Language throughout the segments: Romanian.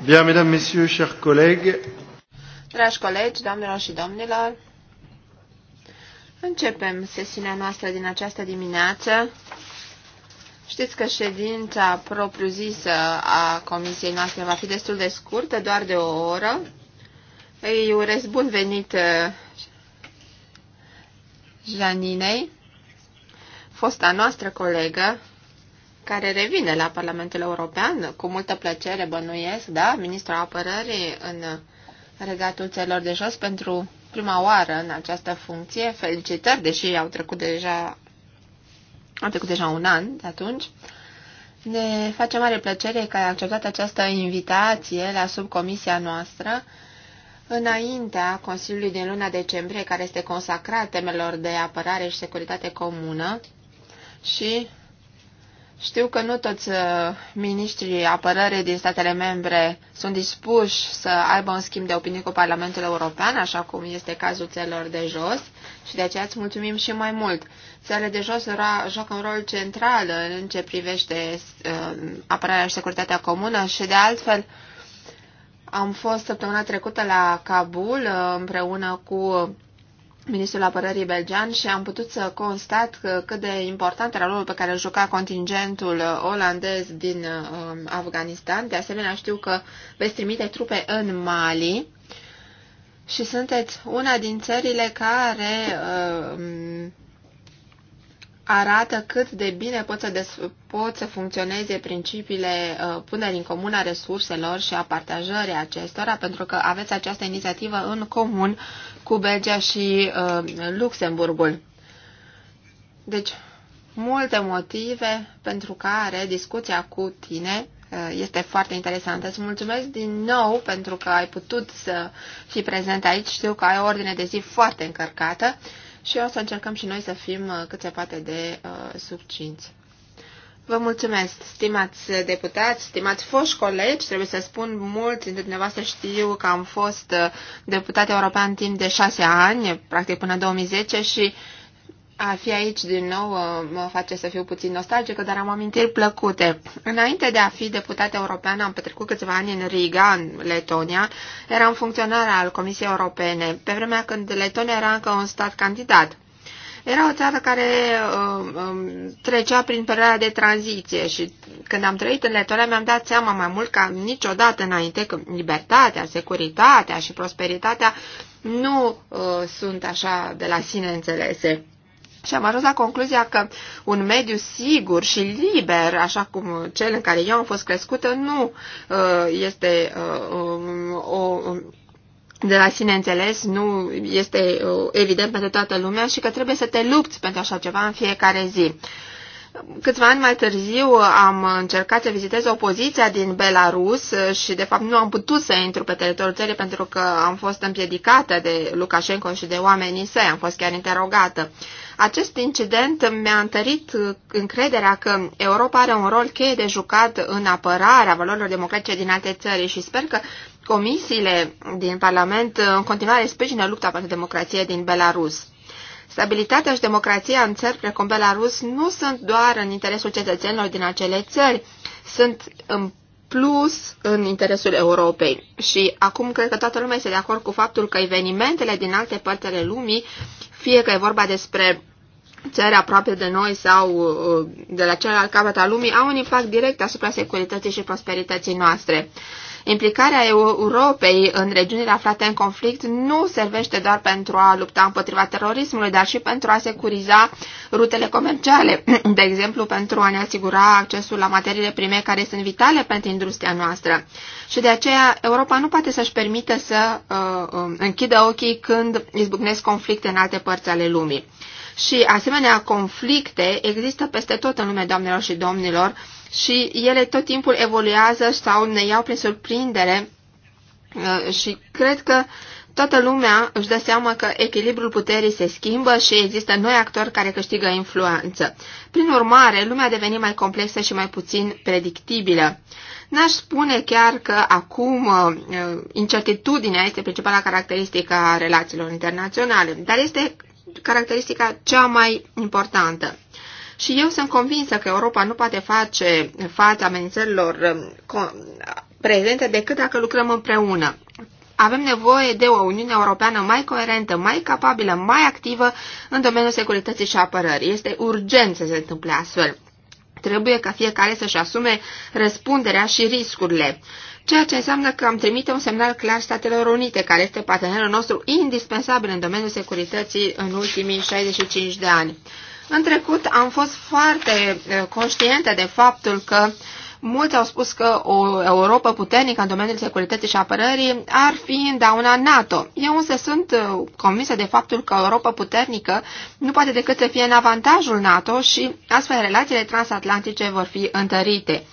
Bien, mesdames, messieurs, chers collègues. Dragi colegi, doamnelor și domnilor, începem sesiunea noastră din această dimineață. Știți că ședința propriu-zisă a comisiei noastre va fi destul de scurtă, doar de o oră. Îi urez bun venit eh, Janinei, fosta noastră colegă, care revine la Parlamentul European, cu multă plăcere bănuiesc, da, ministrul apărării în regatul țelor de jos pentru prima oară în această funcție. Felicitări, deși au trecut deja, au trecut deja un an de atunci. Ne face mare plăcere că ai acceptat această invitație la subcomisia noastră înaintea Consiliului din luna decembrie, care este consacrat temelor de apărare și securitate comună și știu că nu toți uh, miniștrii apărării din statele membre sunt dispuși să aibă un schimb de opinii cu Parlamentul European, așa cum este cazul țărilor de jos, și de aceea îți mulțumim și mai mult. Țările de jos joacă un rol central în ce privește uh, apărarea și securitatea comună și, de altfel, am fost săptămâna trecută la Kabul uh, împreună cu ministrul apărării belgean și am putut să constat că, cât de important era rolul pe care îl juca contingentul olandez din um, Afganistan. De asemenea, știu că veți trimite trupe în Mali și sunteți una din țările care um, arată cât de bine pot să, des, pot să funcționeze principiile uh, punerii în comun a resurselor și a partajării acestora, pentru că aveți această inițiativă în comun cu Belgia și uh, Luxemburgul. Deci, multe motive pentru care discuția cu tine uh, este foarte interesantă. Îți mulțumesc din nou pentru că ai putut să fii prezent aici. Știu că ai o ordine de zi foarte încărcată și o să încercăm și noi să fim uh, cât se poate de uh, succinți. Vă mulțumesc, stimați deputați, stimați foști colegi. Trebuie să spun, mulți dintre dumneavoastră știu că am fost uh, deputat european timp de șase ani, practic până 2010 și a fi aici din nou uh, mă face să fiu puțin nostalgică, dar am amintiri plăcute. Înainte de a fi deputat european, am petrecut câțiva ani în Riga, în Letonia. Eram funcționar al Comisiei Europene, pe vremea când Letonia era încă un stat candidat. Era o țară care uh, um, trecea prin perioada de tranziție și când am trăit în Letonia mi-am dat seama mai mult ca niciodată înainte că libertatea, securitatea și prosperitatea nu uh, sunt așa de la sine înțelese. Și am ajuns la concluzia că un mediu sigur și liber, așa cum cel în care eu am fost crescută, nu uh, este uh, um, o um, de la sine înțeles, nu este uh, evident pentru toată lumea și că trebuie să te lupți pentru așa ceva în fiecare zi. Câțiva ani mai târziu am încercat să vizitez opoziția din Belarus și de fapt nu am putut să intru pe teritoriul țării pentru că am fost împiedicată de Lukashenko și de oamenii săi, am fost chiar interogată. Acest incident mi-a întărit încrederea că Europa are un rol cheie de jucat în apărarea valorilor democratice din alte țări și sper că comisiile din Parlament în continuare sprijină lupta pentru democrație din Belarus. Stabilitatea și democrația în țări precum Belarus nu sunt doar în interesul cetățenilor din acele țări, sunt în plus în interesul Europei. Și acum cred că toată lumea este de acord cu faptul că evenimentele din alte părți ale lumii, fie că e vorba despre țări aproape de noi sau uh, de la celălalt capăt al lumii, au un impact direct asupra securității și prosperității noastre. Implicarea Europei în regiunile aflate în conflict nu servește doar pentru a lupta împotriva terorismului, dar și pentru a securiza rutele comerciale, de exemplu pentru a ne asigura accesul la materiile prime care sunt vitale pentru industria noastră. Și de aceea Europa nu poate să-și permită să uh, um, închidă ochii când izbucnesc conflicte în alte părți ale lumii. Și asemenea conflicte există peste tot în lume, doamnelor și domnilor, și ele tot timpul evoluează sau ne iau prin surprindere uh, și cred că toată lumea își dă seama că echilibrul puterii se schimbă și există noi actori care câștigă influență. Prin urmare, lumea a devenit mai complexă și mai puțin predictibilă. N-aș spune chiar că acum uh, uh, incertitudinea este principala caracteristică a relațiilor internaționale, dar este caracteristica cea mai importantă. Și eu sunt convinsă că Europa nu poate face față amenințărilor um, prezente decât dacă lucrăm împreună. Avem nevoie de o Uniune Europeană mai coerentă, mai capabilă, mai activă în domeniul securității și apărării. Este urgent să se întâmple astfel. Trebuie ca fiecare să-și asume răspunderea și riscurile, ceea ce înseamnă că am trimite un semnal clar Statelor Unite, care este partenerul nostru indispensabil în domeniul securității în ultimii 65 de ani. În trecut am fost foarte eh, conștiente de faptul că mulți au spus că o Europa puternică în domeniul securității și apărării ar fi îndauna NATO. Eu însă sunt eh, convinsă de faptul că o Europa puternică nu poate decât să fie în avantajul NATO și astfel relațiile transatlantice vor fi întărite.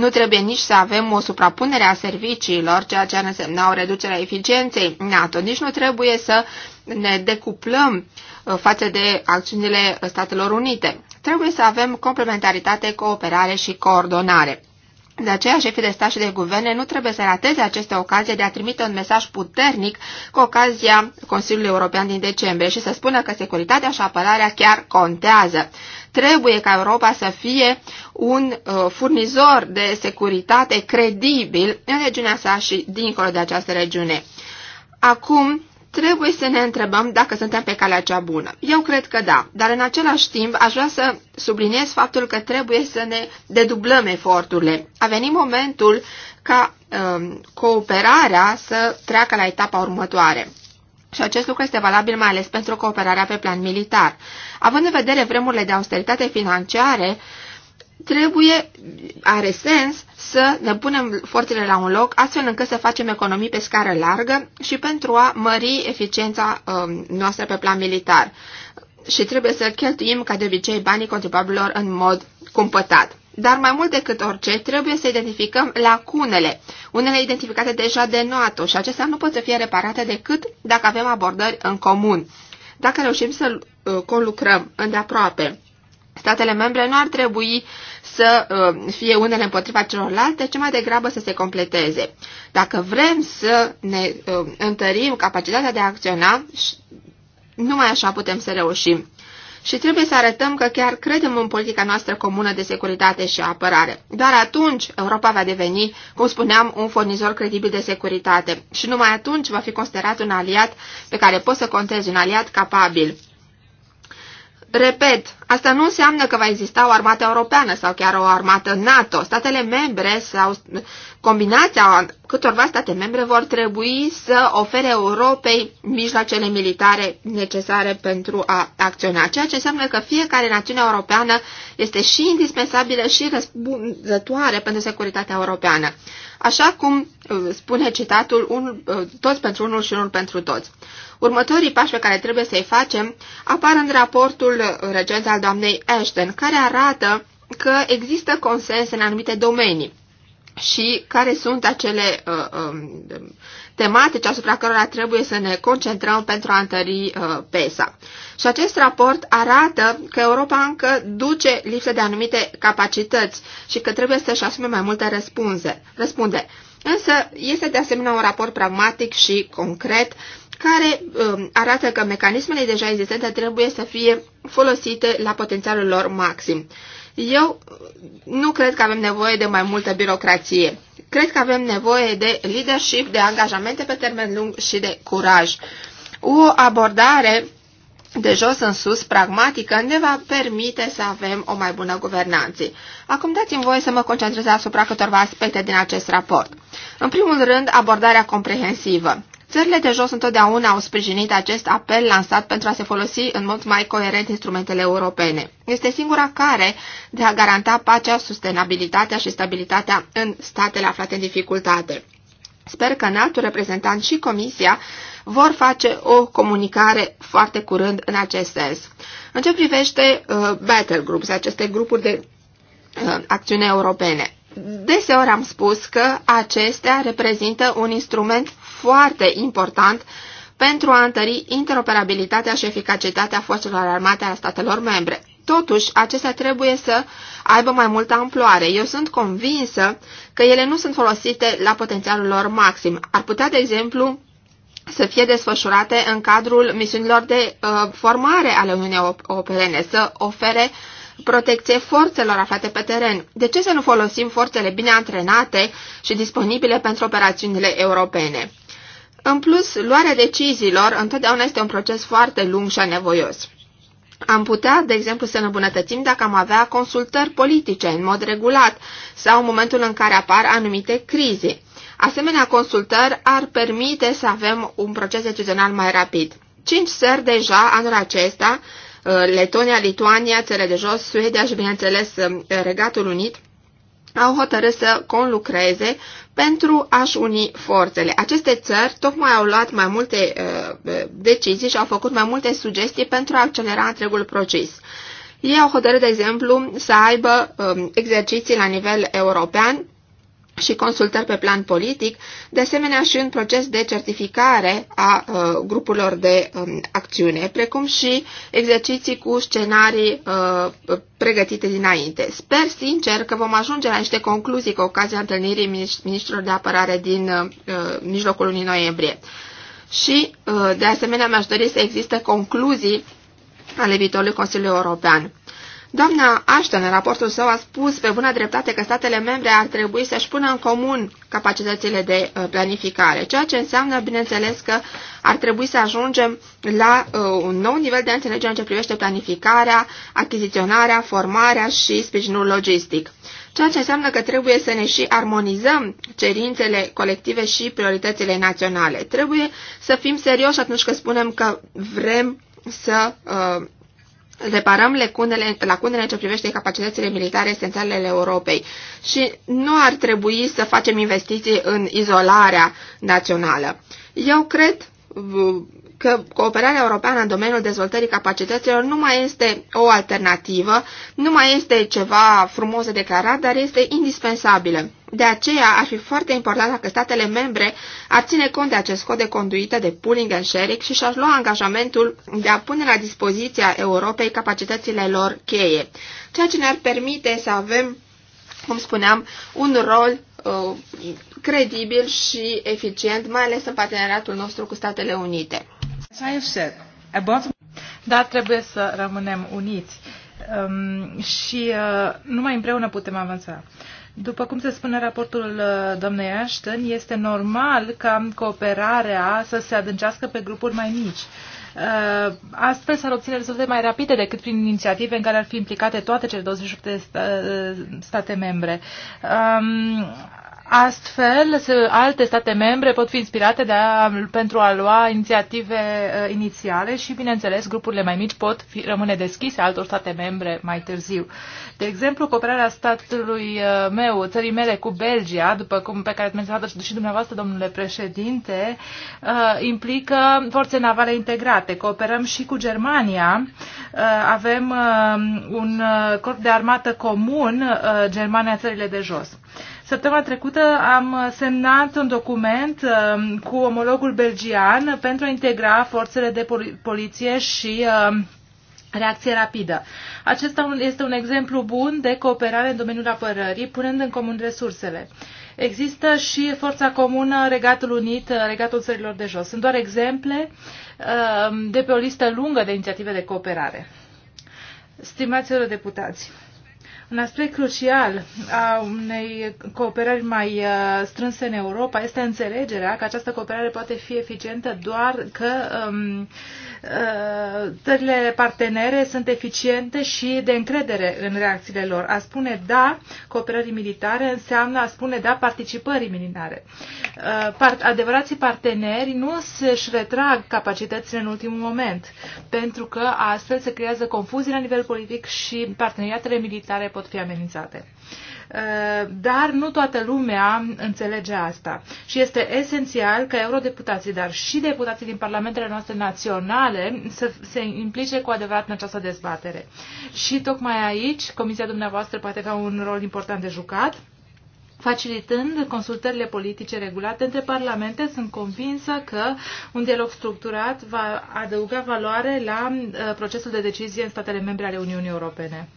Nu trebuie nici să avem o suprapunere a serviciilor, ceea ce ar însemna o reducere a eficienței NATO. Da, nici nu trebuie să ne decuplăm uh, față de acțiunile Statelor Unite. Trebuie să avem complementaritate, cooperare și coordonare. De aceea, șefii de stat și de guverne nu trebuie să rateze aceste ocazie de a trimite un mesaj puternic cu ocazia Consiliului European din decembrie și să spună că securitatea și apărarea chiar contează. Trebuie ca Europa să fie un uh, furnizor de securitate credibil în regiunea sa și dincolo de această regiune. Acum, trebuie să ne întrebăm dacă suntem pe calea cea bună. Eu cred că da, dar în același timp aș vrea să subliniez faptul că trebuie să ne dedublăm eforturile. A venit momentul ca um, cooperarea să treacă la etapa următoare. Și acest lucru este valabil mai ales pentru cooperarea pe plan militar. Având în vedere vremurile de austeritate financiare, trebuie, are sens, să ne punem forțele la un loc, astfel încât să facem economii pe scară largă și pentru a mări eficiența um, noastră pe plan militar. Și trebuie să cheltuim, ca de obicei, banii contribuabililor în mod cumpătat. Dar mai mult decât orice, trebuie să identificăm lacunele, unele identificate deja de NATO și acestea nu pot să fie reparate decât dacă avem abordări în comun. Dacă reușim să uh, conlucrăm îndeaproape, statele membre nu ar trebui să uh, fie unele împotriva celorlalte, ci mai degrabă să se completeze. Dacă vrem să ne uh, întărim capacitatea de a acționa, numai așa putem să reușim și trebuie să arătăm că chiar credem în politica noastră comună de securitate și apărare. Doar atunci Europa va deveni, cum spuneam, un furnizor credibil de securitate și numai atunci va fi considerat un aliat pe care poți să contezi, un aliat capabil. Repet, asta nu înseamnă că va exista o armată europeană sau chiar o armată NATO. Statele membre sau combinația câtorva state membre vor trebui să ofere Europei mijloacele militare necesare pentru a acționa, ceea ce înseamnă că fiecare națiune europeană este și indispensabilă și răspunzătoare pentru securitatea europeană așa cum uh, spune citatul un, uh, toți pentru unul și unul pentru toți. Următorii pași pe care trebuie să-i facem apar în raportul uh, recent al doamnei Ashton, care arată că există consens în anumite domenii și care sunt acele uh, uh, tematici asupra cărora trebuie să ne concentrăm pentru a întări uh, PESA. Și acest raport arată că Europa încă duce lipsă de anumite capacități și că trebuie să-și asume mai multe răspunze, răspunde. Însă este de asemenea un raport pragmatic și concret care uh, arată că mecanismele deja existente trebuie să fie folosite la potențialul lor maxim. Eu nu cred că avem nevoie de mai multă birocrație. Cred că avem nevoie de leadership, de angajamente pe termen lung și de curaj. O abordare de jos în sus, pragmatică, ne va permite să avem o mai bună guvernanță. Acum dați-mi voie să mă concentrez asupra câtorva aspecte din acest raport. În primul rând, abordarea comprehensivă. Țările de jos întotdeauna au sprijinit acest apel lansat pentru a se folosi în mod mai coerent instrumentele europene. Este singura care de a garanta pacea, sustenabilitatea și stabilitatea în statele aflate în dificultate. Sper că înaltul reprezentant și Comisia vor face o comunicare foarte curând în acest sens. În ce privește uh, battle groups, aceste grupuri de uh, acțiune europene, Deseori am spus că acestea reprezintă un instrument foarte important pentru a întări interoperabilitatea și eficacitatea forțelor armate a statelor membre. Totuși, acestea trebuie să aibă mai multă amploare. Eu sunt convinsă că ele nu sunt folosite la potențialul lor maxim. Ar putea, de exemplu, să fie desfășurate în cadrul misiunilor de uh, formare ale Uniunii Europene, să ofere uh, protecție forțelor aflate pe teren. De ce să nu folosim forțele bine antrenate și disponibile pentru operațiunile europene? În plus, luarea deciziilor întotdeauna este un proces foarte lung și anevoios. Am putea, de exemplu, să ne îmbunătățim dacă am avea consultări politice în mod regulat sau în momentul în care apar anumite crize. Asemenea, consultări ar permite să avem un proces decizional mai rapid. Cinci seri deja anul acesta Uh, Letonia, Lituania, țările de jos, Suedia și, bineînțeles, uh, Regatul Unit, au hotărât să conlucreze pentru a-și uni forțele. Aceste țări tocmai au luat mai multe uh, decizii și au făcut mai multe sugestii pentru a accelera întregul proces. Ei au hotărât, de exemplu, să aibă um, exerciții la nivel european și consultări pe plan politic, de asemenea și un proces de certificare a uh, grupurilor de um, acțiune, precum și exerciții cu scenarii uh, pregătite dinainte. Sper sincer că vom ajunge la niște concluzii cu ocazia întâlnirii ministrilor de apărare din uh, uh, mijlocul lunii noiembrie. Și, uh, de asemenea, mi-aș dori să existe concluzii ale viitorului Consiliului European. Doamna Ashton, în raportul său, a spus pe bună dreptate că statele membre ar trebui să-și pună în comun capacitățile de uh, planificare, ceea ce înseamnă, bineînțeles, că ar trebui să ajungem la uh, un nou nivel de înțelegere în ce privește planificarea, achiziționarea, formarea și sprijinul logistic. Ceea ce înseamnă că trebuie să ne și armonizăm cerințele colective și prioritățile naționale. Trebuie să fim serioși atunci când spunem că vrem să uh, reparăm lacunele, lacunele în ce privește capacitățile militare esențiale ale Europei și nu ar trebui să facem investiții în izolarea națională. Eu cred că cooperarea europeană în domeniul dezvoltării capacităților nu mai este o alternativă, nu mai este ceva frumos de declarat, dar este indispensabilă. De aceea ar fi foarte important dacă statele membre ar ține cont de acest cod de conduită de pooling and sharing și și-ar lua angajamentul de a pune la dispoziția Europei capacitățile lor cheie, ceea ce ne-ar permite să avem, cum spuneam, un rol uh, credibil și eficient, mai ales în parteneriatul nostru cu Statele Unite. Dar trebuie să rămânem uniți um, și uh, numai împreună putem avansa. După cum se spune raportul uh, doamnei Ashton, este normal ca cooperarea să se adâncească pe grupuri mai mici. Uh, astfel s-ar obține rezultate mai rapide decât prin inițiative în care ar fi implicate toate cele 27 de uh, state membre. Um, Astfel, alte state membre pot fi inspirate de a, pentru a lua inițiative uh, inițiale și, bineînțeles, grupurile mai mici pot fi, rămâne deschise altor state membre mai târziu. De exemplu, cooperarea statului uh, meu, țării mele cu Belgia, după cum pe care ați menționat și dumneavoastră, domnule președinte, uh, implică forțe navale integrate. Cooperăm și cu Germania. Uh, avem uh, un uh, corp de armată comun, uh, Germania țările de jos. Uh, Săptămâna trecută am semnat un document um, cu omologul belgian pentru a integra forțele de poliție și um, reacție rapidă. Acesta este un exemplu bun de cooperare în domeniul apărării, punând în comun resursele. Există și Forța Comună, Regatul Unit, Regatul Țărilor de Jos. Sunt doar exemple um, de pe o listă lungă de inițiative de cooperare. Stimați deputați, un aspect crucial a unei cooperări mai uh, strânse în Europa este înțelegerea că această cooperare poate fi eficientă doar că um, Uh, țările partenere sunt eficiente și de încredere în reacțiile lor. A spune da cooperării militare înseamnă a spune da participării militare. Uh, adevărații parteneri nu își retrag capacitățile în ultimul moment, pentru că astfel se creează confuzie la nivel politic și parteneriatele militare pot fi amenințate. Eh, dar nu toată lumea înțelege asta. Și este esențial că eurodeputații, dar și deputații din parlamentele noastre naționale să se implice cu adevărat în această dezbatere. Și tocmai aici, comisia dumneavoastră poate avea un rol important de jucat facilitând consultările politice regulate între parlamente, sunt convinsă că un dialog structurat va adăuga valoare la eh, procesul de decizie în statele membre ale Uniunii Europene.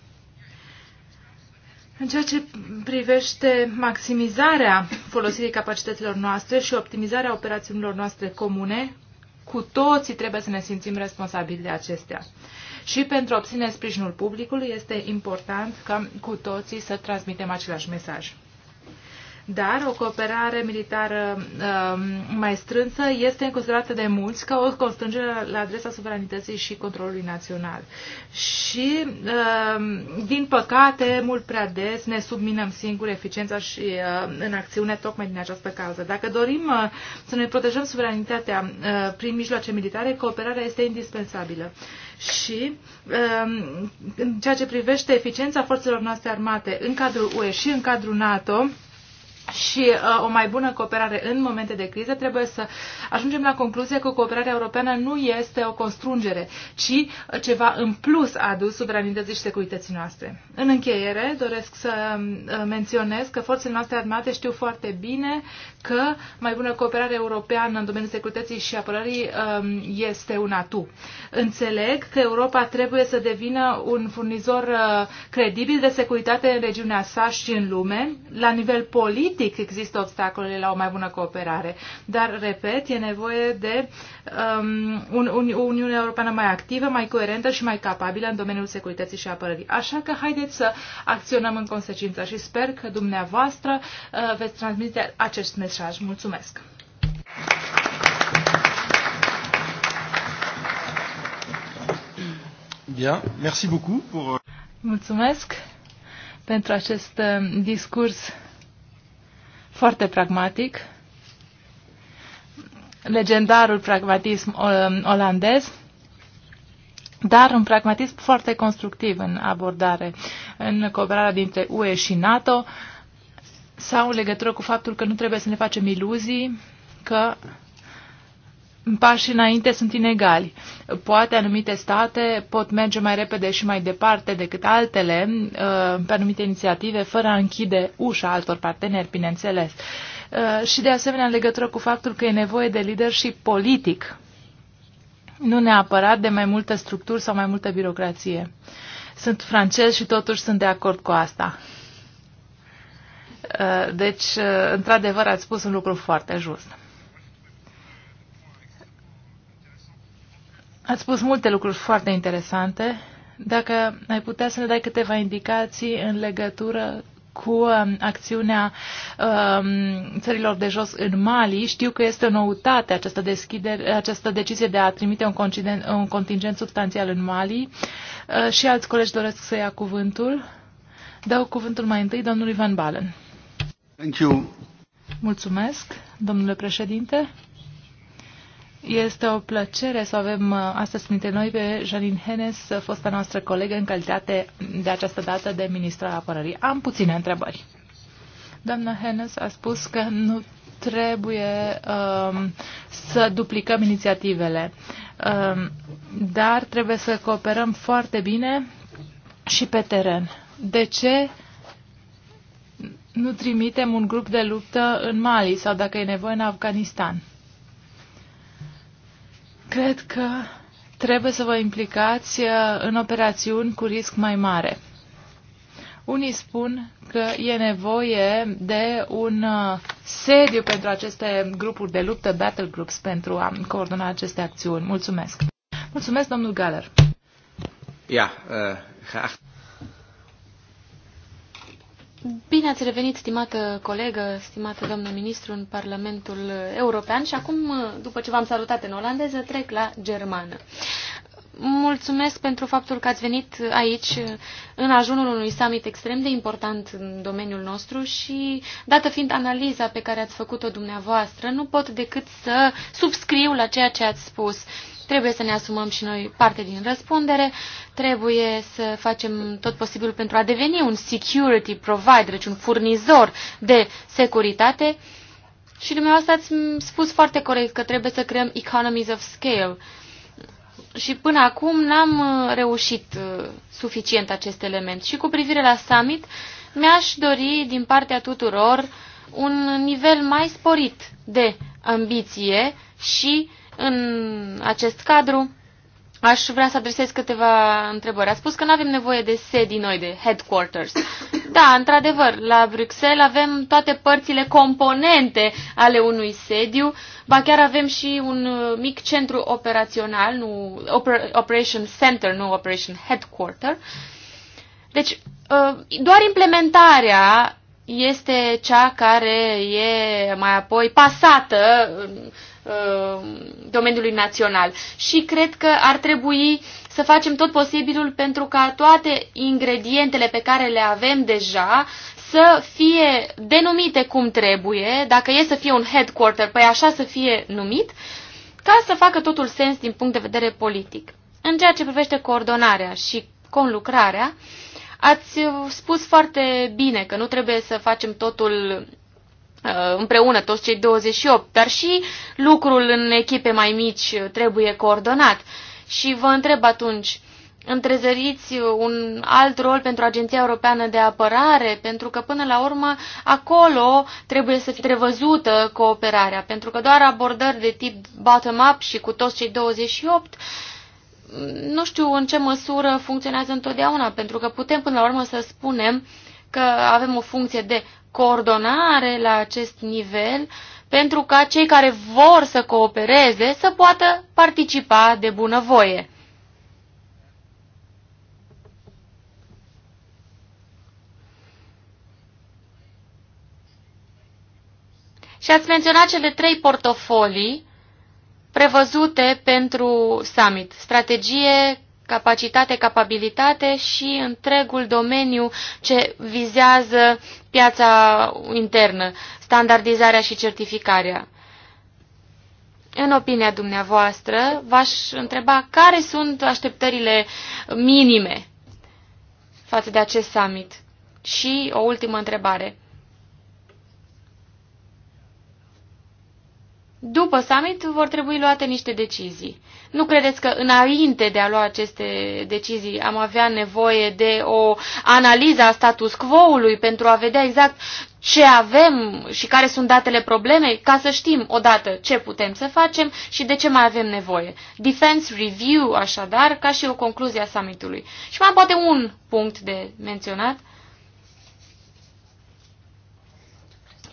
În ceea ce privește maximizarea folosirii capacităților noastre și optimizarea operațiunilor noastre comune, cu toții trebuie să ne simțim responsabili de acestea. Și pentru a obține sprijinul publicului este important ca cu toții să transmitem același mesaj dar o cooperare militară uh, mai strânsă este considerată de mulți ca o constrângere la adresa suveranității și controlului național. Și, uh, din păcate, mult prea des ne subminăm singuri eficiența și uh, în acțiune tocmai din această cauză. Dacă dorim uh, să ne protejăm suveranitatea uh, prin mijloace militare, cooperarea este indispensabilă. Și um, în ceea ce privește eficiența forțelor noastre armate în cadrul UE și în cadrul NATO, și uh, o mai bună cooperare în momente de criză, trebuie să ajungem la concluzia că cooperarea europeană nu este o constrângere, ci uh, ceva în plus adus suveranității și securității noastre. În încheiere, doresc să um, uh, menționez că forțele noastre armate știu foarte bine că mai bună cooperare europeană în domeniul securității și apărării um, este un atu. Înțeleg că Europa trebuie să devină un furnizor uh, credibil de securitate în regiunea sa și în lume, la nivel politic, politic există obstacole la o mai bună cooperare. Dar, repet, e nevoie de um, un, o Uniune Europeană mai activă, mai coerentă și mai capabilă în domeniul securității și apărării. Așa că haideți să acționăm în consecință și sper că dumneavoastră uh, veți transmite acest mesaj. Mulțumesc! Bien, merci beaucoup pour... Euh, Mulțumesc pentru acest uh, discurs foarte pragmatic, legendarul pragmatism um, olandez, dar un pragmatism foarte constructiv în abordare, în cooperarea dintre UE și NATO, sau în legătură cu faptul că nu trebuie să ne facem iluzii că pașii înainte sunt inegali. Poate anumite state pot merge mai repede și mai departe decât altele uh, pe anumite inițiative, fără a închide ușa altor parteneri, bineînțeles. Uh, și de asemenea în legătură cu faptul că e nevoie de leadership politic, nu neapărat de mai multă structură sau mai multă birocrație. Sunt francez și totuși sunt de acord cu asta. Uh, deci, într-adevăr, ați spus un lucru foarte just. Ați spus multe lucruri foarte interesante. Dacă ai putea să ne dai câteva indicații în legătură cu um, acțiunea um, țărilor de jos în Mali. Știu că este o noutate această, deschidere, această decizie de a trimite un, un contingent substanțial în Mali uh, și alți colegi doresc să ia cuvântul. Dau cuvântul mai întâi domnului Van Balen. Thank you. Mulțumesc, domnule președinte. Este o plăcere să avem uh, astăzi printre noi pe Jalin Henes, uh, fosta noastră colegă în calitate de această dată de ministra apărării. Am puține întrebări. Doamna Henes a spus că nu trebuie um, să duplicăm inițiativele, um, dar trebuie să cooperăm foarte bine și pe teren. De ce nu trimitem un grup de luptă în Mali sau dacă e nevoie în Afganistan? Cred că trebuie să vă implicați uh, în operațiuni cu risc mai mare. Unii spun că e nevoie de un uh, sediu pentru aceste grupuri de luptă, battle groups, pentru a coordona aceste acțiuni. Mulțumesc. Mulțumesc, domnul Galer. Ja, uh, Bine ați revenit, stimată colegă, stimată doamnă ministru, în Parlamentul European și acum, după ce v-am salutat în olandeză, trec la germană. Mulțumesc pentru faptul că ați venit aici în ajunul unui summit extrem de important în domeniul nostru și, dată fiind analiza pe care ați făcut-o dumneavoastră, nu pot decât să subscriu la ceea ce ați spus. Uh, Trebuie să ne asumăm și noi parte din răspundere, trebuie să facem tot posibilul pentru a deveni un security provider, deci un furnizor de securitate. Și dumneavoastră ați spus foarte corect că trebuie să creăm economies of scale. Și până acum n-am uh, reușit uh, suficient acest element. Și cu privire la summit, mi-aș dori din partea tuturor un nivel mai sporit de ambiție și în acest cadru, aș vrea să adresez câteva întrebări. A spus că nu avem nevoie de sedii noi, de headquarters. Da, într-adevăr, la Bruxelles avem toate părțile componente ale unui sediu, ba chiar avem și un mic centru operațional, nu, oper, Operation Center, nu Operation Headquarter. Deci, uh, doar implementarea este cea care e mai apoi pasată Uh, domeniului național. Și cred că ar trebui să facem tot posibilul pentru ca toate ingredientele pe care le avem deja să fie denumite cum trebuie, dacă e să fie un headquarter, păi așa să fie numit, ca să facă totul sens din punct de vedere politic. În ceea ce privește coordonarea și conlucrarea, ați spus foarte bine că nu trebuie să facem totul Uh, împreună toți cei 28, dar și lucrul în echipe mai mici trebuie coordonat. Și vă întreb atunci, întrezăriți un alt rol pentru Agenția Europeană de Apărare, pentru că până la urmă acolo trebuie să fie prevăzută cooperarea, pentru că doar abordări de tip bottom-up și cu toți cei 28 nu știu în ce măsură funcționează întotdeauna, pentru că putem până la urmă să spunem că avem o funcție de coordonare la acest nivel pentru ca cei care vor să coopereze să poată participa de bunăvoie. Și ați menționat cele trei portofolii prevăzute pentru summit. Strategie, capacitate, capabilitate și întregul domeniu ce vizează piața internă, standardizarea și certificarea. În opinia dumneavoastră, v-aș întreba care sunt așteptările minime față de acest summit. Și o ultimă întrebare. După summit vor trebui luate niște decizii. Nu credeți că înainte de a lua aceste decizii am avea nevoie de o analiză a status quo-ului pentru a vedea exact ce avem și care sunt datele problemei, ca să știm odată ce putem să facem și de ce mai avem nevoie. Defense Review, așadar, ca și o concluzie a summitului. Și mai poate un punct de menționat. Uh,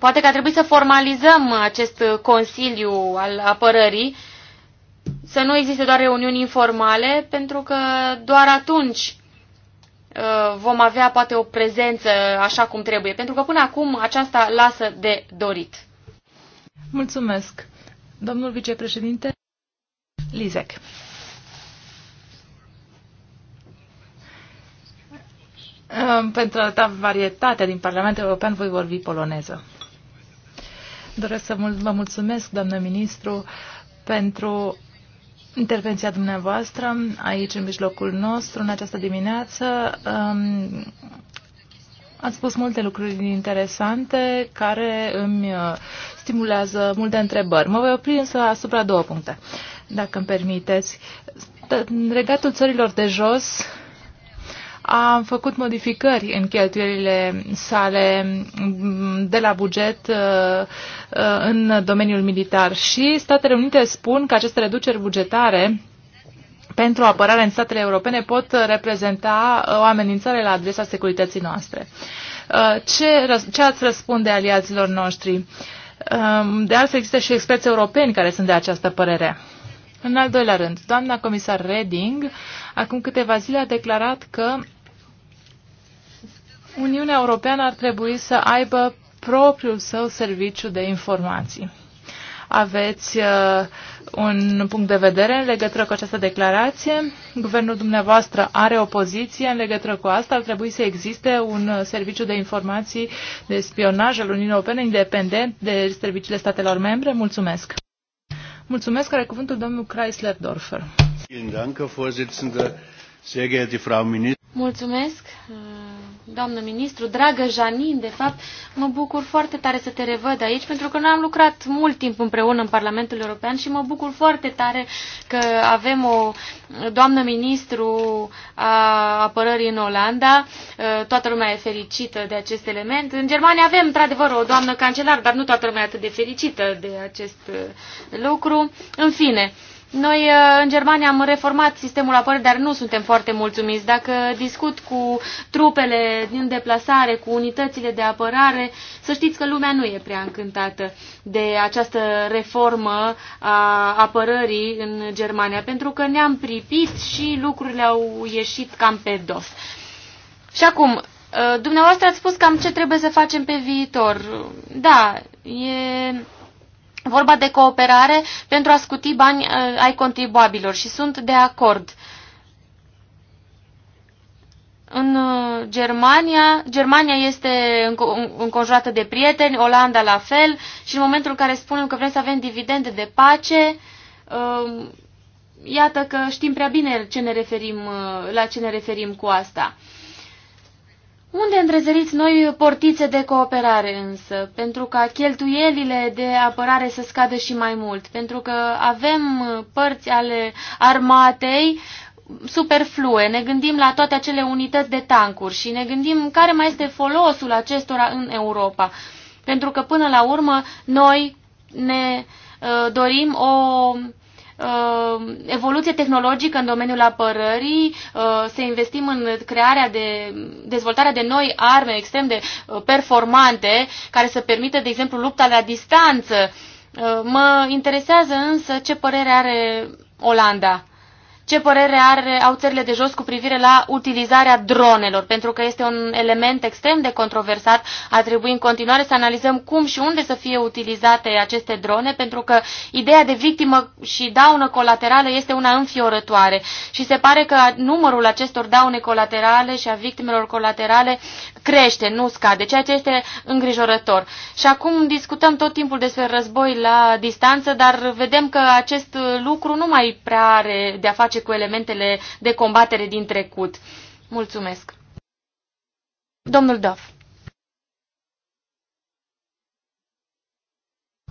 Poate că ar trebui să formalizăm acest Consiliu al Apărării, să nu existe doar reuniuni informale, pentru că doar atunci uh, vom avea poate o prezență așa cum trebuie, pentru că până acum aceasta lasă de dorit. Mulțumesc. Domnul vicepreședinte Lizec. Uh, pentru a da varietatea din Parlamentul European voi vorbi poloneză. Doresc să vă mulțumesc, doamnă ministru, pentru intervenția dumneavoastră aici, în mijlocul nostru, în această dimineață. Um, ați spus multe lucruri interesante care îmi uh, stimulează multe întrebări. Mă voi opri însă asupra două puncte, dacă îmi permiteți. Regatul țărilor de jos a făcut modificări în cheltuielile sale de la buget uh, uh, în domeniul militar și Statele Unite spun că aceste reduceri bugetare pentru apărare în statele europene pot reprezenta uh, o amenințare la adresa securității noastre. Ce, ce ați răspunde aliaților noștri? Um, de altfel, există și experți europeni care sunt de această părere. În al doilea rând, doamna comisar Reding acum câteva zile a declarat că Uniunea Europeană ar trebui să aibă propriul său serviciu de informații. Aveți uh, un punct de vedere în legătură cu această declarație? Guvernul dumneavoastră are o poziție în legătură cu asta? Ar trebui să existe un uh, serviciu de informații de spionaj al Uniunii Europene independent de serviciile statelor membre? Mulțumesc! Mulțumesc, are cuvântul domnul Chrysler Dorfer. Mulțumesc, doamnă ministru, dragă Janin, de fapt, mă bucur foarte tare să te revăd aici, pentru că noi am lucrat mult timp împreună în Parlamentul European și mă bucur foarte tare că avem o doamnă ministru a apărării în Olanda. Uh, toată lumea e fericită de acest element. În Germania avem, într-adevăr, o doamnă cancelar, dar nu toată lumea e atât de fericită de acest uh, lucru. În fine, noi uh, în Germania am reformat sistemul apărării, dar nu suntem foarte mulțumiți. Dacă discut cu trupele din deplasare, cu unitățile de apărare, să știți că lumea nu e prea încântată de această reformă a apărării în Germania, pentru că ne-am pripit și lucrurile au ieșit cam pe dos. Și acum, uh, dumneavoastră ați spus cam ce trebuie să facem pe viitor. Da, e vorba de cooperare pentru a scuti bani uh, ai contribuabilor și sunt de acord. În uh, Germania, Germania este înconjurată de prieteni, Olanda la fel și în momentul în care spunem că vrem să avem dividende de pace, um, iată că știm prea bine ce ne referim, uh, la ce ne referim cu asta. Unde îndrăzăriți noi portițe de cooperare însă, pentru ca cheltuielile de apărare să scadă și mai mult? Pentru că avem părți ale armatei superflue, ne gândim la toate acele unități de tancuri și ne gândim care mai este folosul acestora în Europa. Pentru că până la urmă noi ne uh, dorim o Uh, evoluție tehnologică în domeniul apărării, uh, să investim în crearea de, dezvoltarea de noi arme extrem de uh, performante, care să permită, de exemplu, lupta la distanță. Mă interesează însă ce părere are Olanda ce părere are, au țările de jos cu privire la utilizarea dronelor, pentru că este un element extrem de controversat. A trebui în continuare să analizăm cum și unde să fie utilizate aceste drone, pentru că ideea de victimă și daună colaterală este una înfiorătoare și se pare că numărul acestor daune colaterale și a victimelor colaterale crește, nu scade, ceea ce este îngrijorător. Și acum discutăm tot timpul despre război la distanță, dar vedem că acest lucru nu mai prea are de-a face face cu elementele de combatere din trecut. Mulțumesc. Domnul Duff.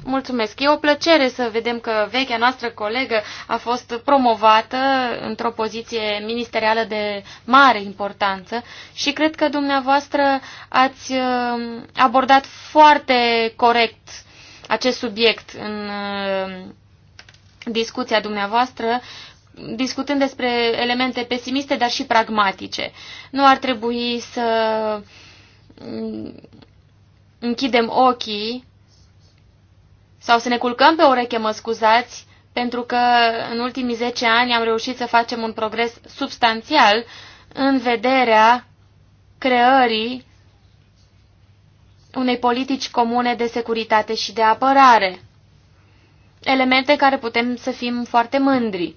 Mulțumesc. E o plăcere să vedem că vechea noastră colegă a fost promovată într-o poziție ministerială de mare importanță și cred că dumneavoastră ați uh, abordat foarte corect acest subiect în uh, discuția dumneavoastră discutând despre elemente pesimiste, dar și pragmatice. Nu ar trebui să mm, închidem ochii sau să ne culcăm pe oreche, mă scuzați, pentru că în ultimii 10 ani am reușit să facem un progres substanțial în vederea creării unei politici comune de securitate și de apărare. Elemente care putem să fim foarte mândri.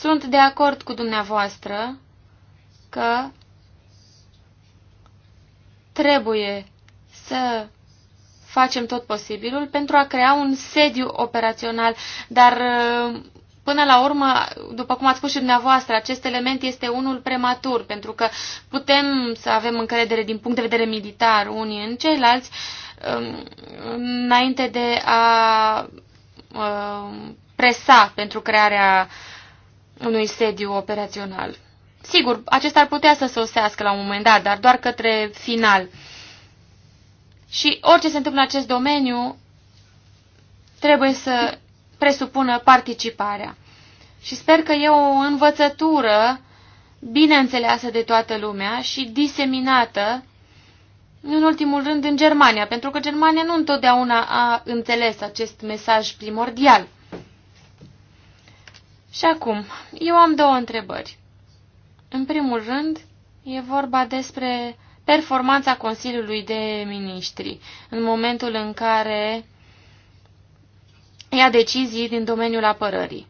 Sunt de acord cu dumneavoastră că trebuie să facem tot posibilul pentru a crea un sediu operațional, dar uh, până la urmă, după cum ați spus și dumneavoastră, acest element este unul prematur, pentru că putem să avem încredere din punct de vedere militar unii în ceilalți, um, înainte de a uh, presa pentru crearea unui sediu operațional. Sigur, acesta ar putea să sosească la un moment dat, dar doar către final. Și orice se întâmplă în acest domeniu trebuie să presupună participarea. Și sper că e o învățătură bine înțeleasă de toată lumea și diseminată, în ultimul rând, în Germania, pentru că Germania nu întotdeauna a înțeles acest mesaj primordial. Și acum, eu am două întrebări. În primul rând, e vorba despre performanța Consiliului de Ministri în momentul în care ia decizii din domeniul apărării.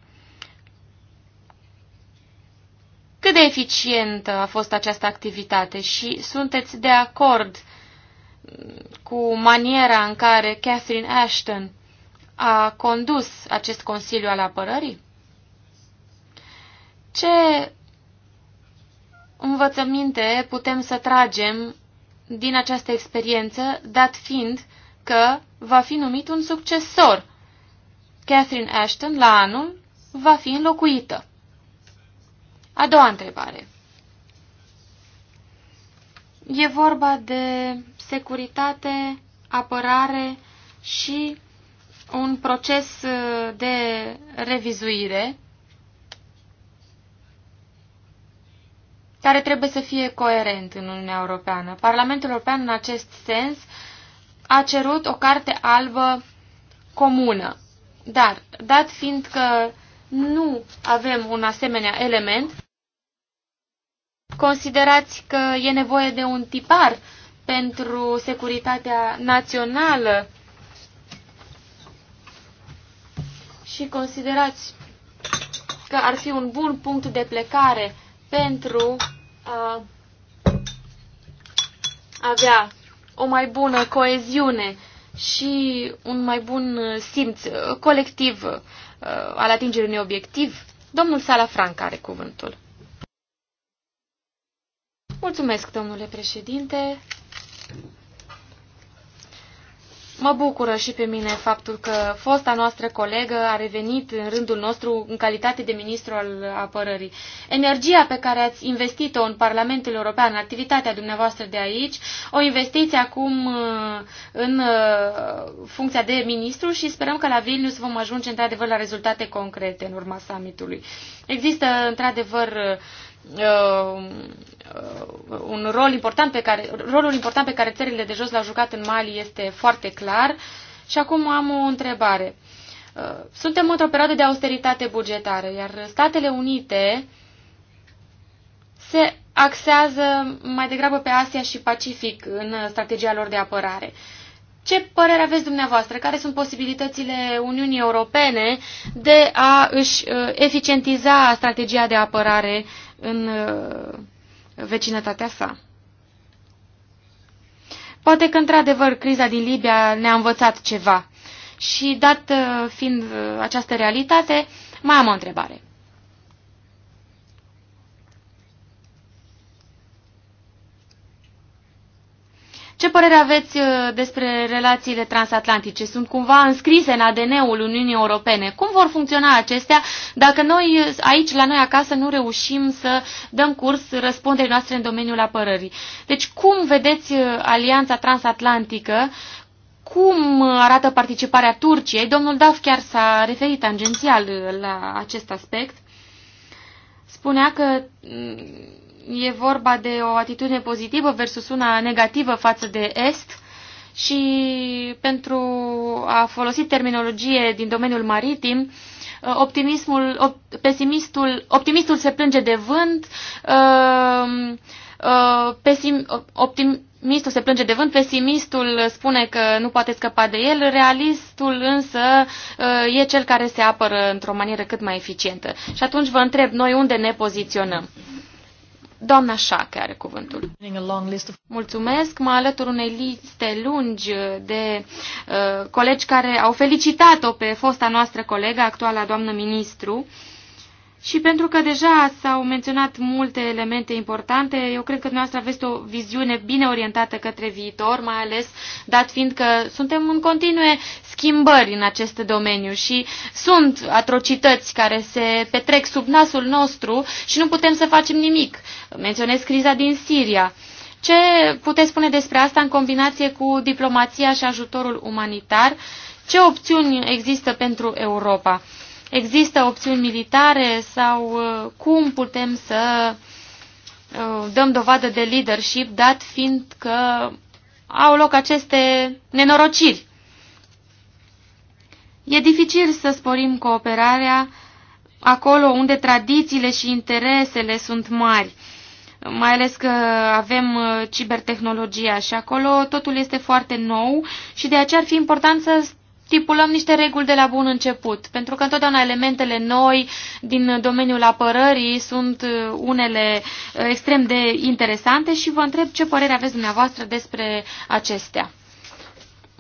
Cât de eficientă a fost această activitate și sunteți de acord cu maniera în care Catherine Ashton a condus acest Consiliu al Apărării? Ce învățăminte putem să tragem din această experiență, dat fiind că va fi numit un succesor. Catherine Ashton, la anul, va fi înlocuită. A doua întrebare. E vorba de securitate, apărare și un proces de revizuire care trebuie să fie coerent în Uniunea Europeană. Parlamentul European, în acest sens, a cerut o carte albă comună. Dar, dat fiind că nu avem un asemenea element, considerați că e nevoie de un tipar pentru securitatea națională și considerați că ar fi un bun punct de plecare pentru a avea o mai bună coeziune și un mai bun simț colectiv uh, al atingerii unui obiectiv, domnul Sala are cuvântul. Mulțumesc, domnule președinte. Mă bucură și pe mine faptul că fosta noastră colegă a revenit în rândul nostru în calitate de ministru al apărării. Energia pe care ați investit-o în Parlamentul European, în activitatea dumneavoastră de aici, o investiți acum uh, în uh, funcția de ministru și sperăm că la Vilnius vom ajunge într-adevăr la rezultate concrete în urma summitului. Există într-adevăr uh, Uh, un rol important pe care, rolul important pe care țările de jos l-au jucat în Mali este foarte clar. Și acum am o întrebare. Uh, suntem într-o perioadă de austeritate bugetară, iar Statele Unite se axează mai degrabă pe Asia și Pacific în strategia lor de apărare. Ce părere aveți dumneavoastră? Care sunt posibilitățile Uniunii Europene de a își uh, eficientiza strategia de apărare în vecinătatea sa. Poate că, într-adevăr, criza din Libia ne-a învățat ceva. Și, dat uh, fiind uh, această realitate, mai am o întrebare. Ce părere aveți uh, despre relațiile transatlantice? Sunt cumva înscrise în ADN-ul Uniunii Europene. Cum vor funcționa acestea dacă noi uh, aici, la noi acasă, nu reușim să dăm curs răspunderii noastre în domeniul apărării? Deci cum vedeți uh, alianța transatlantică? Cum arată participarea Turciei? Domnul Daf chiar s-a referit tangențial la acest aspect. Spunea că mm, e vorba de o atitudine pozitivă versus una negativă față de Est și pentru a folosi terminologie din domeniul maritim, optimismul, op, pesimistul, optimistul se plânge de vânt, uh, uh, pesim, optimistul se plânge de vânt, pesimistul spune că nu poate scăpa de el, realistul însă uh, e cel care se apără într-o manieră cât mai eficientă. Și atunci vă întreb, noi unde ne poziționăm? Doamna Șache are cuvântul. Mulțumesc, mă alătur unei liste lungi de uh, colegi care au felicitat-o pe fosta noastră colegă, actuala doamnă ministru. Uh, și pentru că deja s-au menționat multe elemente importante, eu cred că dumneavoastră aveți o viziune bine orientată către viitor, mai ales dat fiind că suntem în continue schimbări în acest domeniu și sunt atrocități care se petrec sub nasul nostru și nu putem să facem nimic. Menționez criza din Siria. Ce puteți spune despre asta în combinație cu diplomația și ajutorul umanitar? Ce opțiuni există pentru Europa? există opțiuni militare sau uh, cum putem să uh, dăm dovadă de leadership, dat fiind că au loc aceste nenorociri. E dificil să sporim cooperarea acolo unde tradițiile și interesele sunt mari, mai ales că avem uh, cibertehnologia și acolo totul este foarte nou și de aceea ar fi important să stipulăm niște reguli de la bun început, pentru că întotdeauna elementele noi din domeniul apărării sunt uh, unele uh, extrem de interesante și vă întreb ce părere aveți dumneavoastră despre acestea.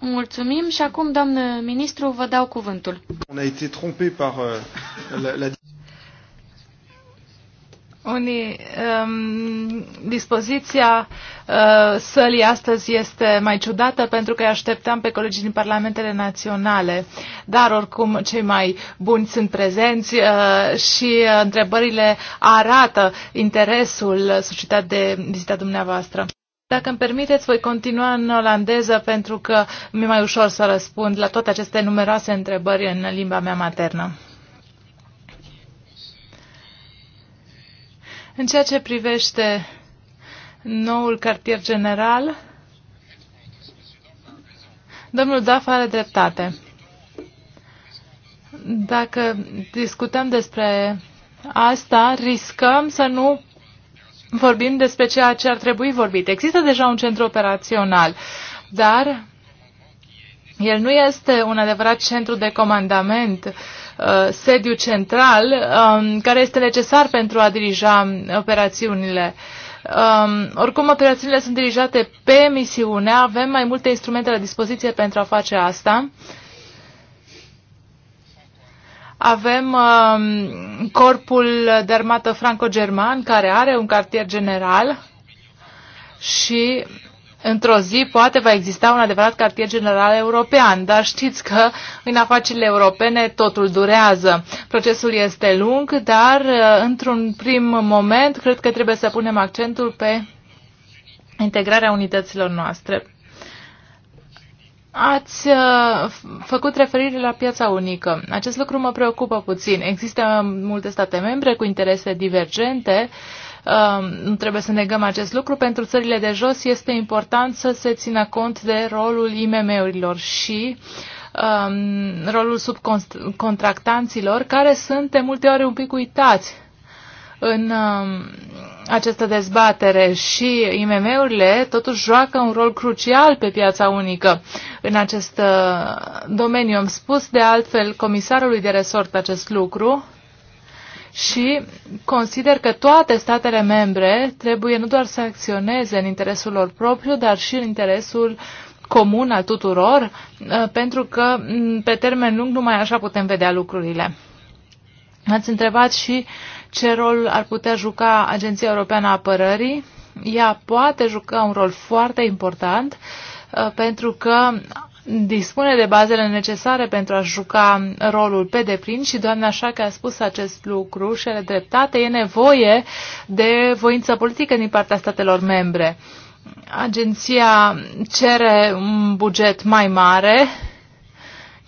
Mulțumim și acum, doamnă ministru, vă dau cuvântul. On a été unii, um, dispoziția uh, sălii astăzi este mai ciudată pentru că îi așteptam pe colegii din parlamentele naționale, dar oricum cei mai buni sunt prezenți uh, și uh, întrebările arată interesul suscitat de vizita dumneavoastră. Dacă îmi permiteți, voi continua în olandeză pentru că mi-e mai ușor să răspund la toate aceste numeroase întrebări în limba mea maternă. În ceea ce privește noul cartier general, domnul Daf are dreptate. Dacă discutăm despre asta, riscăm să nu vorbim despre ceea ce ar trebui vorbit. Există deja un centru operațional, dar el nu este un adevărat centru de comandament Uh, sediu central um, care este necesar pentru a dirija operațiunile. Um, oricum, operațiunile sunt dirijate pe misiune, avem mai multe instrumente la dispoziție pentru a face asta. Avem um, corpul de armată franco-german, care are un cartier general și într-o zi poate va exista un adevărat cartier general european, dar știți că în afacerile europene totul durează. Procesul este lung, dar uh, într-un prim moment cred că trebuie să punem accentul pe integrarea unităților noastre. Ați uh, făcut referire la piața unică. Acest lucru mă preocupă puțin. Există multe state membre cu interese divergente uh, Um, nu trebuie să negăm acest lucru. Pentru țările de jos este important să se țină cont de rolul IMM-urilor și um, rolul subcontractanților, care sunt de multe ori un pic uitați în um, această dezbatere și IMM-urile totuși joacă un rol crucial pe piața unică în acest uh, domeniu. Am spus de altfel comisarului de resort acest lucru și consider că toate statele membre trebuie nu doar să acționeze în interesul lor propriu, dar și în interesul comun al tuturor, uh, pentru că mm, pe termen lung numai așa putem vedea lucrurile. Ați întrebat și ce rol ar putea juca Agenția Europeană a Apărării. Ea poate juca un rol foarte important uh, pentru că dispune de bazele necesare pentru a juca rolul pe deplin și doamna că a spus acest lucru și are dreptate, e nevoie de voință politică din partea statelor membre. Agenția cere un buget mai mare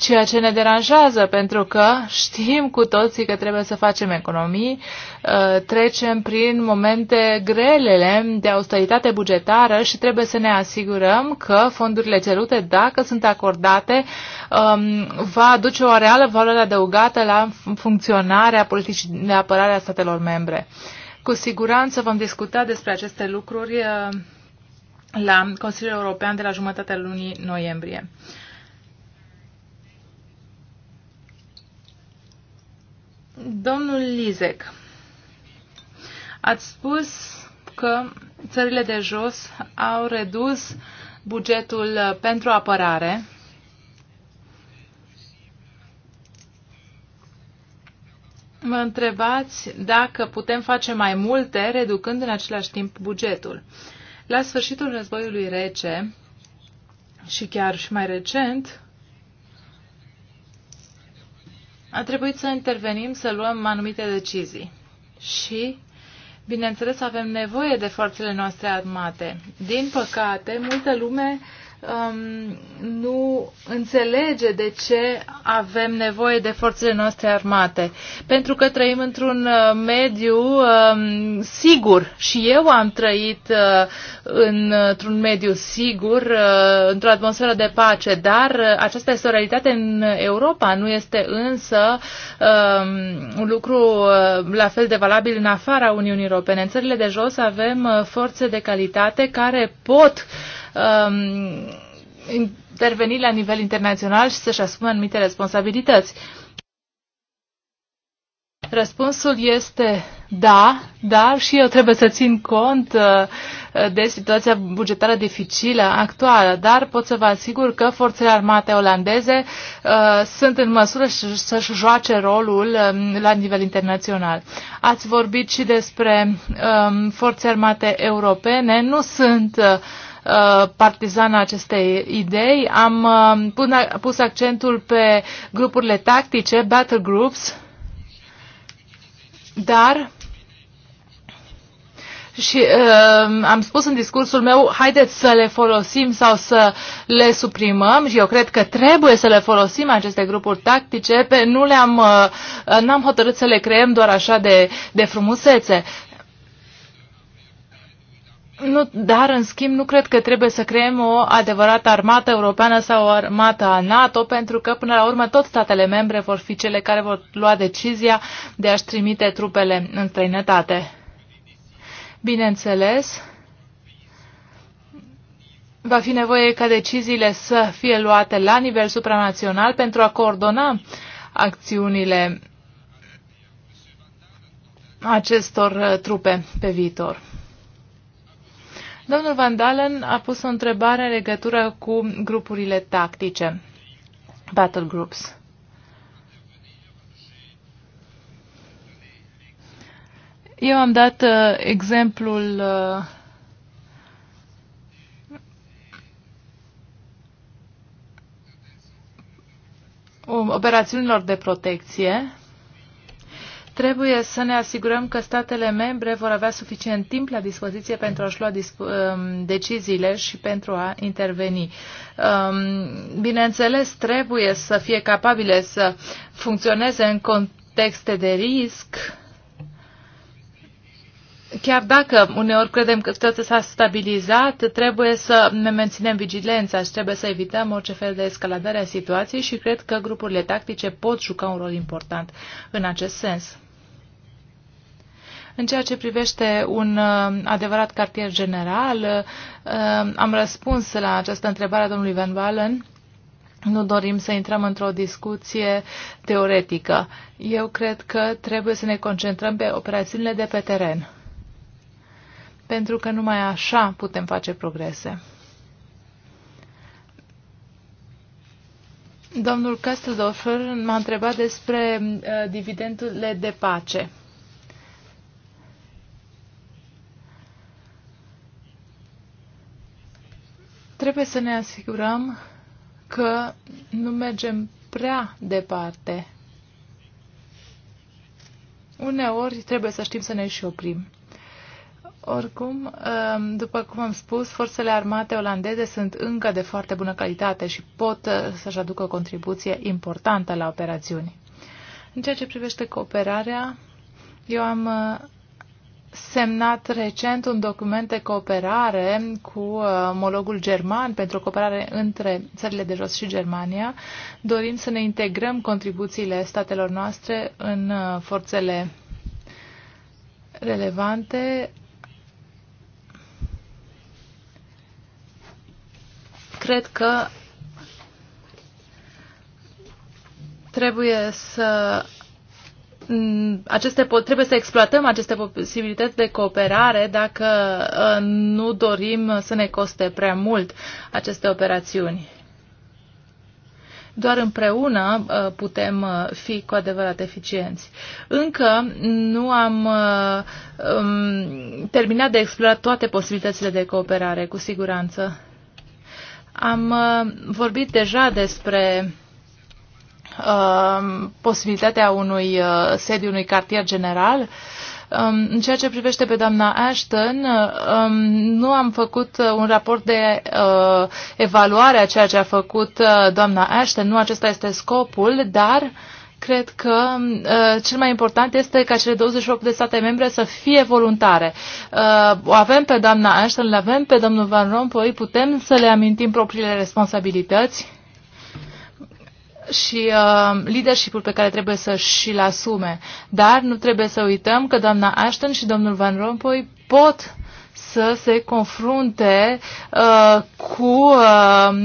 ceea ce ne deranjează, pentru că știm cu toții că trebuie să facem economii, uh, trecem prin momente grelele de austeritate bugetară și trebuie să ne asigurăm că fondurile cerute, dacă sunt acordate, um, va aduce o reală valoare adăugată la funcționarea politicii de apărare a statelor membre. Cu siguranță vom discuta despre aceste lucruri uh, la Consiliul European de la jumătatea lunii noiembrie. Domnul Lizek, ați spus că țările de jos au redus bugetul pentru apărare. Mă întrebați dacă putem face mai multe, reducând în același timp bugetul. La sfârșitul războiului rece, și chiar și mai recent, a trebuit să intervenim, să luăm anumite decizii. Și, bineînțeles, avem nevoie de forțele noastre armate. Din păcate, multă lume uh, um, nu înțelege de ce avem nevoie de forțele noastre armate. Pentru că trăim într-un uh, mediu um, sigur și eu am trăit uh, într-un mediu sigur, uh, într-o atmosferă de pace, dar uh, aceasta este o realitate în Europa, nu este însă um, un lucru uh, la fel de valabil în afara Uniunii Europene. În țările de jos avem uh, forțe de calitate care pot uh, Um, interveni la nivel internațional și să-și asume anumite responsabilități. Răspunsul este da, dar și eu trebuie să țin cont uh, de situația bugetară dificilă actuală, dar pot să vă asigur că forțele armate olandeze uh, sunt în măsură să-și joace rolul um, la nivel internațional. Ați vorbit și despre um, forțe armate europene, nu sunt uh, Uh, partizană a acestei idei. Am uh, pus accentul pe grupurile tactice, battle groups, dar și uh, am spus în discursul meu, haideți să le folosim sau să le suprimăm și eu cred că trebuie să le folosim aceste grupuri tactice, pe, nu le-am uh, n-am hotărât să le creăm doar așa de, de frumusețe. Nu, dar, în schimb, nu cred că trebuie să creăm o adevărată armată europeană sau o armată a NATO, pentru că, până la urmă, tot statele membre vor fi cele care vor lua decizia de a-și trimite trupele în străinătate. Bineînțeles, va fi nevoie ca deciziile să fie luate la nivel supranațional pentru a coordona acțiunile acestor uh, trupe pe viitor. Domnul Van Dalen a pus o întrebare în legătură cu grupurile tactice, battle groups. Eu am dat uh, exemplul uh, operațiunilor de protecție Trebuie să ne asigurăm că statele membre vor avea suficient timp la dispoziție pentru a-și lua um, deciziile și pentru a interveni. Um, bineînțeles, trebuie să fie capabile să funcționeze în contexte de risc, Chiar dacă uneori credem că totul s-a stabilizat, trebuie să ne menținem vigilența și trebuie să evităm orice fel de escaladare a situației și cred că grupurile tactice pot juca un rol important în acest sens. În ceea ce privește un uh, adevărat cartier general, uh, am răspuns la această întrebare a domnului Van Wallen. Nu dorim să intrăm într-o discuție teoretică. Eu cred că trebuie să ne concentrăm pe operațiunile de pe teren pentru că numai așa putem face progrese. Domnul Casteldorfer m-a întrebat despre uh, dividendurile de pace. Trebuie să ne asigurăm că nu mergem prea departe. Uneori trebuie să știm să ne și oprim. Oricum, um, după cum am spus, forțele armate olandeze sunt încă de foarte bună calitate și pot uh, să-și aducă o contribuție importantă la operațiuni. În ceea ce privește cooperarea, eu am uh, semnat recent un document de cooperare cu uh, omologul german pentru cooperare între țările de jos și Germania. Dorim să ne integrăm contribuțiile statelor noastre în forțele relevante cred că trebuie să aceste, trebuie să exploatăm aceste posibilități de cooperare dacă ă, nu dorim să ne coste prea mult aceste operațiuni. Doar împreună ă, putem ă, fi cu adevărat eficienți. Încă nu am terminat de explorat toate posibilitățile de cooperare, cu siguranță. Am uh, vorbit deja despre uh, posibilitatea unui uh, sediu unui cartier general. Um, în ceea ce privește pe doamna Ashton, um, nu am făcut uh, un raport de uh, evaluare a ceea ce a făcut uh, doamna Ashton, nu acesta este scopul, dar uh, cred că uh, cel mai important este ca cele 28 de state membre să fie voluntare. Uh, avem pe doamna Ashton, le avem pe domnul Van Rompuy, putem să le amintim propriile responsabilități și uh, leadership-ul pe care trebuie să și-l asume. Dar nu trebuie să uităm că doamna Ashton și domnul Van Rompuy pot uh, să se confrunte uh, cu uh,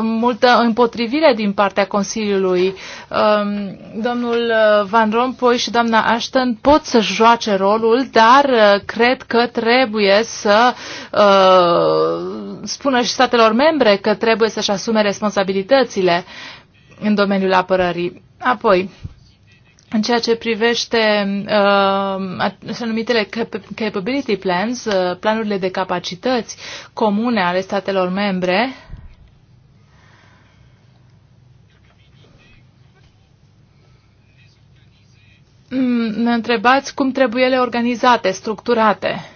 multă împotrivire din partea Consiliului. Um, uh, domnul Van Rompuy și doamna Ashton pot să joace rolul, dar uh, cred că trebuie să uh, spună și statelor membre că trebuie să-și asume responsabilitățile în domeniul apărării. Apoi, în ceea ce privește uh, așa numitele capability plans, uh, planurile de capacități comune ale statelor membre, ne întrebați cum trebuie ele organizate, structurate.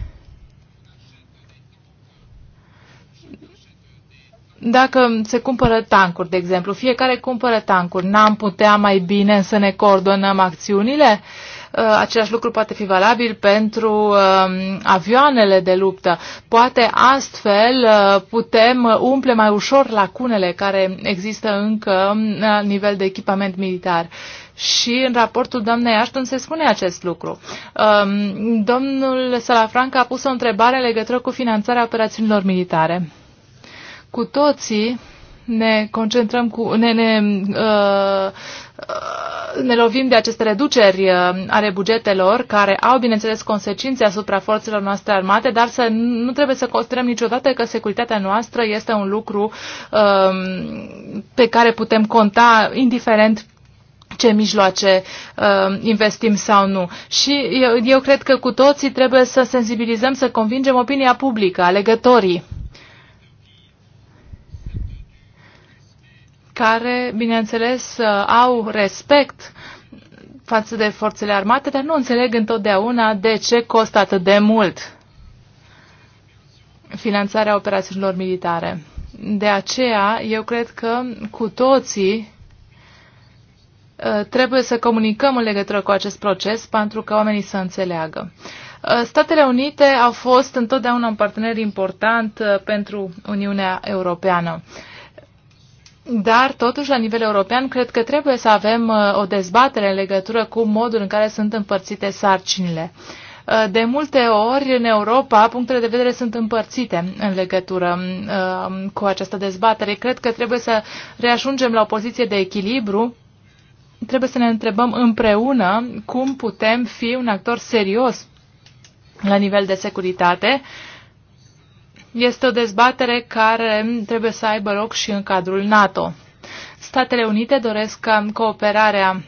dacă se cumpără tancuri, de exemplu, fiecare cumpără tancuri, n-am putea mai bine să ne coordonăm acțiunile? Uh, același lucru poate fi valabil pentru um, avioanele de luptă. Poate astfel uh, putem umple mai ușor lacunele care există încă uh, la nivel de echipament militar. Și în raportul doamnei Ashton se spune acest lucru. Um, domnul Salafranca a pus o întrebare în legătură cu finanțarea operațiunilor militare cu toții ne concentrăm cu, ne, ne, uh, ne lovim de aceste reduceri uh, ale bugetelor, care au, bineînțeles, consecințe asupra forțelor noastre armate, dar să nu trebuie să considerăm niciodată că securitatea noastră este un lucru uh, pe care putem conta, indiferent ce mijloace uh, investim sau nu. Și eu, eu cred că cu toții trebuie să sensibilizăm, să convingem opinia publică, alegătorii care, bineînțeles, uh, au respect față de forțele armate, dar nu înțeleg întotdeauna de ce costă atât de mult finanțarea operațiunilor militare. De aceea, eu cred că cu toții uh, trebuie să comunicăm în legătură cu acest proces pentru că oamenii să înțeleagă. Uh, Statele Unite au fost întotdeauna un partener important pentru Uniunea Europeană. Dar, totuși, la nivel european, cred că trebuie să avem uh, o dezbatere în legătură cu modul în care sunt împărțite sarcinile. Uh, de multe ori, în Europa, punctele de vedere sunt împărțite în legătură uh, cu această dezbatere. Cred că trebuie să reajungem la o poziție de echilibru. Trebuie să ne întrebăm împreună cum putem fi un actor serios la nivel de securitate uh, este o dezbatere care trebuie să aibă loc și în cadrul NATO. Statele Unite doresc ca cooperarea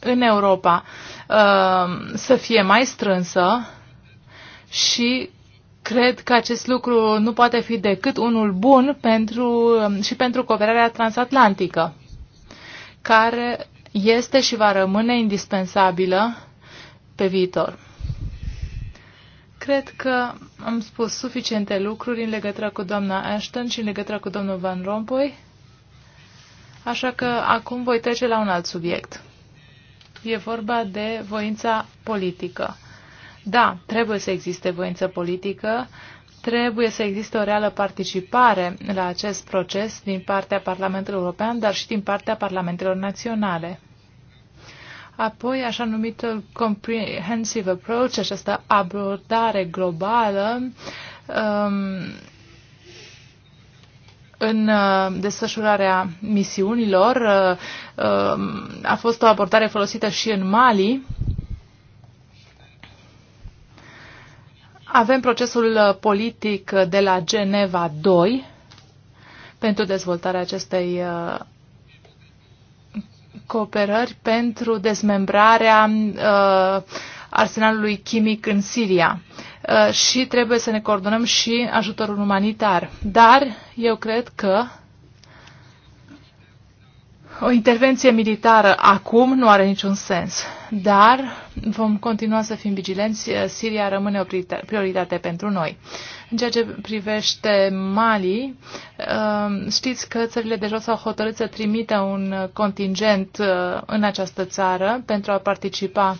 în Europa uh, să fie mai strânsă și cred că acest lucru nu poate fi decât unul bun pentru, um, și pentru cooperarea transatlantică, care este și va rămâne indispensabilă pe viitor. Cred că am spus suficiente lucruri în legătură cu doamna Ashton și în legătură cu domnul Van Rompuy, așa că acum voi trece la un alt subiect. E vorba de voința politică. Da, trebuie să existe voință politică, trebuie să existe o reală participare la acest proces din partea Parlamentului European, dar și din partea Parlamentelor Naționale. Apoi, așa numitul comprehensive approach, această abordare globală, um, în uh, desfășurarea misiunilor. Uh, um, a fost o abordare folosită și în Mali. Avem procesul uh, politic de la Geneva 2 pentru dezvoltarea acestei cooperări pentru dezmembrarea uh, arsenalului chimic în Siria uh, și trebuie să ne coordonăm și ajutorul umanitar. Dar eu cred că o intervenție militară acum nu are niciun sens, dar vom continua să fim vigilenți. Siria rămâne o prioritate pentru noi. În ceea ce privește Mali, um, știți că țările de jos au hotărât să trimite un contingent uh, în această țară pentru a participa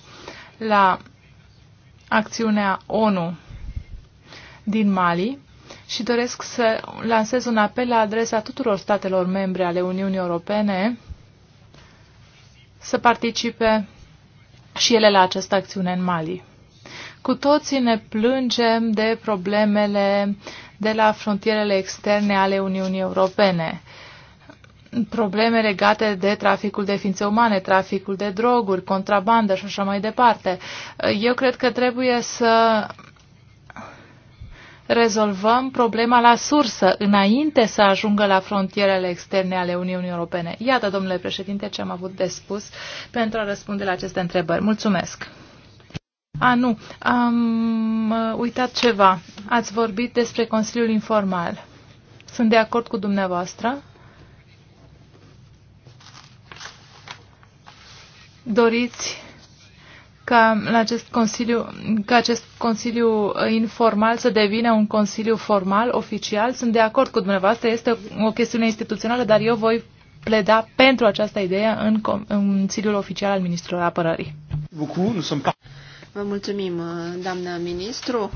la acțiunea ONU din Mali și doresc să lansez un apel la adresa tuturor statelor membre ale Uniunii Europene să participe și ele la această acțiune în Mali. Cu toții ne plângem de problemele de la frontierele externe ale Uniunii Europene probleme legate de traficul de ființe umane, traficul de droguri, contrabandă și așa mai departe. Eu cred că trebuie să rezolvăm problema la sursă, înainte să ajungă la frontierele externe ale Uniunii Europene. Iată, domnule președinte, ce am avut de spus pentru a răspunde la aceste întrebări. Mulțumesc! A, nu, am uh, uitat ceva. Ați vorbit despre Consiliul Informal. Sunt de acord cu dumneavoastră. Doriți ca acest consiliu, ca acest consiliu uh, informal să devină un consiliu formal, oficial. Sunt de acord cu dumneavoastră, este o chestiune instituțională, dar eu voi pleda pentru această idee în Consiliul Oficial al ministrului Apărării. Vă mulțumim, uh, doamnă ministru.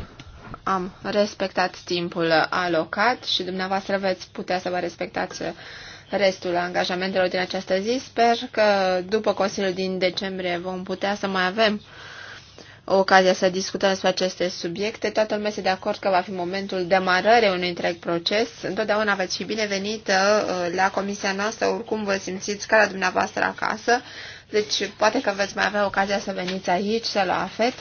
Am respectat timpul alocat și dumneavoastră veți putea să vă respectați restul angajamentelor din această zi. Sper că după Consiliul din decembrie vom putea să mai avem o ocazia să discutăm despre aceste subiecte. Toată lumea este de acord că va fi momentul demarării unui întreg proces. Întotdeauna aveți și binevenită uh, la comisia noastră, oricum vă simțiți ca la dumneavoastră acasă deci poate că veți mai avea ocazia să veniți aici, să la AFET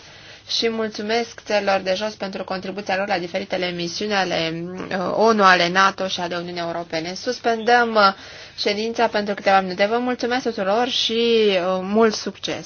și mulțumesc celor de jos pentru contribuția lor la diferitele misiuni ale uh, ONU, ale NATO și ale Uniunii Europene. Suspendăm uh, ședința pentru câteva minute. Vă mulțumesc tuturor și uh, mult succes!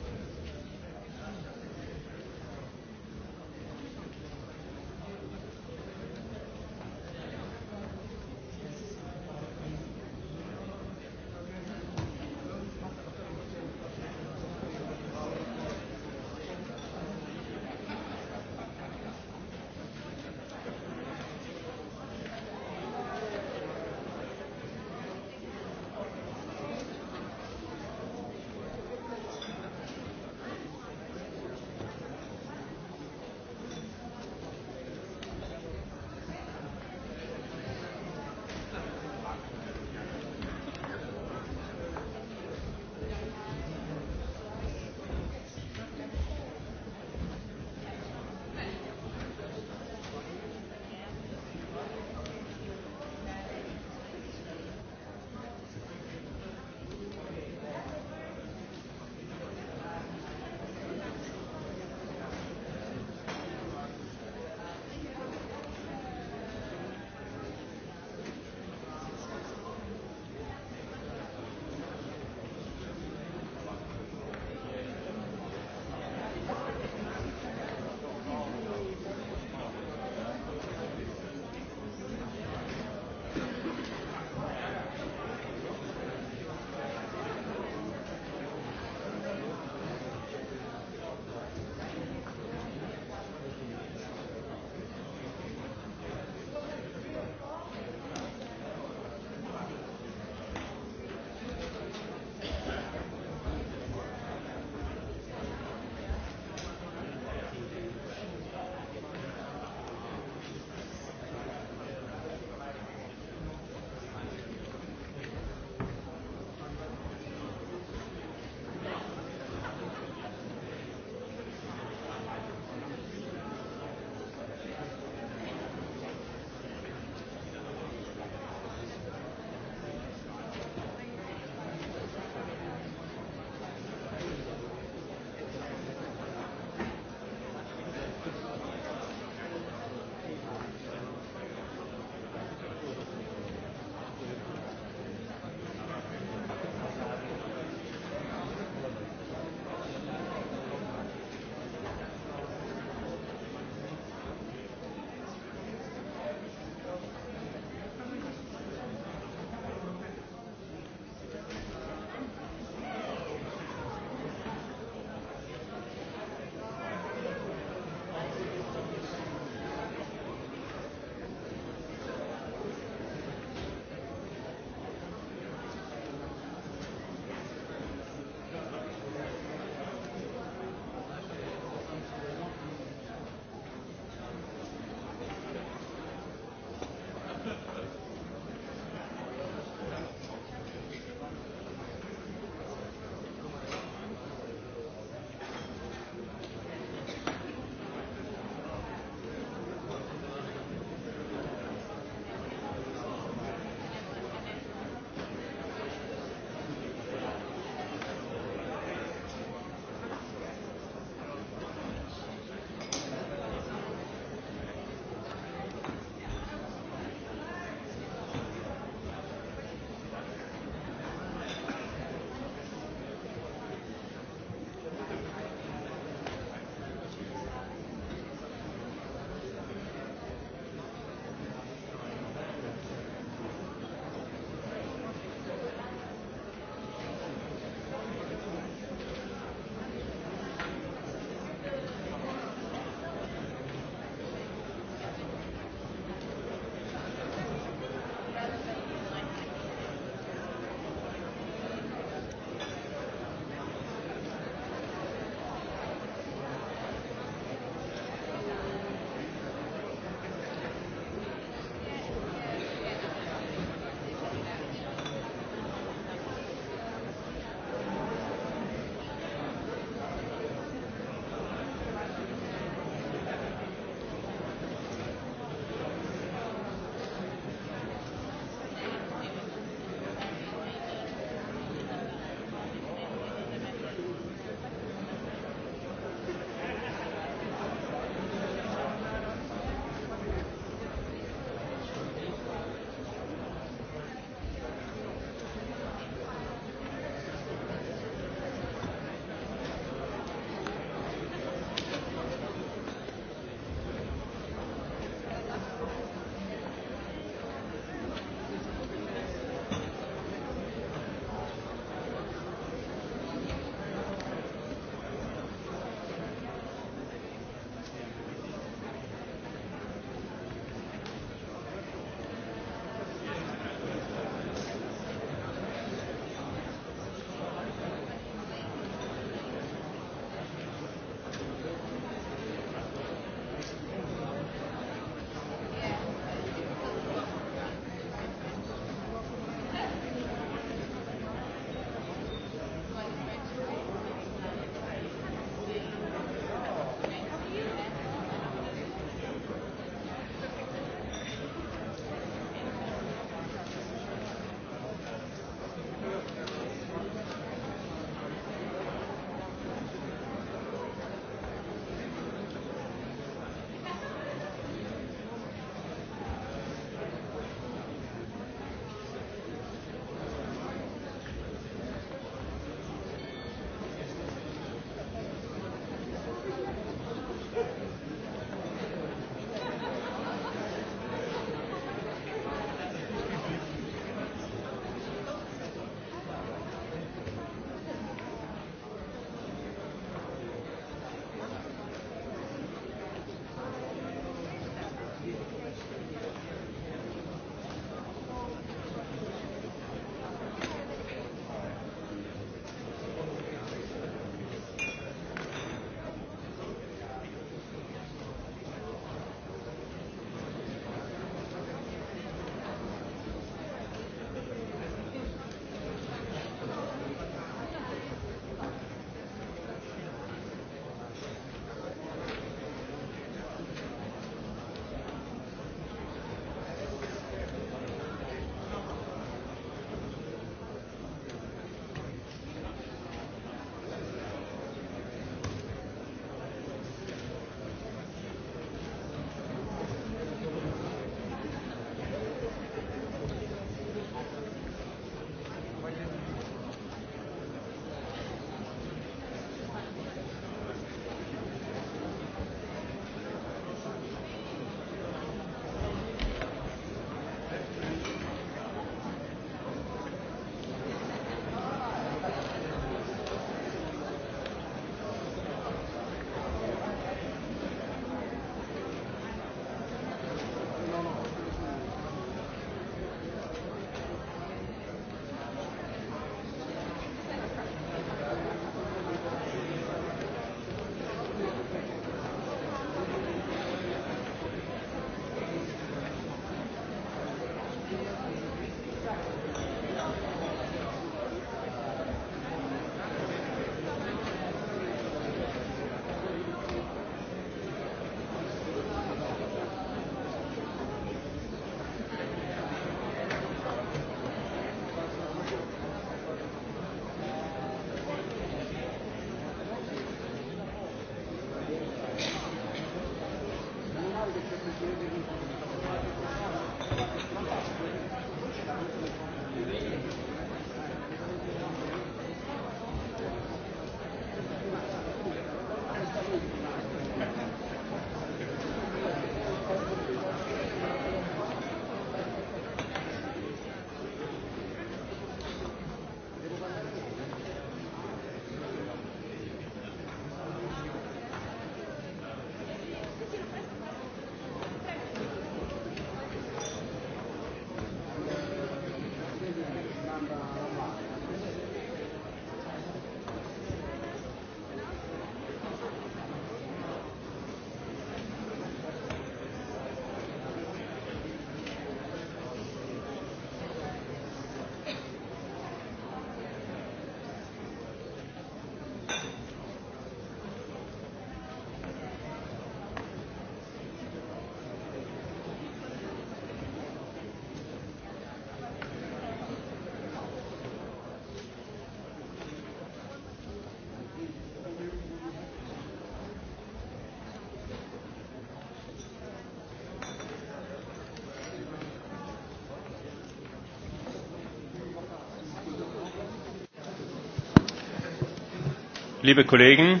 liebe Kollegen,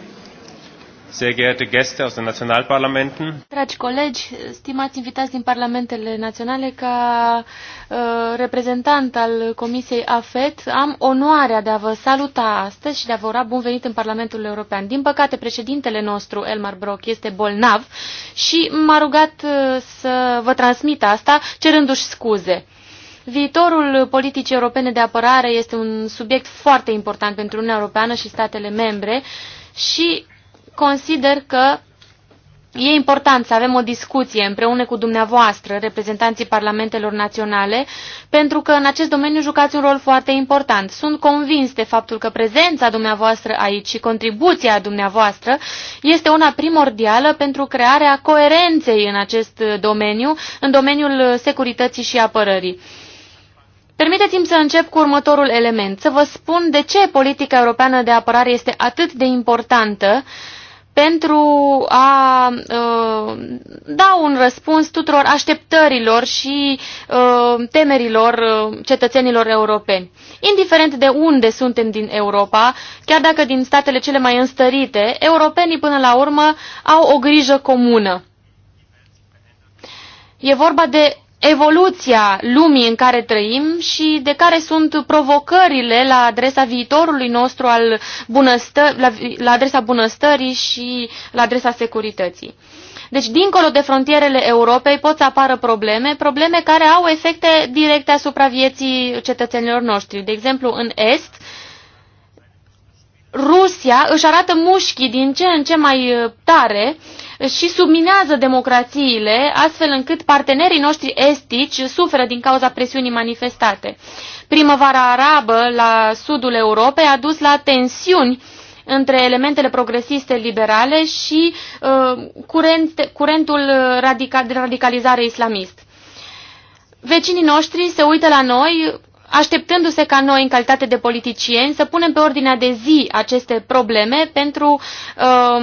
sehr geehrte Gäste aus den Nationalparlamenten. Dragi colegi, stimați invitați din parlamentele naționale, ca uh, reprezentant al Comisiei AFET, am onoarea de a vă saluta astăzi și de a vă ura bun venit în Parlamentul European. Din păcate, președintele nostru, Elmar Brock, este bolnav și m-a rugat uh, să vă transmit asta, cerându-și scuze. Viitorul politicii europene de apărare este un subiect foarte important pentru Uniunea Europeană și statele membre și consider că E important să avem o discuție împreună cu dumneavoastră, reprezentanții parlamentelor naționale, pentru că în acest domeniu jucați un rol foarte important. Sunt convins de faptul că prezența dumneavoastră aici și contribuția dumneavoastră este una primordială pentru crearea coerenței în acest domeniu, în domeniul securității și apărării. Permiteți-mi să încep cu următorul element, să vă spun de ce politica europeană de apărare este atât de importantă pentru a uh, da un răspuns tuturor așteptărilor și uh, temerilor uh, cetățenilor europeni. Indiferent de unde suntem din Europa, chiar dacă din statele cele mai înstărite, europenii până la urmă au o grijă comună. E vorba de evoluția lumii în care trăim și de care sunt provocările la adresa viitorului nostru, al bunăstă, la, la adresa bunăstării și la adresa securității. Deci, dincolo de frontierele Europei pot să apară probleme, probleme care au efecte directe asupra vieții cetățenilor noștri. De exemplu, în Est, Rusia își arată mușchii din ce în ce mai uh, tare și subminează democrațiile, astfel încât partenerii noștri estici suferă din cauza presiunii manifestate. Primăvara arabă la sudul Europei a dus la tensiuni între elementele progresiste liberale și uh, curent, curentul radical, de radicalizare islamist. Vecinii noștri se uită la noi așteptându-se ca noi, în calitate de politicieni, să punem pe ordinea de zi aceste probleme pentru um,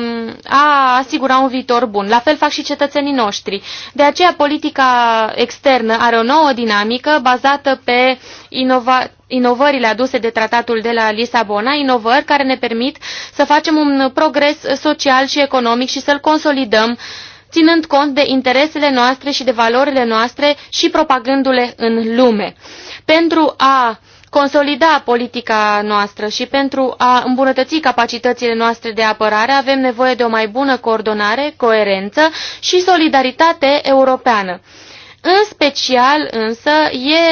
a asigura un viitor bun. La fel fac și cetățenii noștri. De aceea, politica externă are o nouă dinamică bazată pe inova inovările aduse de tratatul de la Lisabona, inovări care ne permit să facem un progres social și economic și să-l consolidăm uh, ținând cont de interesele noastre și de valorile noastre și propagându-le în lume. Pentru a consolida politica noastră și pentru a îmbunătăți capacitățile noastre de apărare avem nevoie de o mai bună coordonare, coerență și solidaritate europeană. În special, însă,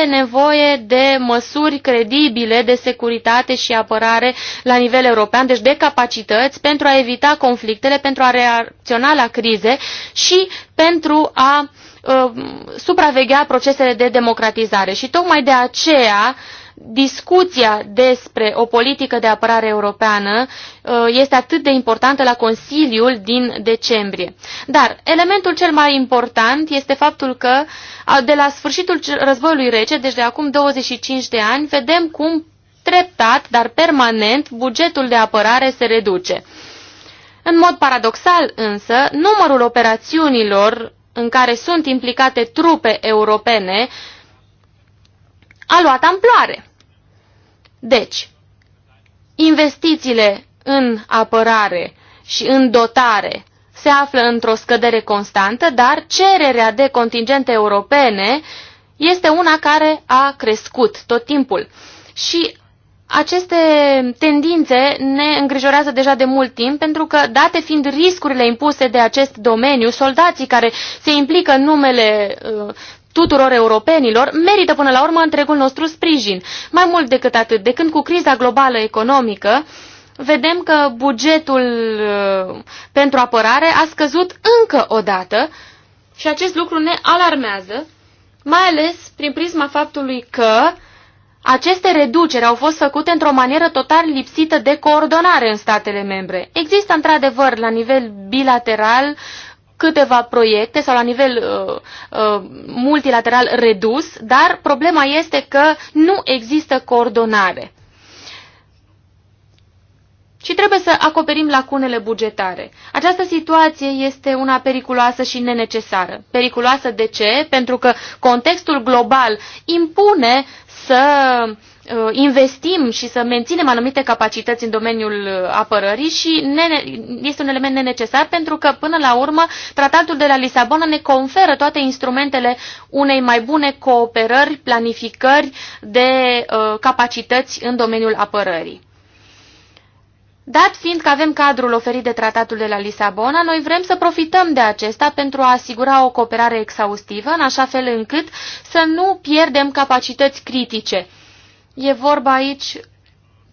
e nevoie de măsuri credibile de securitate și apărare la nivel european, deci de capacități pentru a evita conflictele, pentru a reacționa la crize și pentru a uh, supraveghea procesele de democratizare. Și tocmai de aceea discuția despre o politică de apărare europeană uh, este atât de importantă la Consiliul din decembrie. Dar elementul cel mai important este faptul că de la sfârșitul războiului rece, deci de acum 25 de ani, vedem cum treptat, dar permanent, bugetul de apărare se reduce. În mod paradoxal însă, numărul operațiunilor în care sunt implicate trupe europene a luat amploare. Deci, investițiile în apărare și în dotare se află într-o scădere constantă, dar cererea de contingente europene este una care a crescut tot timpul. Și aceste tendințe ne îngrijorează deja de mult timp, pentru că, date fiind riscurile impuse de acest domeniu, soldații care se implică în numele uh, tuturor europenilor, merită până la urmă întregul nostru sprijin. Mai mult decât atât, de când cu criza globală economică, vedem că bugetul uh, pentru apărare a scăzut încă o dată și acest lucru ne alarmează, mai ales prin prisma faptului că aceste reduceri au fost făcute într-o manieră total lipsită de coordonare în statele membre. Există într-adevăr la nivel bilateral câteva proiecte sau la nivel uh, uh, multilateral redus, dar problema este că nu există coordonare. Și trebuie să acoperim lacunele bugetare. Această situație este una periculoasă și nenecesară. Periculoasă de ce? Pentru că contextul global impune să uh, Uh, investim și să menținem anumite capacități în domeniul uh, apărării și este un element nenecesar pentru că, până la urmă, tratatul de la Lisabona ne conferă toate instrumentele unei mai bune cooperări, planificări de uh, capacități în domeniul apărării. Dat fiind că avem cadrul oferit de tratatul de la Lisabona, noi vrem să profităm de acesta pentru a asigura o cooperare exhaustivă, în așa fel încât să nu pierdem capacități critice E vorba aici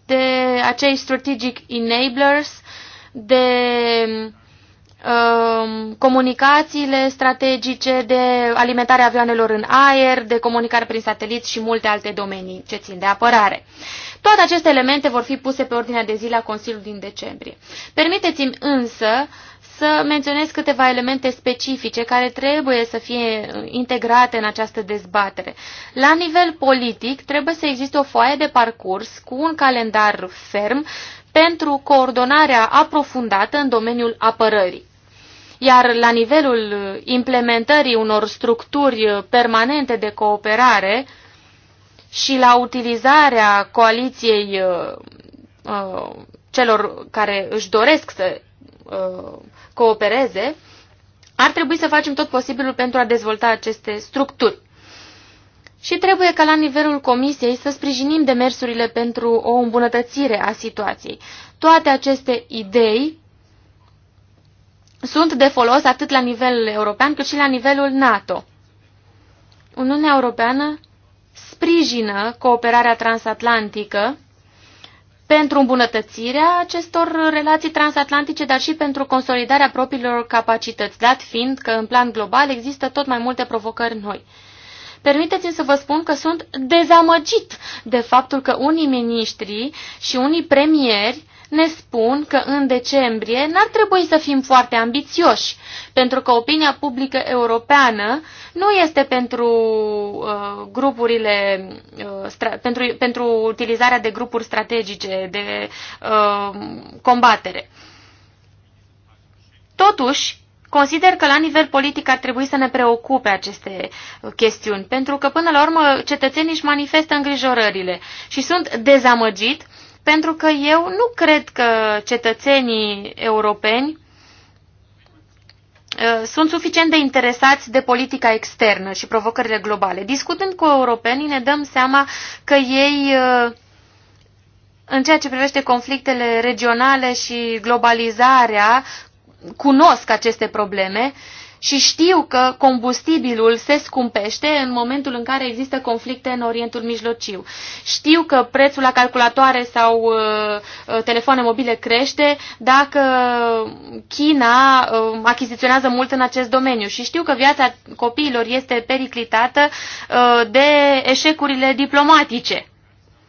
de acei strategic enablers, de um, comunicațiile strategice, de alimentarea avioanelor în aer, de comunicare prin satelit și multe alte domenii ce țin de apărare. Toate aceste elemente vor fi puse pe ordinea de zi la Consiliul din decembrie. Permiteți-mi însă să menționez câteva elemente specifice care trebuie să fie integrate în această dezbatere. La nivel politic, trebuie să existe o foaie de parcurs cu un calendar ferm pentru coordonarea aprofundată în domeniul apărării. Iar la nivelul implementării unor structuri permanente de cooperare și la utilizarea coaliției uh, uh celor care își doresc să uh, coopereze, ar trebui să facem tot posibilul pentru a dezvolta aceste structuri. Și trebuie ca la nivelul comisiei să sprijinim demersurile pentru o îmbunătățire a situației. Toate aceste idei sunt de folos atât la nivel european cât și la nivelul NATO. Uniunea Europeană sprijină cooperarea transatlantică pentru îmbunătățirea acestor relații transatlantice, dar și pentru consolidarea propriilor capacități, dat fiind că în plan global există tot mai multe provocări noi. Permiteți-mi să vă spun că sunt dezamăgit de faptul că unii miniștri și unii premieri ne spun că în decembrie n-ar trebui să fim foarte ambițioși, pentru că opinia publică europeană nu este pentru uh, grupurile uh, pentru, pentru utilizarea de grupuri strategice de uh, combatere. Totuși, Consider că la nivel politic ar trebui să ne preocupe aceste uh, chestiuni, pentru că până la urmă cetățenii își manifestă îngrijorările și sunt dezamăgit uh, pentru că eu nu cred că cetățenii europeni uh, sunt suficient de interesați de politica externă și provocările globale. Discutând cu europenii, ne dăm seama că ei, uh, în ceea ce privește conflictele regionale și globalizarea, cunosc aceste probleme și știu că combustibilul se scumpește în momentul în care există conflicte în Orientul Mijlociu. Știu că prețul la calculatoare sau uh, uh, telefoane mobile crește dacă China uh, achiziționează mult în acest domeniu și știu că viața copiilor este periclitată uh, de eșecurile diplomatice.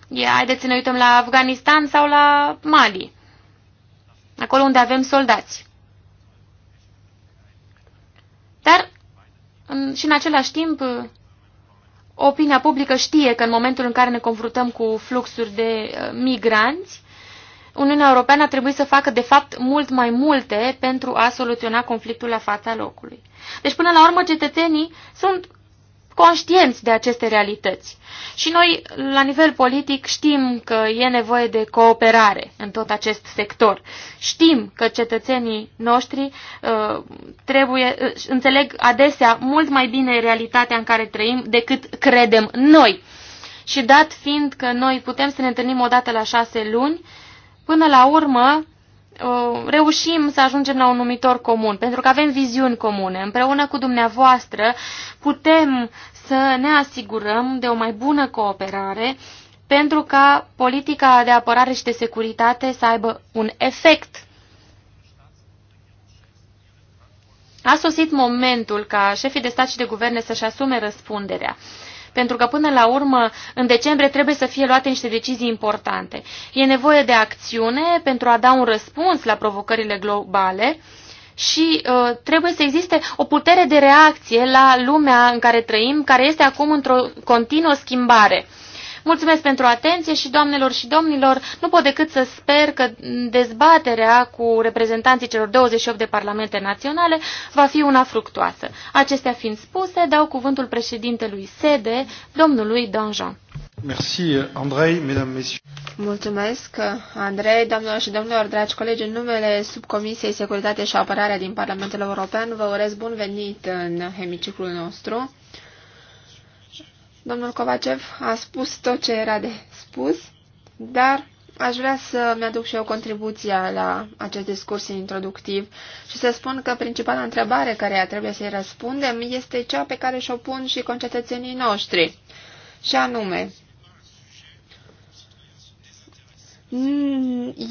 Ia, haideți să ne uităm la Afganistan sau la Mali, acolo unde avem soldați. Dar în, și în același timp opinia publică știe că în momentul în care ne confruntăm cu fluxuri de uh, migranți, Uniunea Europeană a trebuit să facă, de fapt, mult mai multe pentru a soluționa conflictul la fața locului. Deci, până la urmă, cetățenii sunt conștienți de aceste realități. Și noi, la nivel politic, știm că e nevoie de cooperare în tot acest sector. Știm că cetățenii noștri uh, trebuie, uh, înțeleg adesea mult mai bine realitatea în care trăim decât credem noi. Și dat fiind că noi putem să ne întâlnim o dată la șase luni, până la urmă reușim să ajungem la un numitor comun, pentru că avem viziuni comune. Împreună cu dumneavoastră putem să ne asigurăm de o mai bună cooperare pentru ca politica de apărare și de securitate să aibă un efect. A sosit momentul ca șefii de stat și de guverne să-și asume răspunderea pentru că până la urmă, în decembrie, trebuie să fie luate niște decizii importante. E nevoie de acțiune pentru a da un răspuns la provocările globale și uh, trebuie să existe o putere de reacție la lumea în care trăim, care este acum într-o continuă schimbare. Uh, Mulțumesc pentru atenție și, doamnelor și domnilor, nu pot decât să sper că dezbaterea cu reprezentanții celor 28 de parlamente naționale va fi una fructuoasă. Acestea fiind spuse, dau cuvântul președintelui sede, domnului Danjean. Merci, Andrei, mesdames, messieurs. Mulțumesc, Andrei, doamnelor și domnilor, dragi colegi, în numele Subcomisiei Securitate și Apărare din Parlamentul European, vă urez bun venit în hemiciclul nostru. Domnul Kovacev a spus tot ce era de spus, dar aș vrea să-mi aduc și eu contribuția la acest discurs introductiv și să spun că principala întrebare care trebuie să-i răspundem este cea pe care și-o pun și concetățenii noștri, și anume,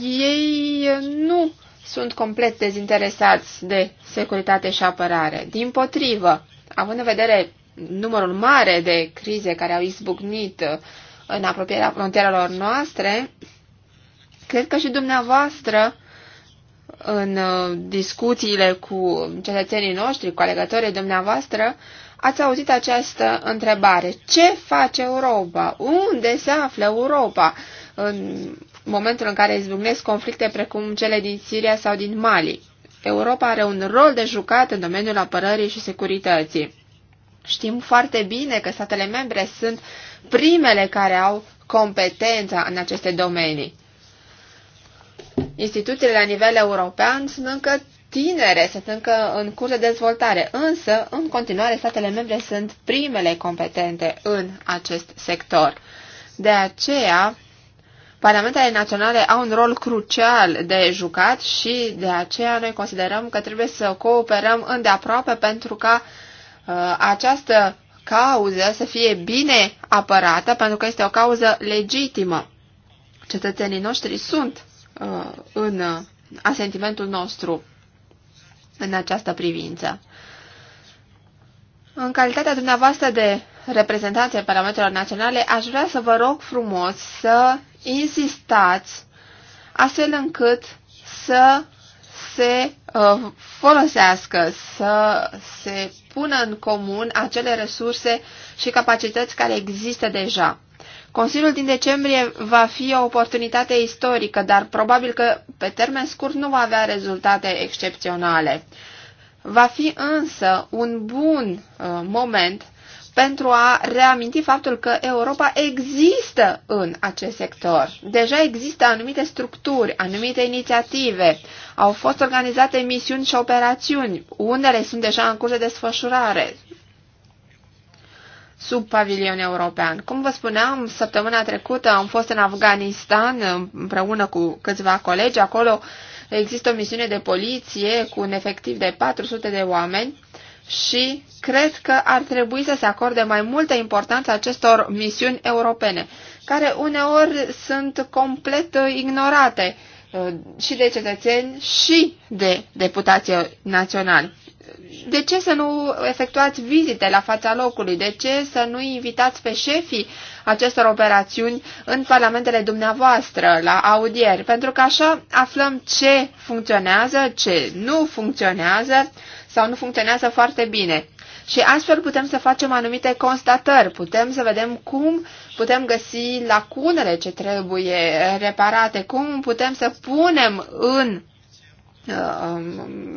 ei nu sunt complet dezinteresați de securitate și apărare. Din potrivă, având în vedere numărul mare de crize care au izbucnit în apropierea frontierelor noastre, cred că și dumneavoastră în uh, discuțiile cu cetățenii noștri, cu alegătorii dumneavoastră, ați auzit această întrebare. Ce face Europa? Unde se află Europa în momentul în care izbucnesc conflicte precum cele din Siria sau din Mali? Europa are un rol de jucat în domeniul apărării și securității. Știm foarte bine că statele membre sunt primele care au competența în aceste domenii. Instituțiile la nivel european sunt încă tinere, sunt încă în curs de dezvoltare, însă, în continuare, statele membre sunt primele competente în acest sector. De aceea, Parlamentele naționale au un rol crucial de jucat și de aceea noi considerăm că trebuie să cooperăm îndeaproape pentru ca Uh, această cauză să fie bine apărată, pentru că este o cauză legitimă. Cetățenii noștri sunt uh, în asentimentul nostru în această privință. În calitatea dumneavoastră de reprezentanții Parlamentelor Naționale, aș vrea să vă rog frumos să insistați astfel încât să se uh, folosească, să se pună în comun acele resurse și capacități care există deja. Consiliul din decembrie va fi o oportunitate istorică, dar probabil că pe termen scurt nu va avea rezultate excepționale. Va fi însă un bun uh, moment pentru a reaminti faptul că Europa există în acest sector. Deja există anumite structuri, anumite inițiative, au fost organizate misiuni și operațiuni, unele sunt deja în curs de desfășurare sub pavilion european. Cum vă spuneam, săptămâna trecută am fost în Afganistan împreună cu câțiva colegi. Acolo există o misiune de poliție cu un efectiv de 400 de oameni și cred că ar trebui să se acorde mai multă importanță acestor misiuni europene, care uneori sunt complet uh, ignorate uh, și de cetățeni și de deputații naționali. De ce să nu efectuați vizite la fața locului? De ce să nu invitați pe șefii acestor operațiuni în parlamentele dumneavoastră, la audieri? Pentru că așa aflăm ce funcționează, ce nu funcționează, sau nu funcționează foarte bine. Și astfel putem să facem anumite constatări, putem să vedem cum putem găsi lacunele ce trebuie reparate, cum putem să punem în uh,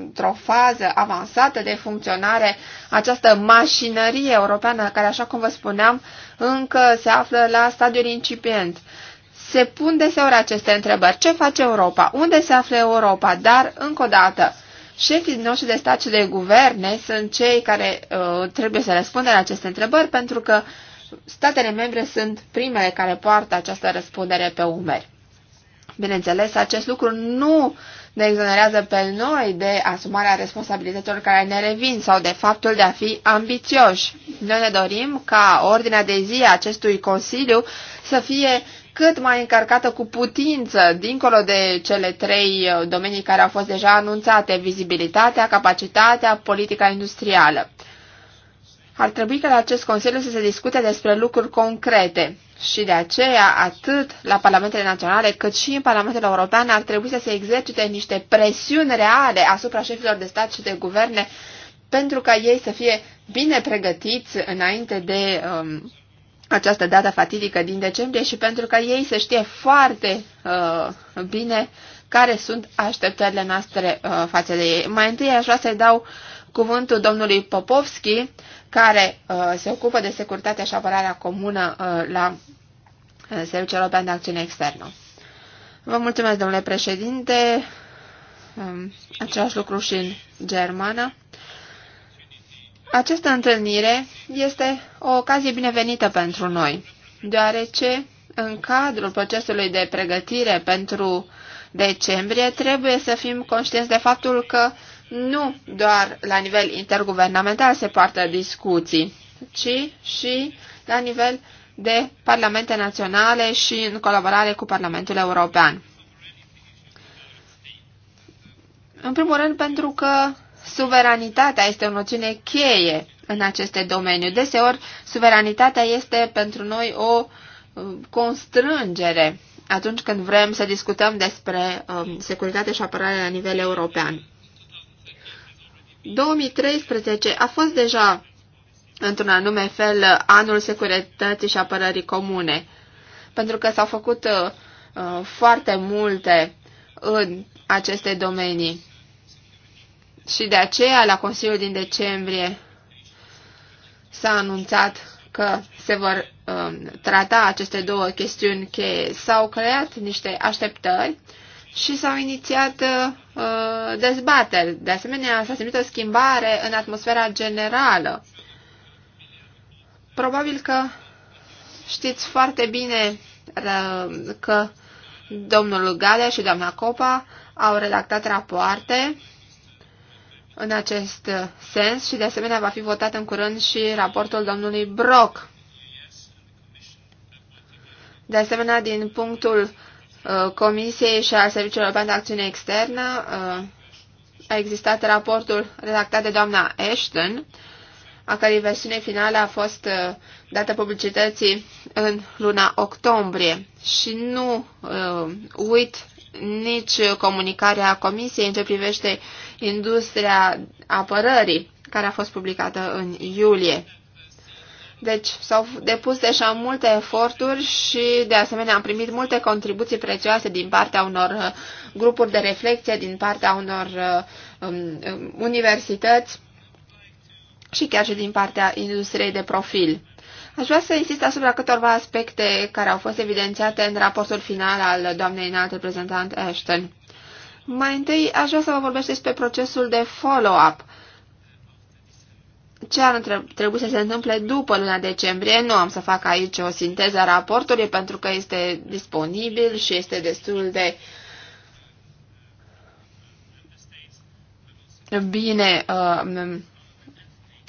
într-o fază avansată de funcționare această mașinărie europeană care, așa cum vă spuneam, încă se află la stadiul incipient. Se pun deseori aceste întrebări. Ce face Europa? Unde se află Europa? Dar, încă o dată, Șefii noștri de stat și de guverne sunt cei care uh, trebuie să răspundă la aceste întrebări pentru că statele membre sunt primele care poartă această răspundere pe umeri. Bineînțeles, acest lucru nu ne exonerează pe noi de asumarea responsabilităților care ne revin sau de faptul de a fi ambițioși. Noi ne dorim ca ordinea de zi a acestui Consiliu să fie cât mai încărcată cu putință, dincolo de cele trei uh, domenii care au fost deja anunțate, vizibilitatea, capacitatea, politica industrială. Ar trebui ca la acest Consiliu să se discute despre lucruri concrete și de aceea, atât la Parlamentele Naționale cât și în Parlamentul European, ar trebui să se exercite niște presiuni reale asupra șefilor de stat și de guverne pentru ca ei să fie bine pregătiți înainte de um, această dată fatidică din decembrie și pentru că ei să știe foarte uh, bine care sunt așteptările noastre uh, față de ei. Mai întâi aș vrea să-i dau cuvântul domnului Popovski, care uh, se ocupă de securitatea și apărarea comună uh, la uh, Serviciul European de Acțiune Externă. Vă mulțumesc, domnule președinte. Um, același lucru și în germană. Această întâlnire este o ocazie binevenită pentru noi, deoarece în cadrul procesului de pregătire pentru decembrie trebuie să fim conștienți de faptul că nu doar la nivel interguvernamental se poartă discuții, ci și la nivel de parlamente naționale și în colaborare cu Parlamentul European. În primul rând pentru că Suveranitatea este o noțiune cheie în aceste domeniu. Deseori, suveranitatea este pentru noi o um, constrângere atunci când vrem să discutăm despre um, securitate și apărare la nivel european. 2013 a fost deja, într-un anume fel, anul securității și apărării comune, pentru că s-au făcut uh, uh foarte multe în aceste domenii. Și de aceea, la Consiliul din decembrie, s-a anunțat că se vor uh, trata aceste două chestiuni cheie. S-au creat niște așteptări și s-au inițiat uh, dezbateri. De asemenea, s-a simțit o schimbare în atmosfera generală. Probabil că știți foarte bine uh, că domnul Galea și doamna Copa au redactat rapoarte în acest uh, sens și de asemenea va fi votat în curând și raportul domnului Brock. De asemenea, din punctul uh, Comisiei și al Serviciului European de Acțiune Externă uh, a existat raportul redactat de doamna Ashton, a cărei versiune finală a fost uh, dată publicității în luna octombrie. Și nu uh, uit nici comunicarea Comisiei în ce privește industria apărării, care a fost publicată în iulie. Deci s-au depus deja multe eforturi și de asemenea am primit multe contribuții prețioase din partea unor uh, grupuri de reflexie, din partea unor uh, um, um, universități și chiar și din partea industriei de profil. Aș vrea să insist asupra câtorva aspecte care au fost evidențiate în raportul final al doamnei înalt reprezentant Ashton. Mai întâi, aș vrea să vă vorbesc despre procesul de follow-up. Ce ar trebui să se întâmple după luna decembrie? Nu am să fac aici o sinteză a raportului pentru că este disponibil și este destul de bine uh,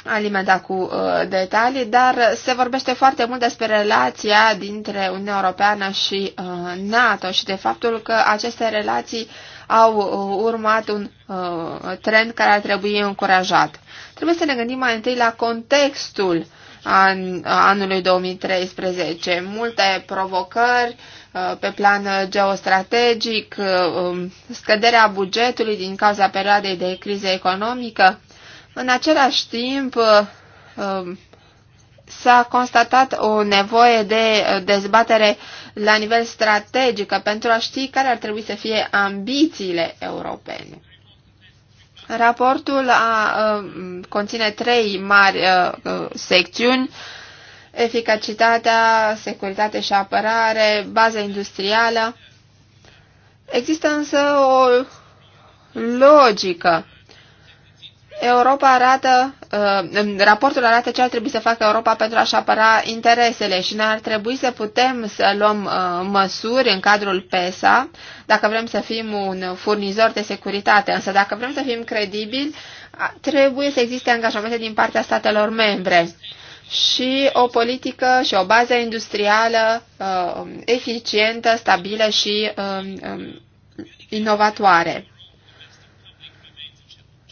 alimenta da cu uh, detalii, dar se vorbește foarte mult despre relația dintre Uniunea Europeană și uh, NATO și de faptul că aceste relații au uh, urmat un uh, trend care ar trebui încurajat. Trebuie să ne gândim mai întâi la contextul an, anului 2013. Multe provocări uh, pe plan geostrategic, uh, um, scăderea bugetului din cauza perioadei de criză economică, în același timp, uh, um, s-a constatat o nevoie de uh, dezbatere la nivel strategic pentru a ști care ar trebui să fie ambițiile europene. Raportul a, um, conține trei mari uh, secțiuni, eficacitatea, securitate și apărare, bază industrială. Există însă o logică Europa arată, uh, raportul arată ce ar trebui să facă Europa pentru a-și apăra interesele și ne ar trebui să putem să luăm uh, măsuri în cadrul PESA dacă vrem să fim un furnizor de securitate, însă dacă vrem să fim credibili, trebuie să existe angajamente din partea statelor membre și o politică și o bază industrială uh, eficientă, stabilă și um, um, inovatoare.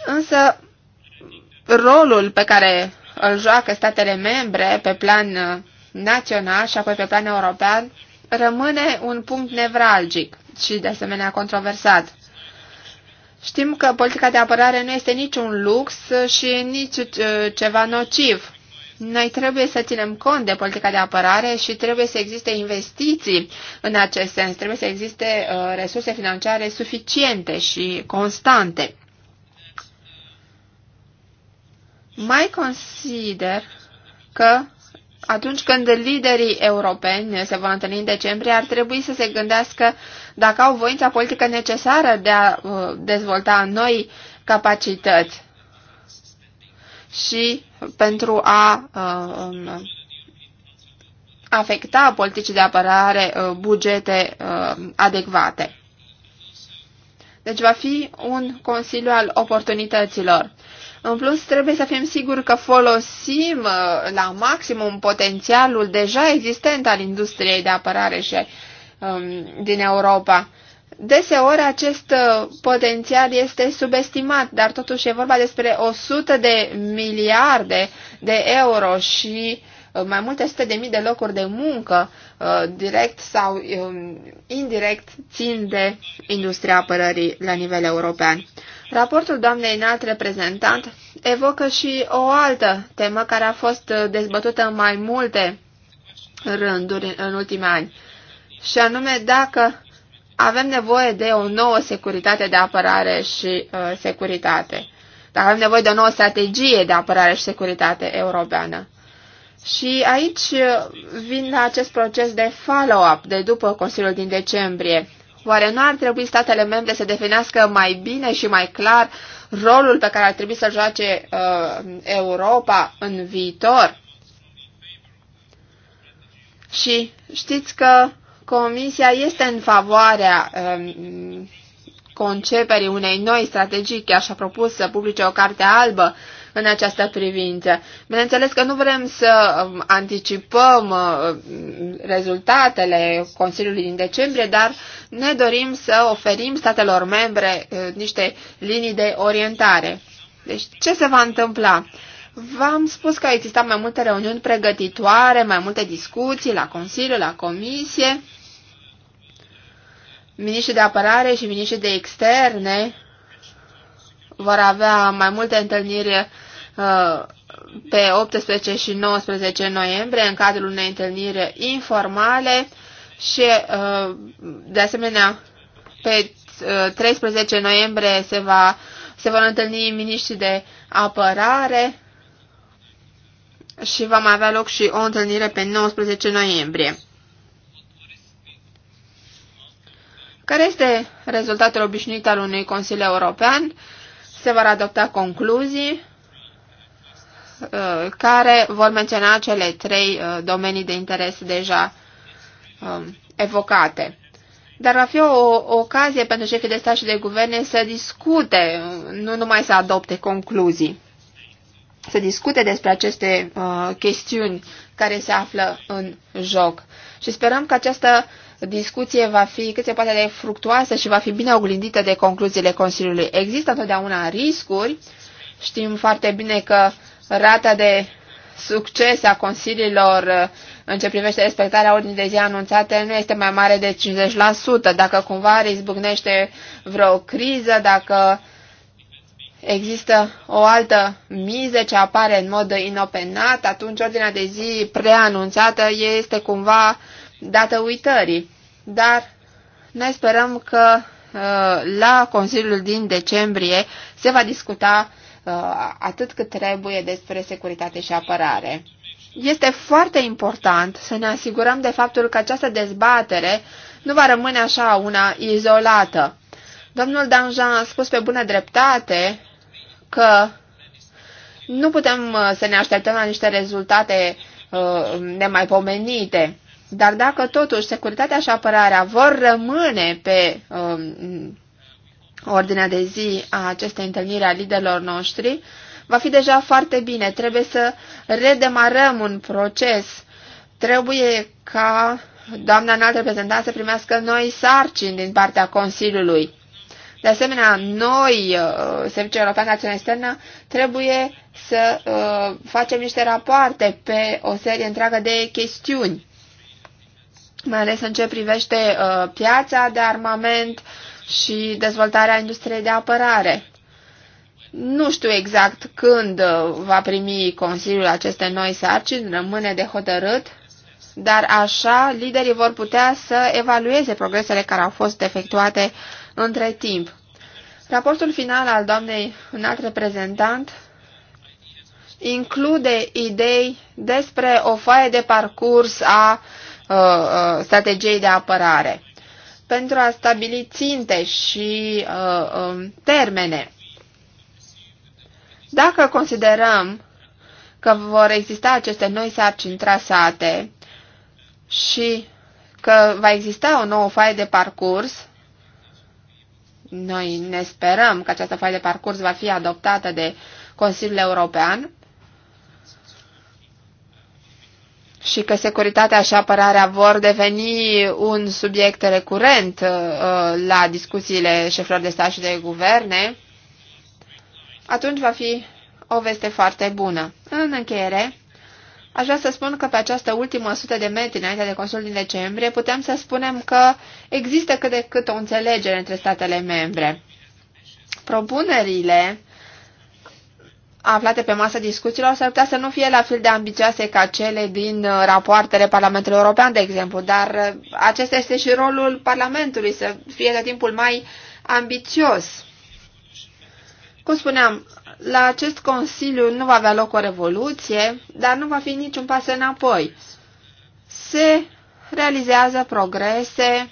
Însă, rolul pe care îl joacă statele membre pe plan uh, național și apoi pe plan european rămâne un punct nevralgic și de asemenea controversat. Știm că politica de apărare nu este niciun lux și nici uh, ceva nociv. Noi trebuie să ținem cont de politica de apărare și trebuie să existe investiții în acest sens, trebuie să existe uh, resurse financiare suficiente și constante. Mai consider că atunci când liderii europeni se vor întâlni în decembrie, ar trebui să se gândească dacă au voința politică necesară de a uh, dezvolta noi capacități și pentru a um, afecta politicii de apărare uh, bugete um, adecvate. Deci va fi un consiliu al oportunităților. În plus, trebuie să fim siguri că folosim uh, la maximum potențialul deja existent al industriei de apărare și um, din Europa. Deseori acest uh, potențial este subestimat, dar totuși e vorba despre 100 de miliarde de euro și uh, mai multe sute de mii de locuri de muncă, direct sau um, indirect, țin de industria apărării la nivel european. Raportul doamnei înalt reprezentant evocă și o altă temă care a fost dezbătută în mai multe rânduri în ultimii ani, și anume dacă avem nevoie de o nouă securitate de apărare și uh, securitate, dacă avem nevoie de o nouă strategie de apărare și securitate europeană. Și aici uh, vin la acest proces de follow-up de după Consiliul din decembrie, Oare nu ar trebui statele membre să definească mai bine și mai clar rolul pe care ar trebui să joace uh, Europa în viitor? Și știți că Comisia este în favoarea um, conceperii unei noi strategii, chiar și-a propus să publice o carte albă în această privință. Bineînțeles că nu vrem să um, anticipăm uh, rezultatele Consiliului din decembrie, dar ne dorim să oferim statelor membre uh, niște linii de orientare. Deci ce se va întâmpla? V-am spus că existau mai multe reuniuni pregătitoare, mai multe discuții la Consiliu, la Comisie. Ministrii de apărare și ministrii de externe vor avea mai multe întâlniri uh, pe 18 și 19 noiembrie în cadrul unei întâlniri informale și uh, de asemenea pe 13 uh, noiembrie se, va, se vor întâlni miniștrii de apărare și va mai avea loc și o întâlnire pe 19 noiembrie. Care este rezultatul obișnuit al unui Consiliu European? se vor adopta concluzii uh, care vor menționa cele trei uh, domenii de interes deja um, evocate. Dar va fi o, o ocazie pentru șefii de stat și de guverne să discute, uh, nu numai să adopte concluzii, să discute despre aceste uh, chestiuni care se află în joc. Și sperăm că această uh, discuție va fi cât se poate de fructuoasă și va fi bine oglindită de concluziile Consiliului. Există întotdeauna riscuri. Știm foarte bine că rata de succes a consiliilor uh, în ce privește respectarea ordinii de zi anunțate nu este mai mare de 50%. Dacă cumva izbucnește vreo criză, dacă există o altă miză ce apare în mod inopenat, atunci ordinea de zi preanunțată este cumva dată uitării, dar noi sperăm că uh, la Consiliul din decembrie se va discuta uh, atât cât trebuie despre securitate și apărare. Este foarte important să ne asigurăm de faptul că această dezbatere nu va rămâne așa una izolată. Domnul Danjean a spus pe bună dreptate că nu putem uh, să ne așteptăm la niște rezultate uh, nemaipomenite. Dar dacă totuși securitatea și apărarea vor rămâne pe um, ordinea de zi a acestei întâlniri a liderilor noștri, va fi deja foarte bine. Trebuie să redemarăm un proces. Trebuie ca doamna înalt reprezentant să primească noi sarcini din partea Consiliului. De asemenea, noi, uh, Serviciul European de Acțiune Externă, trebuie să uh, facem niște rapoarte pe o serie întreagă de chestiuni mai ales în ce privește uh, piața de armament și dezvoltarea industriei de apărare. Nu știu exact când uh, va primi Consiliul aceste noi sarcini, rămâne de hotărât, dar așa liderii vor putea să evalueze progresele care au fost efectuate între timp. Raportul final al doamnei alt reprezentant include idei despre o foaie de parcurs a Uh, uh, strategiei de apărare, pentru a stabili ținte și uh, um, termene. Dacă considerăm că vor exista aceste noi sarcini trasate și că va exista o nouă faie de parcurs, noi ne sperăm că această faie de parcurs va fi adoptată de Consiliul European, și că securitatea și apărarea vor deveni un subiect recurent uh, la discuțiile șefilor de stat și de guverne, atunci va fi o veste foarte bună. În încheiere, aș vrea să spun că pe această ultimă sută de metri înainte de Consul din decembrie putem să spunem că există cât de cât o înțelegere între statele membre. Propunerile aflate pe masă discuțiilor s-ar putea să nu fie la fel de ambițioase ca cele din uh, rapoartele Parlamentului European, de exemplu, dar uh, acesta este și rolul Parlamentului, să fie de timpul mai ambițios. Cum spuneam, la acest Consiliu nu va avea loc o revoluție, dar nu va fi niciun pas înapoi. Se realizează progrese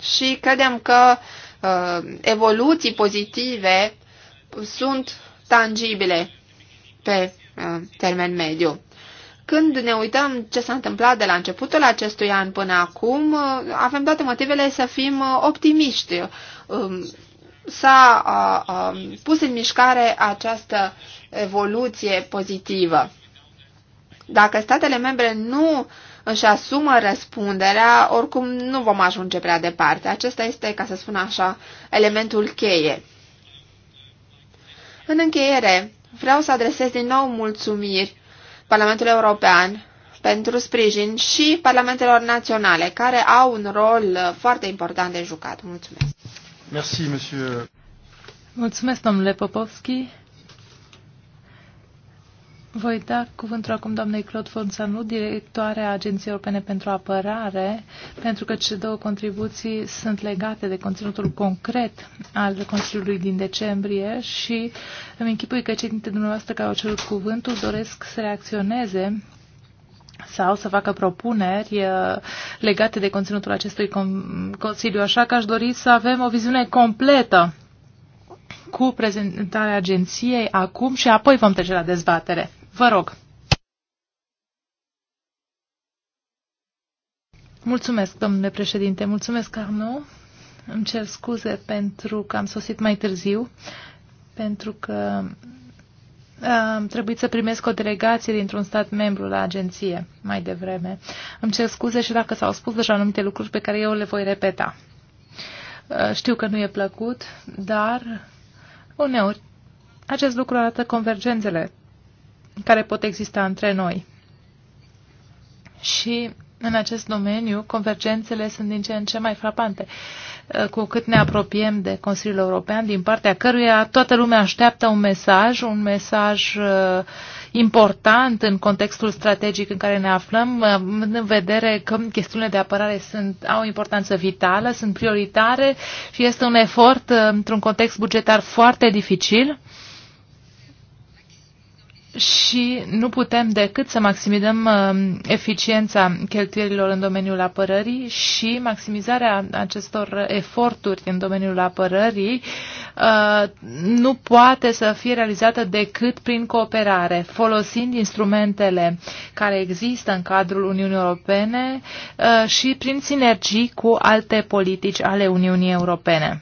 și credem că uh, evoluții pozitive sunt tangibile pe uh, termen mediu. Când ne uităm ce s-a întâmplat de la începutul acestui an până acum, uh, avem toate motivele să fim uh, optimiști. Um, s-a um, pus în mișcare această evoluție pozitivă. Dacă statele membre nu își asumă răspunderea, oricum nu vom ajunge prea departe. Acesta este, ca să spun așa, elementul cheie. În încheiere, vreau să adresez din nou mulțumiri Parlamentul European pentru sprijin și parlamentelor naționale, care au un rol foarte important de jucat. Mulțumesc! Merci, monsieur. Mulțumesc, domnule Popovski. Voi da cuvântul acum doamnei Claude Fonțanu, directoarea Agenției Europene pentru Apărare, pentru că cele două contribuții sunt legate de conținutul concret al Consiliului din decembrie și îmi închipui că cei dintre dumneavoastră care au cerut cuvântul doresc să reacționeze sau să facă propuneri uh, legate de conținutul acestui Consiliu, așa că aș dori să avem o viziune completă cu prezentarea agenției acum și apoi vom trece la dezbatere. Vă rog. Mulțumesc, domnule președinte. Mulțumesc, Arno. Îmi cer scuze pentru că am sosit mai târziu, pentru că am trebuit să primesc o delegație dintr-un stat membru la agenție mai devreme. Îmi cer scuze și dacă s-au spus deja anumite lucruri pe care eu le voi repeta. Uh, știu că nu e plăcut, dar uneori acest lucru arată convergențele care pot exista între noi. Și în acest domeniu, convergențele sunt din ce în ce mai frapante. Uh, cu cât ne apropiem de Consiliul European, din partea căruia toată lumea așteaptă un mesaj, un mesaj uh, important în contextul strategic în care ne aflăm, în vedere că chestiunile de apărare sunt, au o importanță vitală, sunt prioritare și este un efort uh, într-un context bugetar foarte dificil și nu putem decât să maximizăm um, eficiența cheltuielilor în domeniul apărării și maximizarea acestor eforturi în domeniul apărării uh, nu poate să fie realizată decât prin cooperare, folosind instrumentele care există în cadrul Uniunii Europene uh, și prin sinergii cu alte politici ale Uniunii Europene.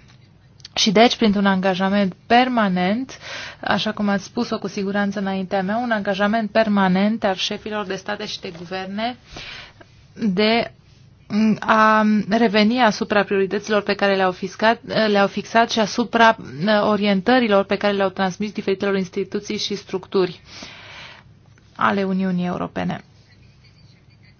Și deci, printr-un angajament permanent, așa cum ați spus-o cu siguranță înaintea mea, un angajament permanent al șefilor de state și de guverne de a reveni asupra priorităților pe care le-au, fiscat, le-au fixat și asupra orientărilor pe care le-au transmis diferitelor instituții și structuri ale Uniunii Europene.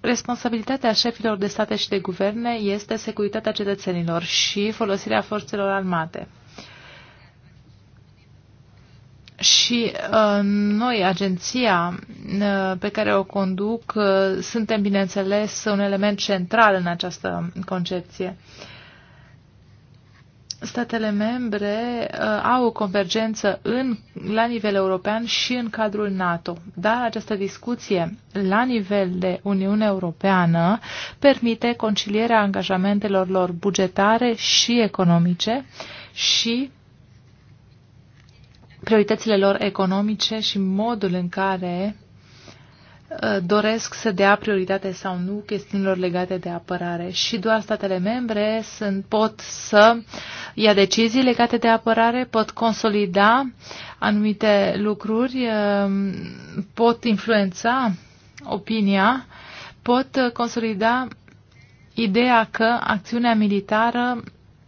Responsabilitatea șefilor de state și de guverne este securitatea cetățenilor și folosirea forțelor armate. Și uh, noi, agenția uh, pe care o conduc, uh, suntem, bineînțeles, un element central în această concepție. Uh, statele membre uh, au o convergență în, la nivel european și în cadrul NATO. Dar această discuție la nivel de Uniune Europeană permite concilierea angajamentelor lor bugetare și economice și prioritățile lor economice și modul în care Uh, doresc să dea prioritate sau nu chestiunilor legate de apărare și doar statele membre sunt, pot să ia decizii legate de apărare, pot consolida anumite lucruri, uh, pot influența opinia, pot consolida ideea că acțiunea militară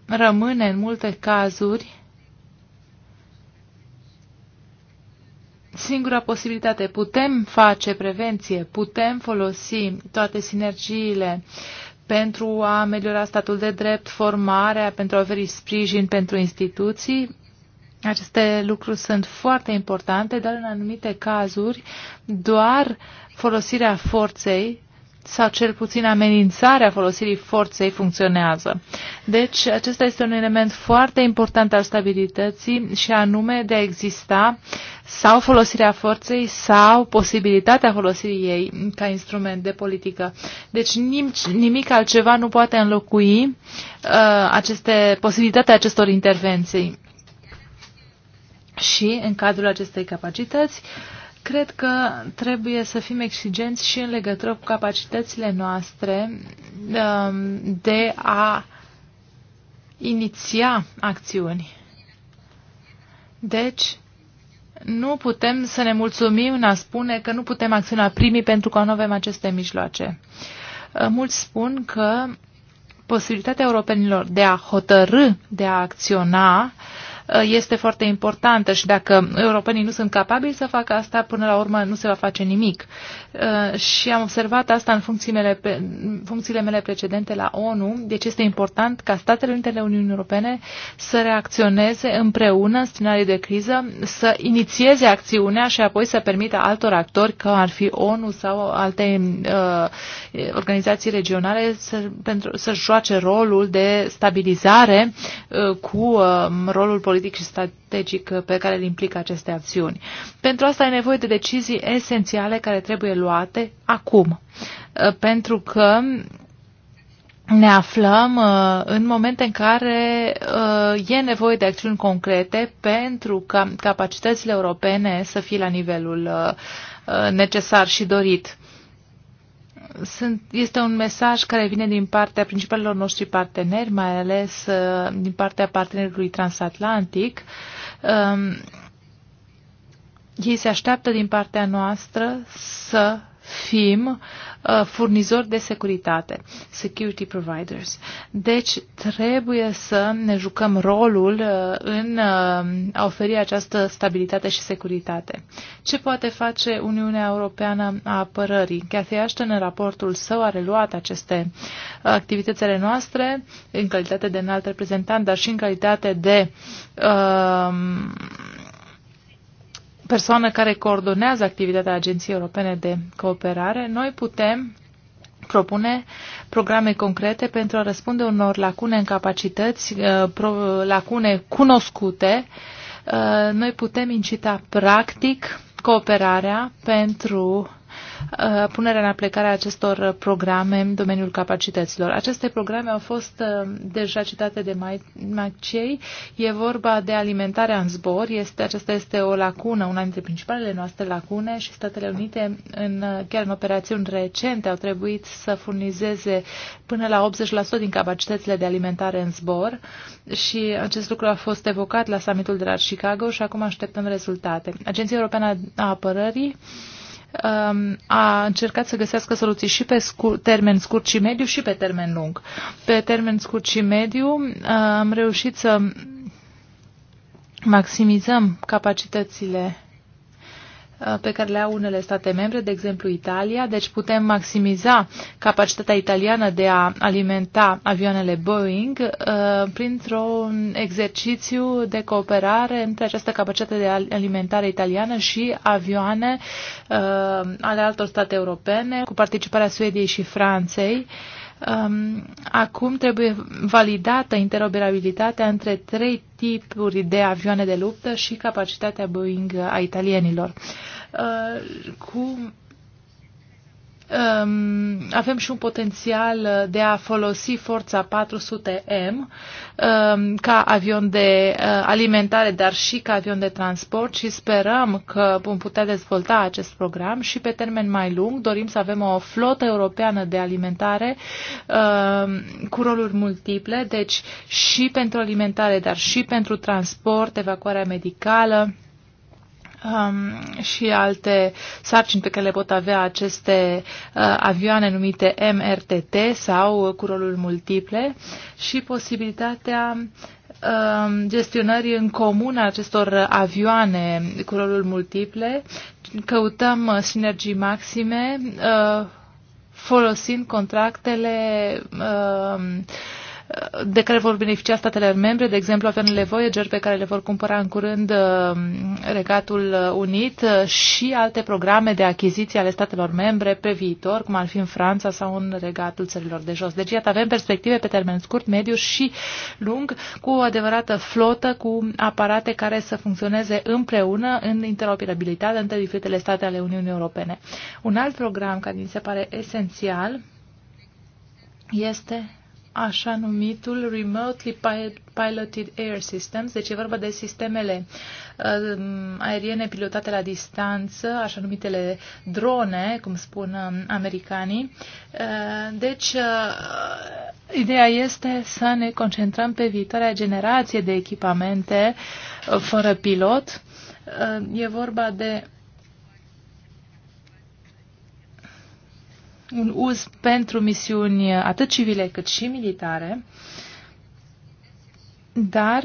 rămâne în multe cazuri singura posibilitate. Putem face prevenție, putem folosi toate sinergiile pentru a ameliora statul de drept, formarea, pentru a oferi sprijin pentru instituții. Aceste lucruri sunt foarte importante, dar în anumite cazuri doar folosirea forței sau cel puțin amenințarea folosirii forței funcționează. Deci acesta este un element foarte important al stabilității și anume de a exista sau folosirea forței sau posibilitatea folosirii ei ca instrument de politică. Deci nimic, nimic altceva nu poate înlocui uh, aceste, posibilitatea acestor intervenții. Și în cadrul acestei capacități, uh, Cred că trebuie să fim exigenți și în legătură cu capacitățile noastre um, de a iniția acțiuni. Deci, nu putem să ne mulțumim în a spune că nu putem acționa primii pentru că nu avem aceste mijloace. Uh, mulți spun că posibilitatea europenilor de a hotărâ, de a acționa, Uh, este foarte importantă și dacă europenii nu sunt capabili să facă asta, până la urmă nu se va face nimic. Uh, și am observat asta în funcțiile, funcțiile mele precedente la ONU, deci este important ca Statele Unite ale Uniunii Europene să reacționeze împreună în scenarii de criză, să inițieze acțiunea și apoi să permită altor actori, că ar fi ONU sau alte uh, organizații regionale, să, pentru, să joace rolul de stabilizare uh, cu uh, rolul politic și stat, strategic uh, pe care îl implică aceste acțiuni. Pentru asta e nevoie de decizii esențiale care trebuie luate acum, uh, pentru că ne aflăm uh, în momente în care uh, e nevoie de acțiuni concrete pentru ca capacitățile europene să fie la nivelul uh, uh necesar și dorit. Sunt, este un mesaj care vine din partea principalilor noștri parteneri, mai ales uh, din partea partenerului transatlantic. Uh, um, ei se așteaptă din partea noastră să fim Uh, furnizori de securitate, security providers. Deci trebuie să ne jucăm rolul uh, în uh, a oferi această stabilitate și securitate. Ce poate face Uniunea Europeană a apărării? Cathy Ashton în raportul său a reluat aceste activitățile noastre în calitate de înalt reprezentant, dar și în calitate de uh, persoană care coordonează activitatea Agenției Europene de Cooperare, noi putem propune programe concrete pentru a răspunde unor lacune în capacități, uh, lacune cunoscute. Uh, noi putem incita practic cooperarea pentru Uh, punerea în aplicare a acestor programe în domeniul capacităților. Aceste programe au fost uh, deja citate de Macei. E vorba de alimentarea în zbor. Este, aceasta este o lacună, una dintre principalele noastre lacune și Statele Unite, în, uh, chiar în operațiuni recente, au trebuit să furnizeze până la 80% din capacitățile de alimentare în zbor și acest lucru a fost evocat la summitul de la Chicago și acum așteptăm rezultate. Agenția Europeană a Apărării Um, a încercat să găsească soluții și pe scurt, termen scurt și mediu și pe termen lung. Pe termen scurt și mediu am reușit să maximizăm capacitățile Uh, pe care le au unele state membre, de exemplu Italia, deci putem maximiza capacitatea italiană de a alimenta avioanele Boeing uh, printr-un exercițiu de cooperare între această capacitate de alimentare italiană și avioane uh, ale altor state europene, cu participarea Suediei și Franței. Uh, um, acum trebuie validată interoperabilitatea între trei tipuri de avioane de luptă și capacitatea Boeing a italienilor. Uh, cu Um, avem și un potențial de a folosi forța 400M um, ca avion de uh, alimentare, dar și ca avion de transport și sperăm că vom putea dezvolta acest program și pe termen mai lung dorim să avem o flotă europeană de alimentare um, cu roluri multiple, deci și pentru alimentare, dar și pentru transport, evacuarea medicală, um, și alte sarcini pe care le pot avea aceste uh, avioane numite MRTT sau cu roluri multiple și posibilitatea um, gestionării în comun a acestor avioane cu roluri multiple. Căutăm uh, sinergii maxime uh, folosind contractele uh, de care vor beneficia statele membre, de exemplu avem le Voyager pe care le vor cumpăra în curând uh, Regatul Unit uh, și alte programe de achiziție ale statelor membre pe viitor, cum ar fi în Franța sau în Regatul Țărilor de Jos. Deci iată, avem perspective pe termen scurt, mediu și lung cu o adevărată flotă, cu aparate care să funcționeze împreună în interoperabilitate între diferitele state ale Uniunii Europene. Un alt program care mi se pare esențial este așa numitul Remotely Piloted Air Systems, deci e vorba de sistemele uh, aeriene pilotate la distanță, așa numitele drone, cum spun um, americanii. Uh, deci, uh, ideea este să ne concentrăm pe viitoarea generație de echipamente fără pilot. E vorba de un uz pentru misiuni atât civile cât și militare, dar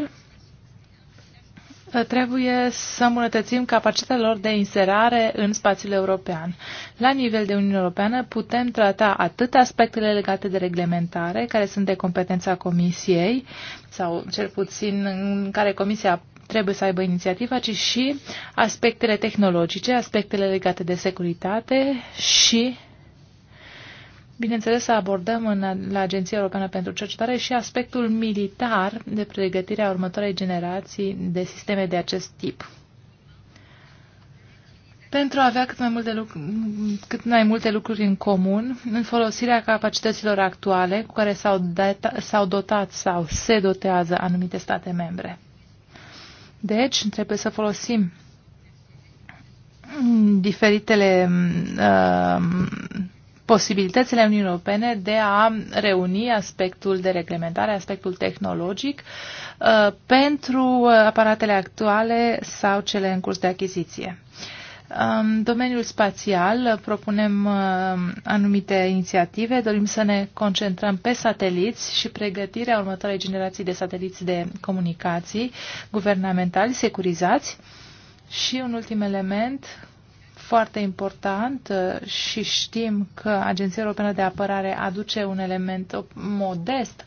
uh, trebuie să îmbunătățim capacitatea lor de inserare în spațiul european. La nivel de Uniune Europeană putem trata atât aspectele legate de reglementare, care sunt de competența Comisiei, sau cel puțin în care Comisia trebuie să aibă inițiativa, ci și aspectele tehnologice, aspectele legate de securitate și bineînțeles, să abordăm în, la Agenția Europeană pentru Cercetare și aspectul militar de pregătire a următoarei generații de sisteme de acest tip. Pentru a avea cât mai, multe lucruri, cât mai multe lucruri în comun, în folosirea capacităților actuale cu care s-au dotat sau se dotează anumite state membre. Deci, trebuie să folosim mm, diferitele mm, uh, posibilitățile Uniunii Europene de a reuni aspectul de reglementare, aspectul tehnologic uh, pentru aparatele actuale sau cele în curs de achiziție. În domeniul spațial uh, propunem uh, anumite inițiative. Dorim să ne concentrăm pe sateliți și pregătirea următoarei generații de sateliți de comunicații guvernamentali securizați. Și un ultim element foarte important uh, și știm că Agenția Europeană de Apărare aduce un element modest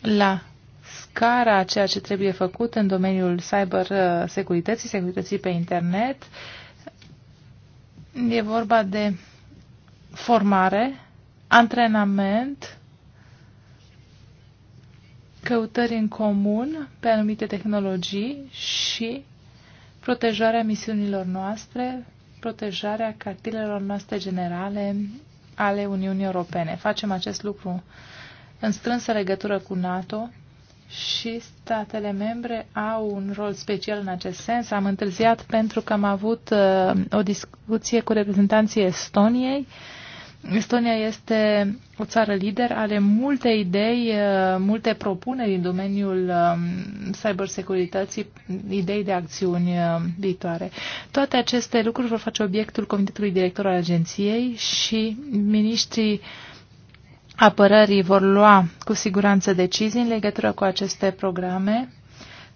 la scara a ceea ce trebuie făcut în domeniul cyber uh, securității, securității pe internet. E vorba de formare, antrenament, căutări în comun pe anumite tehnologii și protejarea misiunilor noastre, protejarea cartilelor noastre generale ale Uniunii Europene. Facem acest lucru în strânsă legătură cu NATO și statele membre au un rol special în acest sens. Am întârziat pentru că am avut uh, o discuție cu reprezentanții Estoniei uh, Estonia este o țară lider, are multe idei, uh, multe propuneri în domeniul um, cybersecurității, idei de acțiuni uh, viitoare. Toate aceste lucruri vor face obiectul Comitetului Director al Agenției și ministrii apărării vor lua cu siguranță decizii în legătură cu aceste programe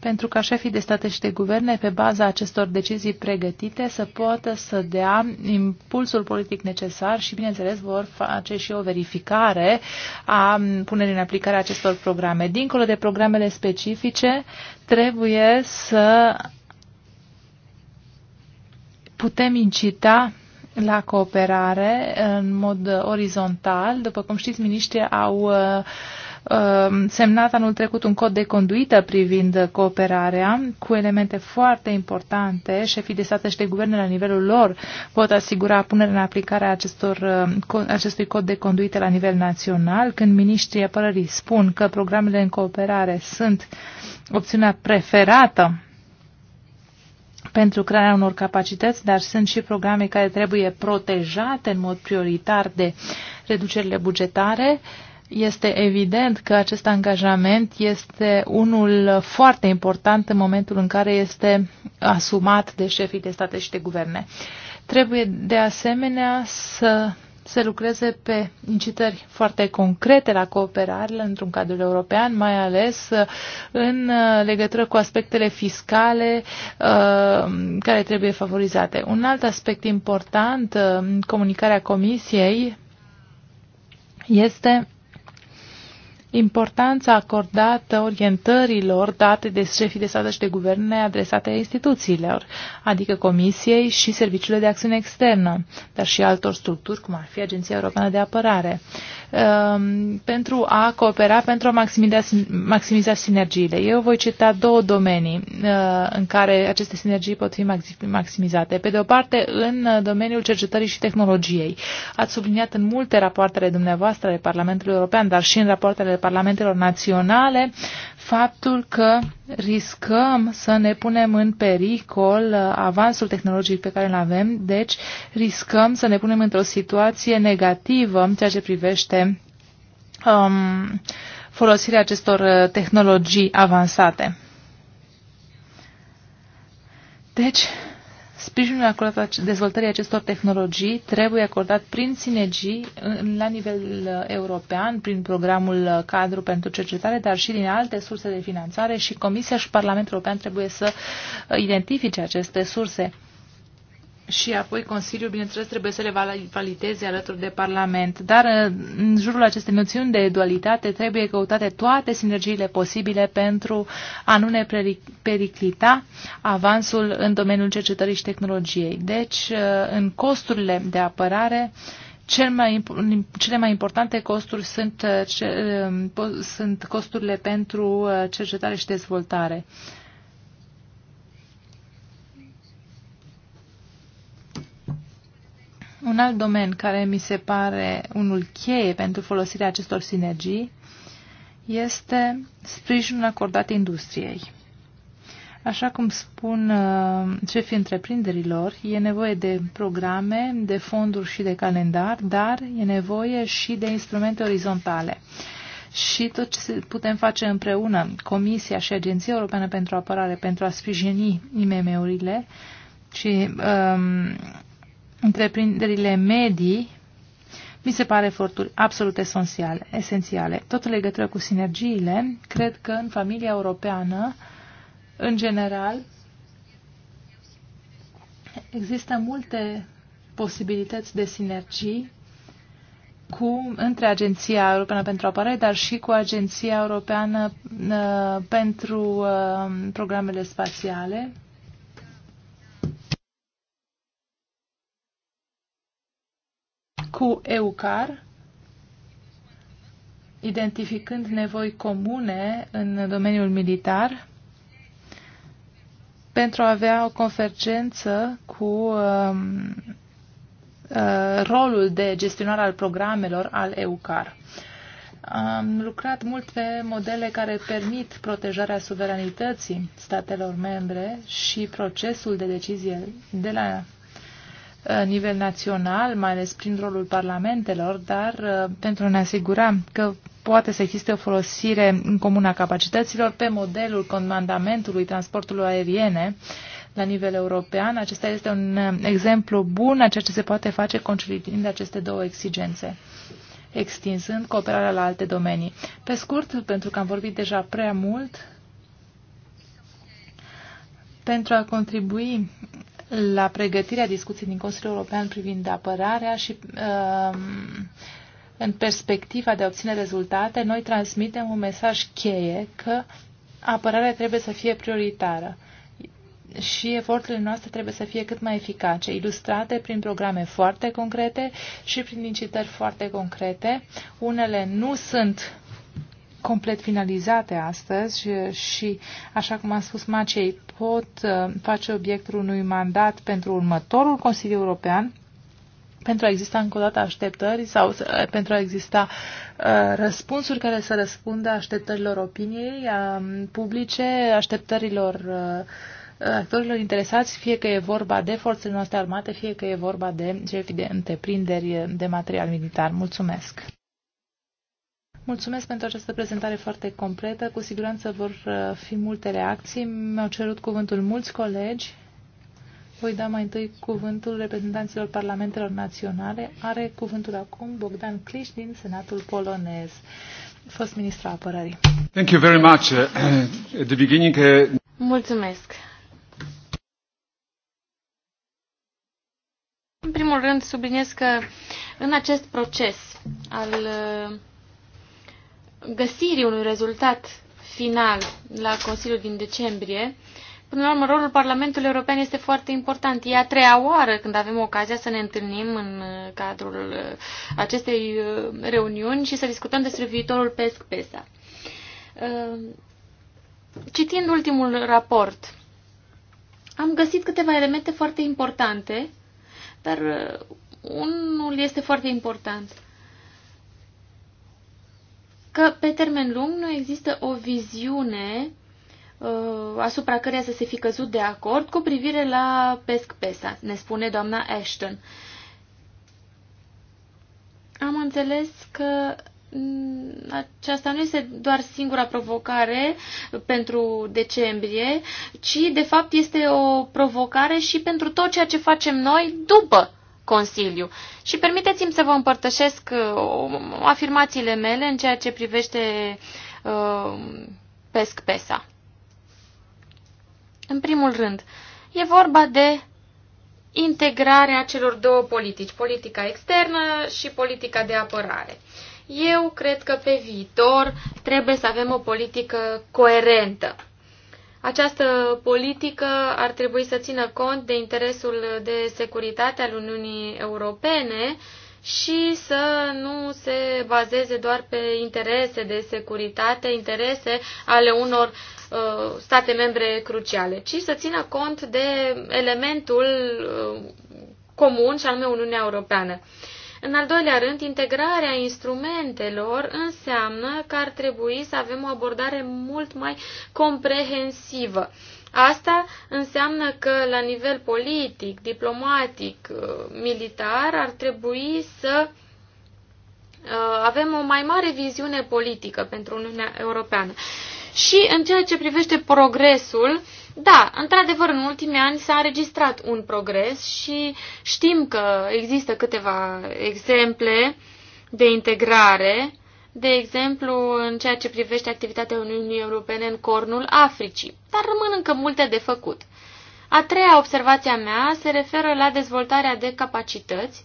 pentru ca șefii de state și de guverne, pe baza acestor decizii pregătite, să poată să dea impulsul politic necesar și, bineînțeles, vor face și o verificare a punerii în aplicare a acestor programe. Dincolo de programele specifice, trebuie să putem incita la cooperare în mod orizontal. După cum știți, miniștrii au uh, Um, semnat anul trecut un cod de conduită privind cooperarea cu elemente foarte importante. Șefii de state și de guverne la nivelul lor pot asigura punerea în aplicare a acestor, um, acestui cod de conduită la nivel național. Când miniștrii apărării spun că programele în cooperare sunt opțiunea preferată pentru crearea unor capacități, dar sunt și programe care trebuie protejate în mod prioritar de reducerile bugetare. Uh, este evident că acest angajament este unul foarte important în momentul în care este asumat de șefii de state și de guverne. Trebuie de asemenea să se lucreze pe incitări foarte concrete la cooperare într-un cadru european, mai ales uh, în uh, legătură cu aspectele fiscale uh, care trebuie favorizate. Un alt aspect important în comunicarea Comisiei este importanța acordată orientărilor date de șefii de stat și de guverne adresate instituțiilor, adică Comisiei și Serviciului de Acțiune Externă, dar și altor structuri, cum ar fi Agenția Europeană de Apărare, um, pentru a coopera, pentru a maximiza, maximiza sinergiile. Eu voi cita două domenii uh, în care aceste sinergii pot fi maximizate. Pe de o parte, în domeniul cercetării și tehnologiei. Ați subliniat în multe rapoartele dumneavoastră ale Parlamentului European, dar și în rapoartele parlamentelor naționale faptul că riscăm să ne punem în pericol uh, avansul tehnologic pe care îl avem, deci riscăm să ne punem într-o situație negativă în ceea ce privește um, folosirea acestor uh, tehnologii avansate. Deci, Sprijinul acordat dezvoltării acestor tehnologii trebuie acordat prin sinergii la nivel uh, european, prin programul uh, cadru pentru cercetare, dar și din alte surse de finanțare și Comisia și Parlamentul European trebuie să uh, identifice aceste surse și apoi Consiliul, bineînțeles, trebuie să le valideze alături de Parlament. Dar uh, în jurul acestei noțiuni de dualitate trebuie căutate toate sinergiile posibile pentru a nu ne periclita avansul în domeniul cercetării și tehnologiei. Deci, uh, în costurile de apărare, cel mai, cele mai importante costuri sunt, uh, ce, sunt costurile pentru cercetare și dezvoltare. Uh, Un alt domen care mi se pare unul cheie pentru folosirea acestor sinergii este sprijinul acordat industriei. Așa cum spun uh, șefii întreprinderilor, e nevoie de programe, de fonduri și de calendar, dar e nevoie și de instrumente orizontale. Și tot ce putem face împreună, Comisia și Agenția Europeană pentru Apărare, pentru a sprijini IMM-urile și um, întreprinderile medii, mi se pare eforturi absolut esențiale. esențiale. Tot în legătură cu sinergiile, cred că în familia europeană, în general, există multe posibilități de sinergii cu, între Agenția Europeană pentru Apărare, dar și cu Agenția Europeană uh, pentru uh, programele spațiale cu EUCAR, identificând nevoi comune în domeniul militar pentru a avea o convergență cu um, uh, rolul de gestionare al programelor al EUCAR. Am lucrat mult pe modele care permit protejarea suveranității statelor membre și procesul de decizie de la Uh, nivel național, mai ales prin rolul parlamentelor, dar uh, pentru a ne asigura că poate să existe o folosire în comună a capacităților pe modelul comandamentului transportului aeriene la nivel european. Acesta este un uh, exemplu bun a ceea ce se poate face conciliind aceste două exigențe extinzând cooperarea la alte domenii. Pe scurt, pentru că am vorbit deja prea mult, pentru a contribui la pregătirea discuției din Consiliul European privind apărarea și um, în perspectiva de a obține rezultate, noi transmitem un mesaj cheie că apărarea trebuie să fie prioritară și eforturile noastre trebuie să fie cât mai eficace, ilustrate prin programe foarte concrete și prin incitări foarte concrete. Unele nu sunt complet finalizate astăzi și, și așa cum am spus Macei, pot uh, face obiectul unui mandat pentru următorul Consiliu European, pentru a exista încă o dată așteptări sau eh, pentru a exista uh, răspunsuri care să răspundă așteptărilor opiniei uh, publice, așteptărilor uh, actorilor interesați, fie că e vorba de forțele noastre armate, fie că e vorba de, de întreprinderi de material militar. Mulțumesc! Mulțumesc pentru această prezentare foarte completă. Cu siguranță vor uh, fi multe reacții. Mi-au cerut cuvântul mulți colegi. Voi da mai întâi cuvântul reprezentanților parlamentelor naționale. Are cuvântul acum Bogdan Cliș din Senatul polonez, fost ministru apărării. Thank you very much. Uh, at the beginning, uh, Mulțumesc. În primul rând, subliniez că în acest proces al uh, găsirii unui rezultat final la Consiliul din decembrie, Până la urmă, rolul Parlamentului European este foarte important. E a treia oară când avem ocazia să ne întâlnim în uh, cadrul uh, acestei uh, reuniuni și să discutăm despre viitorul PESC-PESA. Citind ultimul raport, am găsit câteva elemente foarte importante, dar unul este foarte important că pe termen lung nu există o viziune uh, asupra căreia să se fi căzut de acord cu privire la PESC-PESA, ne spune doamna Ashton. Am înțeles că aceasta nu este doar singura provocare pentru decembrie, ci de fapt este o provocare și pentru tot ceea ce facem noi după Consiliu. Și permiteți-mi să vă împărtășesc uh, afirmațiile mele în ceea ce privește uh, PESC-PESA. În primul rând, e vorba de integrarea celor două politici, politica externă și politica de apărare. Eu cred că pe viitor trebuie să avem o politică coerentă această politică ar trebui să țină cont de interesul de securitate al Uniunii Europene și să nu se bazeze doar pe interese de securitate, interese ale unor uh, state membre cruciale, ci să țină cont de elementul uh, comun și anume Uniunea Europeană. Uh, în al doilea rând, integrarea instrumentelor înseamnă că ar trebui să avem o abordare mult mai comprehensivă. Asta înseamnă că la nivel politic, diplomatic, uh, militar ar trebui să uh, avem o mai mare viziune politică pentru Uniunea Europeană. Și în ceea ce privește progresul, uh, da, într-adevăr, în ultimii ani s-a înregistrat un progres și știm că există câteva exemple de integrare, de exemplu în ceea ce privește activitatea Uniunii Europene în cornul Africii, dar rămân încă multe de făcut. A treia observație a mea se referă la dezvoltarea de capacități.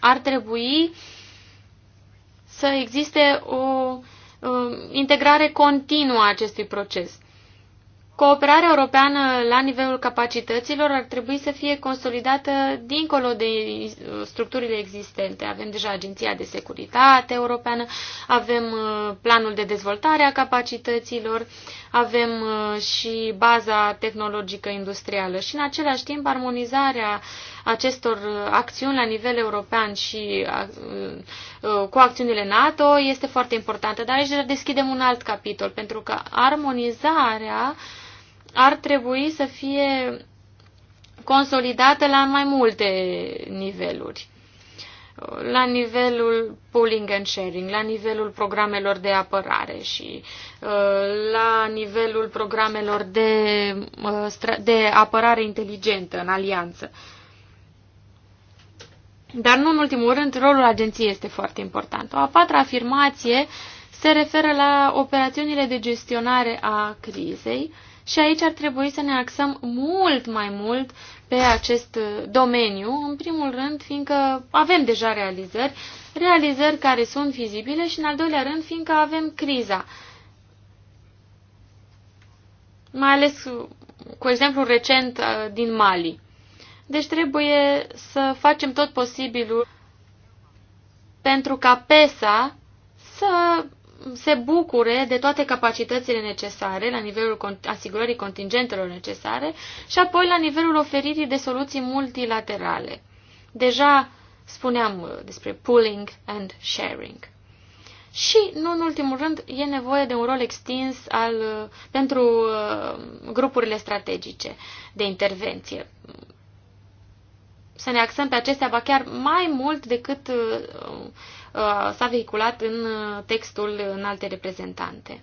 Ar trebui să existe o um, integrare continuă a acestui proces. Cooperarea europeană la nivelul capacităților ar trebui să fie consolidată dincolo de structurile existente. Avem deja Agenția de Securitate Europeană, avem uh, planul de dezvoltare a capacităților, avem uh, și baza tehnologică industrială și în același timp armonizarea uh, acestor acțiuni la nivel european și cu acțiunile NATO este foarte importantă. Dar aici deschidem un alt capitol, pentru că armonizarea ar trebui să fie consolidată la mai multe niveluri la nivelul pooling and sharing, la nivelul programelor de apărare și uh, la nivelul programelor de, uh, de apărare inteligentă în alianță. Dar nu în ultimul rând, rolul agenției este foarte important. O a patra afirmație se referă la operațiunile de gestionare a crizei și aici ar trebui să ne axăm mult mai mult pe acest domeniu, în primul rând fiindcă avem deja realizări, realizări care sunt vizibile și în al doilea rând fiindcă avem criza. Mai ales cu exemplu recent uh, din Mali. Deci trebuie să facem tot posibilul pentru ca PESA să se bucure de toate capacitățile necesare la nivelul asigurării contingentelor necesare și apoi la nivelul oferirii de soluții multilaterale. Deja spuneam uh, despre pooling and sharing. Și, nu în ultimul rând, e nevoie de un rol extins al, uh, pentru uh, grupurile strategice de intervenție să ne axăm pe acestea, va chiar mai mult decât uh, uh, s-a vehiculat în uh, textul în alte reprezentante.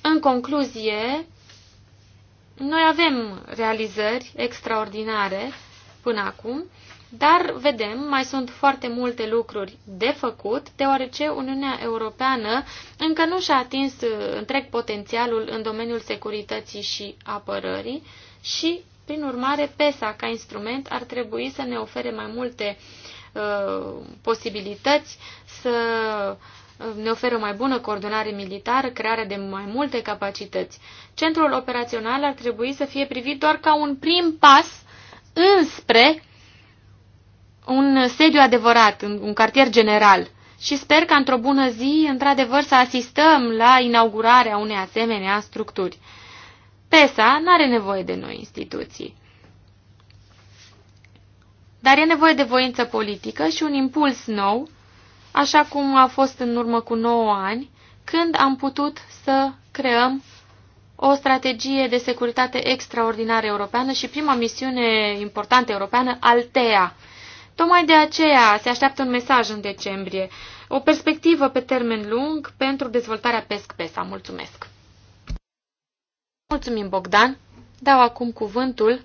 În concluzie, noi avem realizări extraordinare până acum, dar vedem, mai sunt foarte multe lucruri de făcut, deoarece Uniunea Europeană încă nu și-a atins întreg potențialul în domeniul securității și apărării și prin urmare, PESA ca instrument ar trebui să ne ofere mai multe uh, posibilități, să uh, ne oferă mai bună coordonare militară, crearea de mai multe capacități. Centrul operațional ar trebui să fie privit doar ca un prim pas înspre un sediu adevărat, un cartier general. Și sper că într-o bună zi, într-adevăr, să asistăm la inaugurarea unei asemenea structuri. PESA nu are nevoie de noi instituții. Dar e nevoie de voință politică și un impuls nou, așa cum a fost în urmă cu 9 ani, când am putut să creăm o strategie de securitate extraordinară europeană și prima misiune importantă europeană, Altea. Tocmai de aceea se așteaptă un mesaj în decembrie, o perspectivă pe termen lung pentru dezvoltarea PESC-PESA. Mulțumesc! Mulțumim, Bogdan. Dau acum cuvântul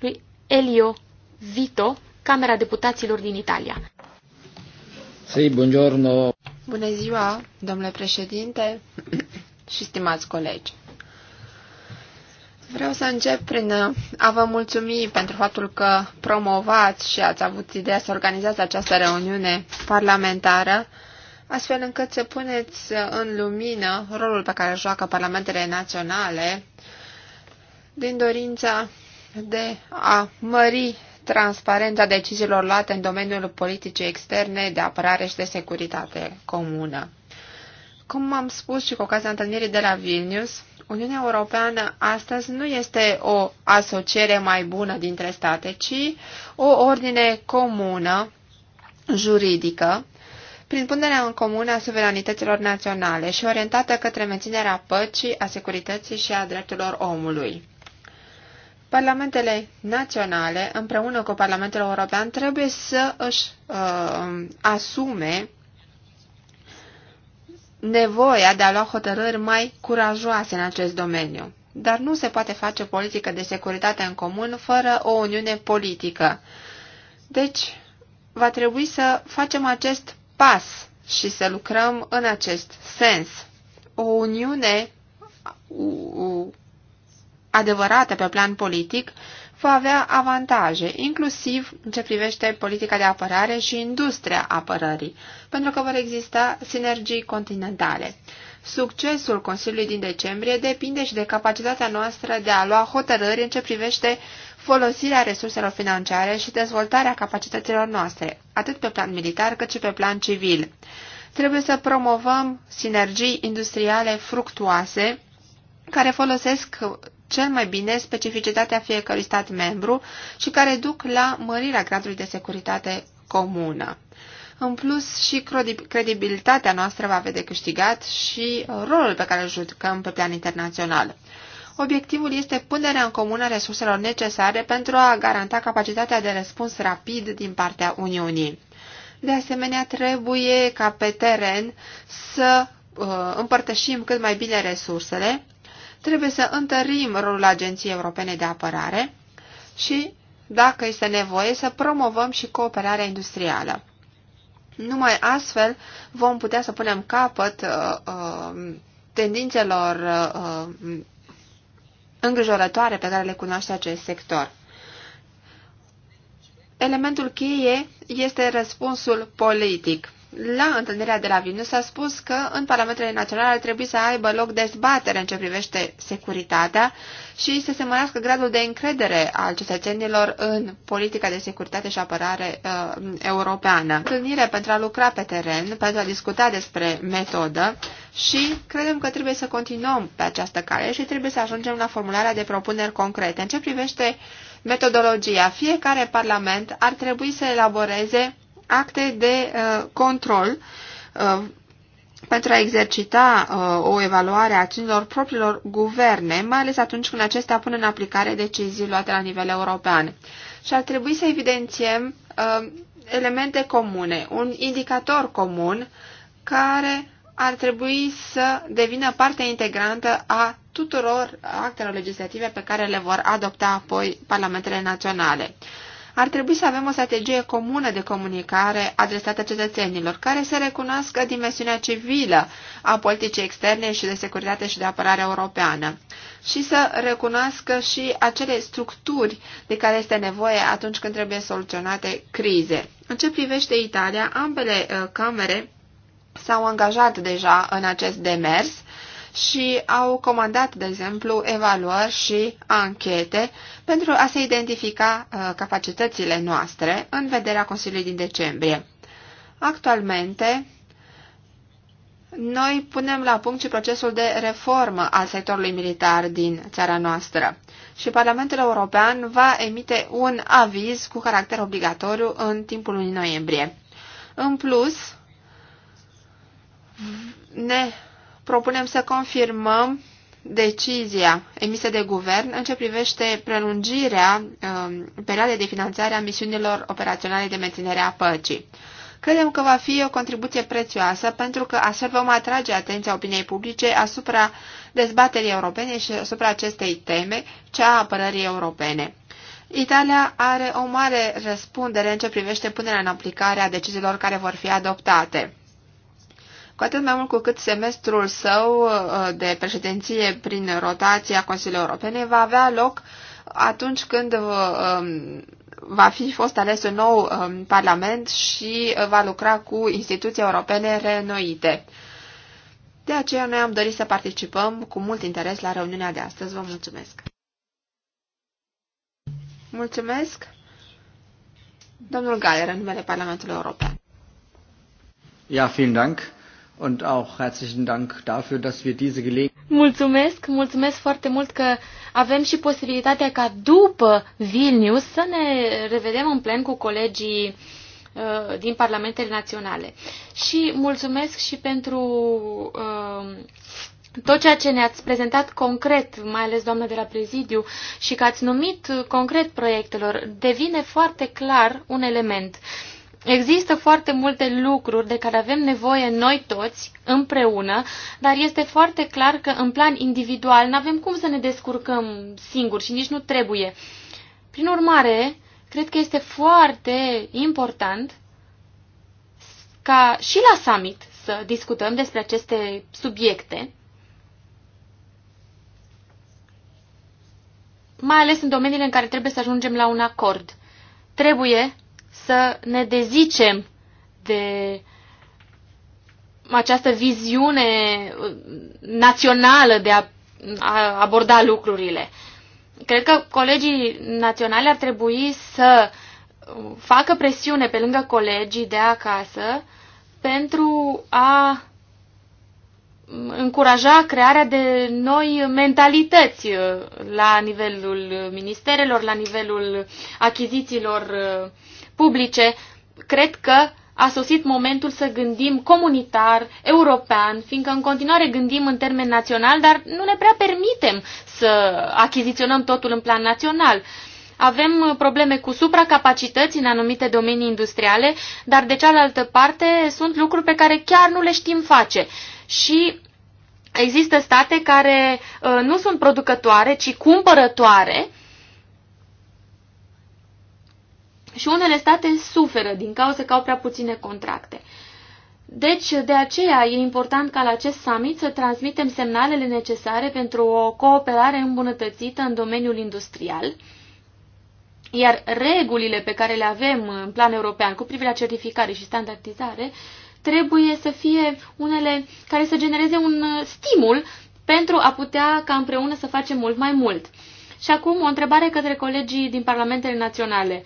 lui Elio Vito, Camera Deputaților din Italia. Sì, buongiorno. Bună ziua, domnule președinte și stimați colegi. Vreau să încep prin a vă mulțumi pentru faptul că promovați și ați avut ideea să organizați această reuniune parlamentară astfel încât să puneți uh, în lumină rolul pe care joacă parlamentele naționale din dorința de a mări transparența deciziilor luate în domeniul politicii externe, de apărare și de securitate comună. Cum am spus și cu ocazia întâlnirii de la Vilnius, Uniunea Europeană astăzi nu este o asociere mai bună dintre state, ci o ordine comună juridică prin punerea în comun a suveranităților naționale și orientată către menținerea păcii, a securității și a drepturilor omului. Parlamentele naționale, împreună cu Parlamentul European, trebuie să își uh, asume nevoia de a lua hotărâri mai curajoase în acest domeniu. Dar nu se poate face politică de securitate în comun fără o uniune politică. Deci, va trebui să facem acest pas și să lucrăm în acest sens. O uniune adevărată pe plan politic va avea avantaje, inclusiv în ce privește politica de apărare și industria apărării, pentru că vor exista sinergii continentale. Succesul Consiliului din decembrie depinde și de capacitatea noastră de a lua hotărâri în ce privește folosirea resurselor financiare și dezvoltarea capacităților noastre, atât pe plan militar cât și pe plan civil. Trebuie să promovăm sinergii industriale fructuoase care folosesc cel mai bine specificitatea fiecărui stat membru și care duc la mărirea gradului de securitate comună. În plus, și credibilitatea noastră va avea câștigat și rolul pe care îl jucăm pe plan internațional. Obiectivul este punerea în comună resurselor necesare pentru a garanta capacitatea de răspuns rapid din partea Uniunii. De asemenea, trebuie ca pe teren să uh, împărtășim cât mai bine resursele, trebuie să întărim rolul Agenției Europene de Apărare și, dacă este nevoie, să promovăm și cooperarea industrială. Numai astfel vom putea să punem capăt uh, uh, tendințelor uh, îngrijorătoare pe care le cunoaște acest sector. Elementul cheie este răspunsul politic. La întâlnirea de la Vilnius s-a spus că în Parlamentele Naționale ar trebui să aibă loc dezbatere în ce privește securitatea și să se mărească gradul de încredere al cetățenilor în politica de securitate și apărare uh, europeană. Întâlnire pentru a lucra pe teren, pentru a discuta despre metodă și credem că trebuie să continuăm pe această cale și trebuie să ajungem la formularea de propuneri concrete. În ce privește metodologia, fiecare parlament ar trebui să elaboreze acte de uh, control uh, pentru a exercita uh, o evaluare a acțiunilor propriilor guverne, mai ales atunci când acestea pun în aplicare decizii luate la nivel european. Și ar trebui să evidențiem uh, elemente comune, un indicator comun care ar trebui să devină parte integrantă a tuturor actelor legislative pe care le vor adopta apoi parlamentele naționale. Ar trebui să avem o strategie comună de comunicare adresată cetățenilor, care să recunoască dimensiunea civilă a politicii externe și de securitate și de apărare europeană și să recunoască și acele structuri de care este nevoie atunci când trebuie soluționate crize. În ce privește Italia, ambele uh, camere s-au angajat deja în acest demers și au comandat, de exemplu, evaluări și anchete pentru a se identifica uh, capacitățile noastre în vederea Consiliului din decembrie. Actualmente, noi punem la punct și procesul de reformă al sectorului militar din țara noastră și Parlamentul European va emite un aviz cu caracter obligatoriu în timpul lunii noiembrie. În plus, ne propunem să confirmăm decizia emisă de guvern în ce privește prelungirea um, perioadei de finanțare a misiunilor operaționale de menținere a păcii. Credem că va fi o contribuție prețioasă pentru că astfel vom atrage atenția opiniei publice asupra dezbaterii europene și asupra acestei teme, cea a apărării europene. Italia are o mare răspundere în ce privește punerea în aplicare a deciziilor care vor fi adoptate cu atât mai mult cu cât semestrul său uh, de președinție prin rotația Consiliului Europene va avea loc atunci când uh, um, va fi fost ales un nou um, Parlament și va lucra cu instituții europene renoite. De aceea noi am dorit să participăm cu mult interes la reuniunea de astăzi. Vă mulțumesc! Mulțumesc! Domnul Galer, în numele Parlamentului European. Ja, vielen Dank und auch herzlichen Dank dafür, dass wir diese Gelegenheit Mulțumesc, mulțumesc foarte mult că avem și posibilitatea ca după Vilnius să ne revedem în plen cu colegii uh, din parlamentele naționale. Și mulțumesc și pentru uh, tot ceea ce ne-ați prezentat concret, mai ales doamnă de la prezidiu, și că ați numit concret proiectelor, devine foarte clar un element. Uh, Există foarte multe lucruri de care avem nevoie noi toți, împreună, dar este foarte clar că în plan individual nu avem cum să ne descurcăm singuri și nici nu trebuie. Prin urmare, cred că este foarte important ca și la summit să discutăm despre aceste subiecte, mai ales în domeniile în care trebuie să ajungem la un acord. Trebuie să ne dezicem de această viziune națională de a, a aborda lucrurile. Cred că colegii naționali ar trebui să facă presiune pe lângă colegii de acasă pentru a încuraja crearea de noi mentalități la nivelul ministerelor, la nivelul achizițiilor publice, cred că a sosit momentul să gândim comunitar, european, fiindcă în continuare gândim în termen național, dar nu ne prea permitem să achiziționăm totul în plan național. Avem probleme cu supracapacități în anumite domenii industriale, dar de cealaltă parte sunt lucruri pe care chiar nu le știm face. Și există state care uh, nu sunt producătoare, ci cumpărătoare Și unele state suferă din cauza că au prea puține contracte. Deci, de aceea e important ca la acest summit să transmitem semnalele necesare pentru o cooperare îmbunătățită în domeniul industrial, iar regulile pe care le avem în plan european cu privire la certificare și standardizare trebuie să fie unele care să genereze un stimul pentru a putea ca împreună să facem mult mai mult. Și acum o întrebare către colegii din parlamentele naționale.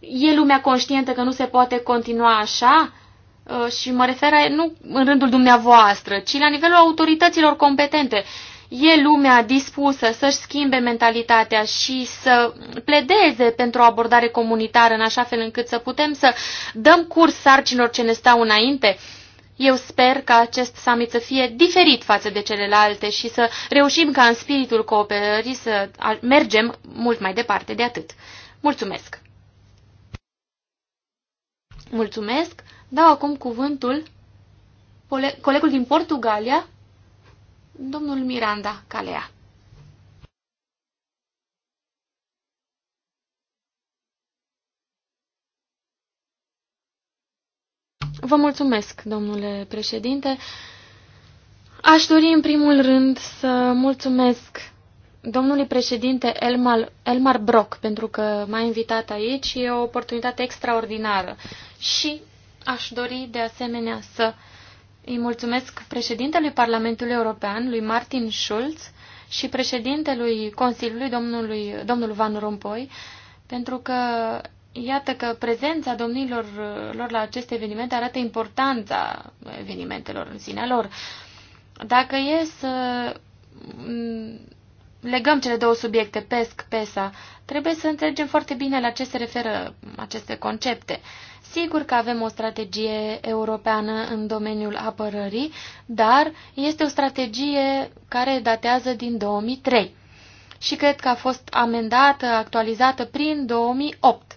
E lumea conștientă că nu se poate continua așa? Uh, și mă refer nu în rândul dumneavoastră, ci la nivelul autorităților competente. E lumea dispusă să-și schimbe mentalitatea și să pledeze pentru o abordare comunitară în așa fel încât să putem să dăm curs sarcinilor ce ne stau înainte? Eu sper ca acest summit să fie diferit față de celelalte și să reușim ca în spiritul cooperării să mergem mult mai departe de atât. Mulțumesc! Mulțumesc. Dau acum cuvântul colegul din Portugalia, domnul Miranda Calea. Vă mulțumesc, domnule președinte. Aș dori în primul rând să mulțumesc domnului președinte Elmar, Elmar Brock, pentru că m-a invitat aici. E o oportunitate extraordinară. Și aș dori de asemenea să îi mulțumesc președintelui Parlamentului European, lui Martin Schulz, și președintelui Consiliului, domnului, domnul Van Rompuy, pentru că iată că prezența domnilor lor la aceste evenimente arată importanța evenimentelor în sine lor. Dacă e să legăm cele două subiecte, PESC, PESA, trebuie să înțelegem foarte bine la ce se referă aceste concepte. Sigur că avem o strategie europeană în domeniul apărării, dar este o strategie care datează din 2003 și cred că a fost amendată, actualizată prin 2008.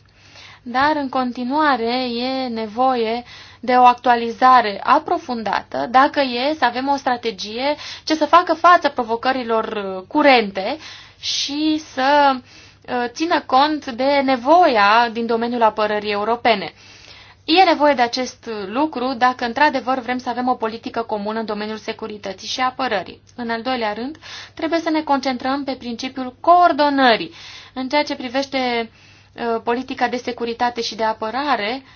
Dar în continuare e nevoie uh, de o actualizare aprofundată, dacă e să avem o strategie ce să facă față provocărilor uh, curente și să uh, țină cont de nevoia din domeniul apărării europene. E nevoie de acest lucru dacă într-adevăr vrem să avem o politică comună în domeniul securității și apărării. În al doilea rând, trebuie să ne concentrăm pe principiul coordonării. În ceea ce privește uh, politica de securitate și de apărare, uh,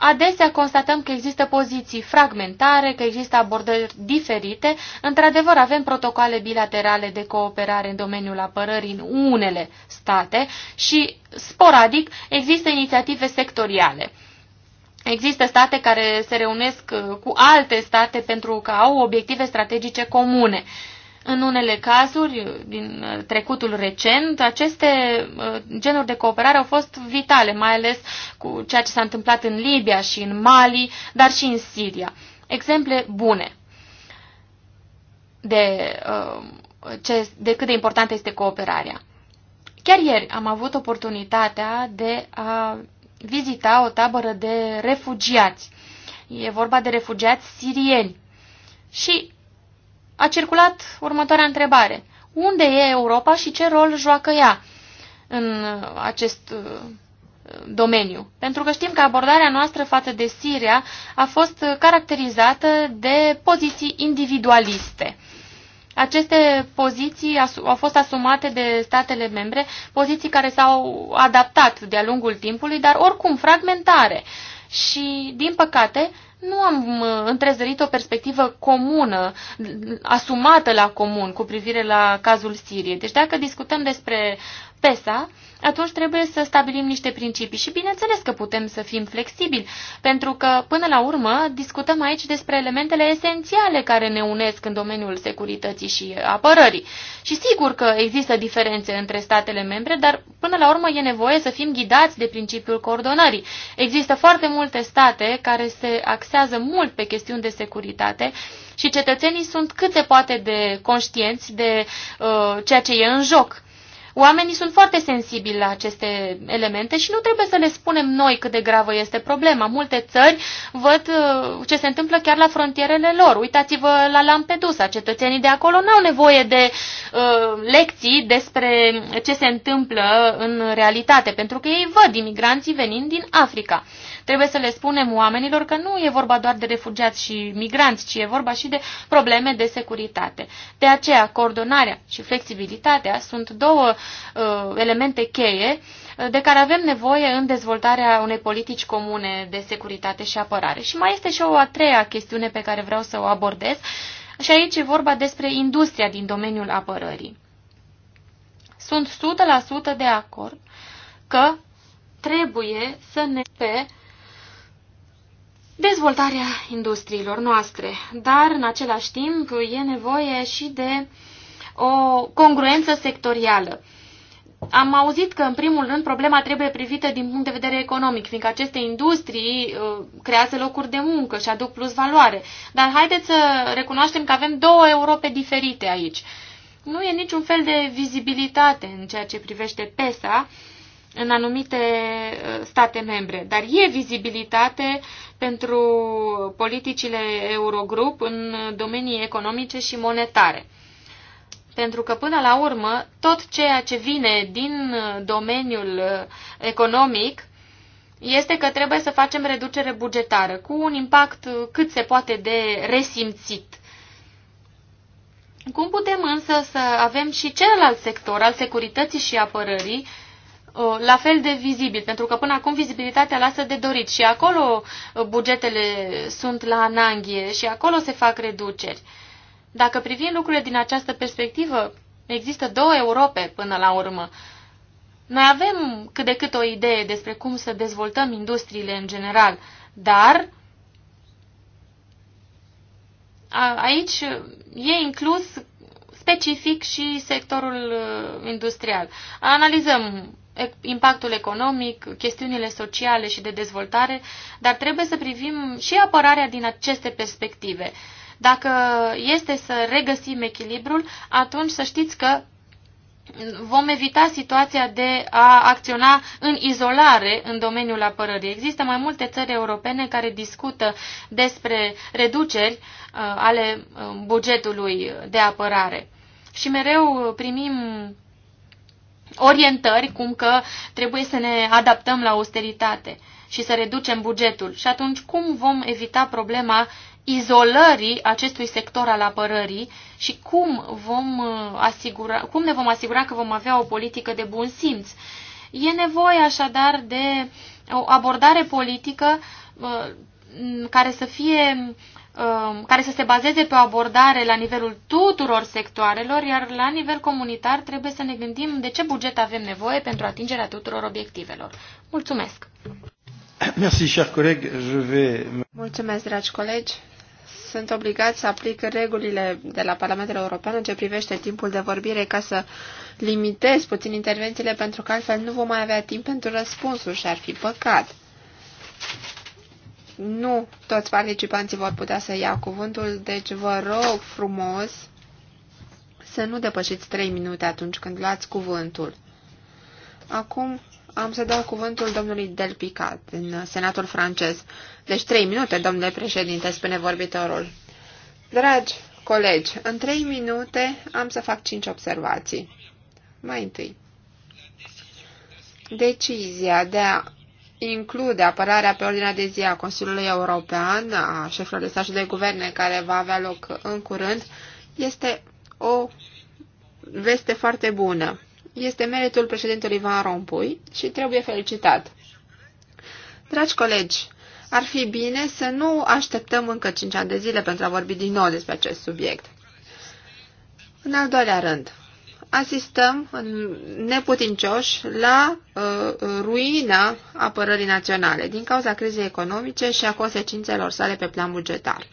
Adesea constatăm că există poziții fragmentare, că există abordări diferite. Într-adevăr, avem protocoale bilaterale de cooperare în domeniul apărării în unele state și, sporadic, există inițiative sectoriale. Există state care se reunesc uh, cu alte state pentru că au obiective strategice comune. Uh, în unele cazuri, din uh, trecutul recent, aceste uh, genuri de cooperare au fost vitale, mai ales cu ceea ce s-a întâmplat în Libia și în Mali, dar și în Siria. Exemple bune de, uh, ce, de cât de importantă este cooperarea. Chiar ieri am avut oportunitatea de a vizita o tabără de refugiați. E vorba de refugiați sirieni. Și a circulat următoarea întrebare. Unde e Europa și ce rol joacă ea în uh, acest uh, domeniu? Pentru că știm că abordarea noastră față de Siria a fost uh, caracterizată de poziții individualiste. Aceste poziții au fost asumate de statele membre, poziții care s-au adaptat de-a lungul timpului, dar oricum fragmentare. Și, din păcate, nu am întrezărit o perspectivă comună, asumată la comun cu privire la cazul Siriei. Deci dacă discutăm despre PESA, atunci trebuie să stabilim niște principii și bineînțeles că putem să fim flexibili, pentru că până la urmă discutăm aici despre elementele esențiale care ne unesc în domeniul securității și apărării. Și sigur că există diferențe între statele membre, dar până la urmă e nevoie să fim ghidați de principiul coordonării. Există foarte multe state care se axează mult pe chestiuni de securitate și cetățenii sunt cât se poate de conștienți de uh, ceea ce e în joc Oamenii sunt foarte sensibili la aceste elemente și nu trebuie să le spunem noi cât de gravă este problema. Multe țări văd uh, ce se întâmplă chiar la frontierele lor. Uitați-vă la Lampedusa. Cetățenii de acolo n-au nevoie de uh, lecții despre ce se întâmplă în realitate, pentru că ei văd imigranții venind din Africa. Trebuie să le spunem oamenilor că nu e vorba doar de refugiați și migranți, ci e vorba și de probleme de securitate. De aceea, coordonarea și flexibilitatea sunt două uh, elemente cheie uh, de care avem nevoie în dezvoltarea unei politici comune de securitate și apărare. Și mai este și o a treia chestiune pe care vreau să o abordez, și aici e vorba despre industria din domeniul apărării. Sunt 100% de acord că trebuie să ne pe dezvoltarea industriilor noastre, dar în același timp e nevoie și de o congruență sectorială. Am auzit că, în primul rând, problema trebuie privită din punct de vedere economic, fiindcă aceste industrii uh, creează locuri de muncă și aduc plus valoare. Dar haideți să recunoaștem că avem două Europe diferite aici. Nu e niciun fel de vizibilitate în ceea ce privește PESA, în anumite uh, state membre. Dar e vizibilitate pentru politicile Eurogrup în domenii economice și monetare. Pentru că, până la urmă, tot ceea ce vine din uh, domeniul uh, economic este că trebuie să facem reducere bugetară, cu un impact cât se poate de resimțit. Cum putem însă să avem și celălalt sector al securității și apărării la fel de vizibil, pentru că până acum vizibilitatea lasă de dorit și acolo bugetele sunt la ananghie și acolo se fac reduceri. Dacă privim lucrurile din această perspectivă, există două Europe până la urmă. Noi avem cât de cât o idee despre cum să dezvoltăm industriile în general, dar aici e inclus specific și sectorul uh, industrial. Analizăm impactul economic, chestiunile sociale și de dezvoltare, dar trebuie să privim și apărarea din aceste perspective. Dacă este să regăsim echilibrul, atunci să știți că vom evita situația de a acționa în izolare în domeniul apărării. Există mai multe țări europene care discută despre reduceri uh, ale uh, bugetului de apărare. Și mereu primim orientări cum că trebuie să ne adaptăm la austeritate și să reducem bugetul. Și atunci cum vom evita problema izolării acestui sector al apărării și cum, vom uh, asigura, cum ne vom asigura că vom avea o politică de bun simț. E nevoie așadar de o abordare politică uh, care să fie Um, care să se bazeze pe o abordare la nivelul tuturor sectoarelor, iar la nivel comunitar trebuie să ne gândim de ce buget avem nevoie pentru atingerea tuturor obiectivelor. Mulțumesc! Merci, cher coleg. Je vais... Mulțumesc, dragi colegi! Sunt obligat să aplic regulile de la Parlamentul European în ce privește timpul de vorbire ca să limitez puțin intervențiile pentru că altfel nu vom mai avea timp pentru răspunsuri și ar fi păcat nu toți participanții vor putea să ia cuvântul, deci vă rog frumos să nu depășiți 3 minute atunci când luați cuvântul. Acum am să dau cuvântul domnului Picat, din senatul francez. Deci 3 minute, domnule președinte, spune vorbitorul. Dragi colegi, în 3 minute am să fac 5 observații. Mai întâi. Decizia de a include apărarea pe ordinea de zi a Consiliului European, a șefilor de stat și de guverne, care va avea loc în curând, este o veste foarte bună. Este meritul președintelui Van Rompuy și trebuie felicitat. Dragi colegi, ar fi bine să nu așteptăm încă 5 ani de zile pentru a vorbi din nou despre acest subiect. În al doilea rând, asistăm neputincioși la uh, ruina apărării naționale din cauza crizei economice și a consecințelor sale pe plan bugetar.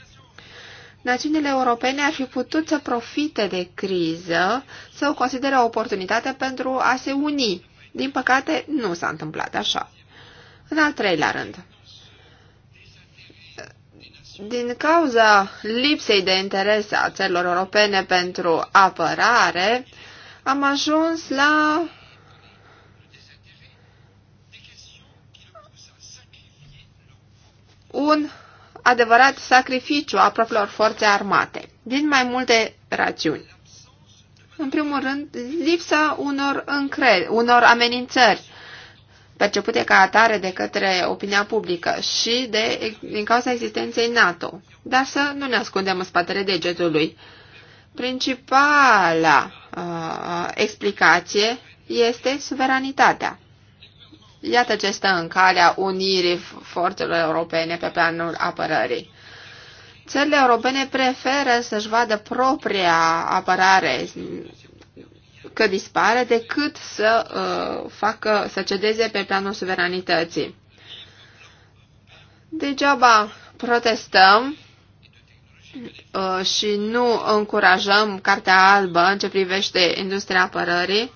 Națiunile europene ar fi putut să profite de criză, să o consideră o oportunitate pentru a se uni. Din păcate, nu s-a întâmplat așa. În al treilea rând, din cauza lipsei de interes a țărilor europene pentru apărare, am ajuns la un adevărat sacrificiu a propriilor forțe armate, din mai multe rațiuni. În primul rând, lipsa unor, încred, unor amenințări percepute ca atare de către opinia publică și de, din cauza existenței NATO. Dar să nu ne ascundem în spatele degetului. Principala uh, explicație este suveranitatea. Iată ce stă în calea unirii forțelor europene pe planul apărării. Țările europene preferă să-și vadă propria apărare că dispare decât să uh, facă, să cedeze pe planul suveranității. Degeaba protestăm Uh, și nu încurajăm Cartea Albă în ce privește industria apărării,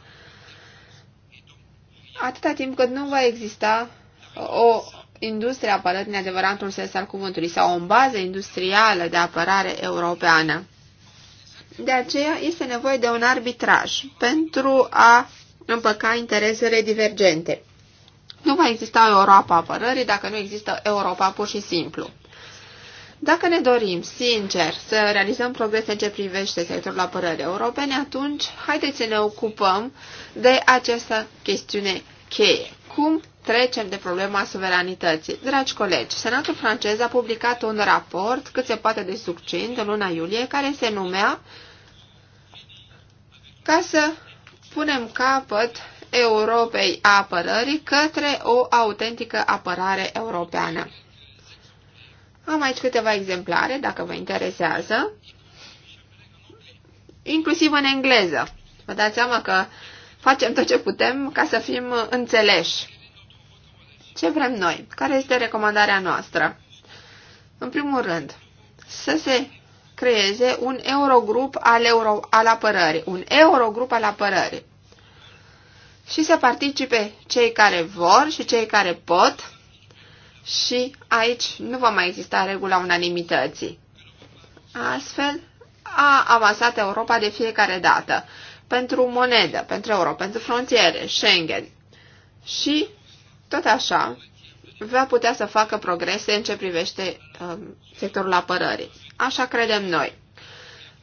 atâta timp cât nu va exista o industrie apărării în adevăratul sens al cuvântului sau o bază industrială de apărare europeană. De aceea este nevoie de un arbitraj pentru a împăca interesele divergente. Nu va exista Europa apărării dacă nu există Europa pur și simplu. Dacă ne dorim, sincer, să realizăm progrese în ce privește sectorul apărării europene, atunci haideți să ne ocupăm de această chestiune cheie. Cum trecem de problema suveranității? Dragi colegi, Senatul francez a publicat un raport cât se poate de succint în luna iulie, care se numea ca să punem capăt Europei a apărării către o autentică apărare europeană. Am aici câteva exemplare, dacă vă interesează, inclusiv în engleză. Vă dați seama că facem tot ce putem ca să fim înțeleși. Ce vrem noi? Care este recomandarea noastră? În primul rând, să se creeze un eurogrup al, euro, al apărării, un eurogrup al apărării și să participe cei care vor și cei care pot și aici nu va mai exista regula unanimității. Astfel, a avansat Europa de fiecare dată, pentru monedă, pentru euro, pentru frontiere, Schengen. Și, tot așa, va putea să facă progrese în ce privește um, sectorul apărării. Așa credem noi.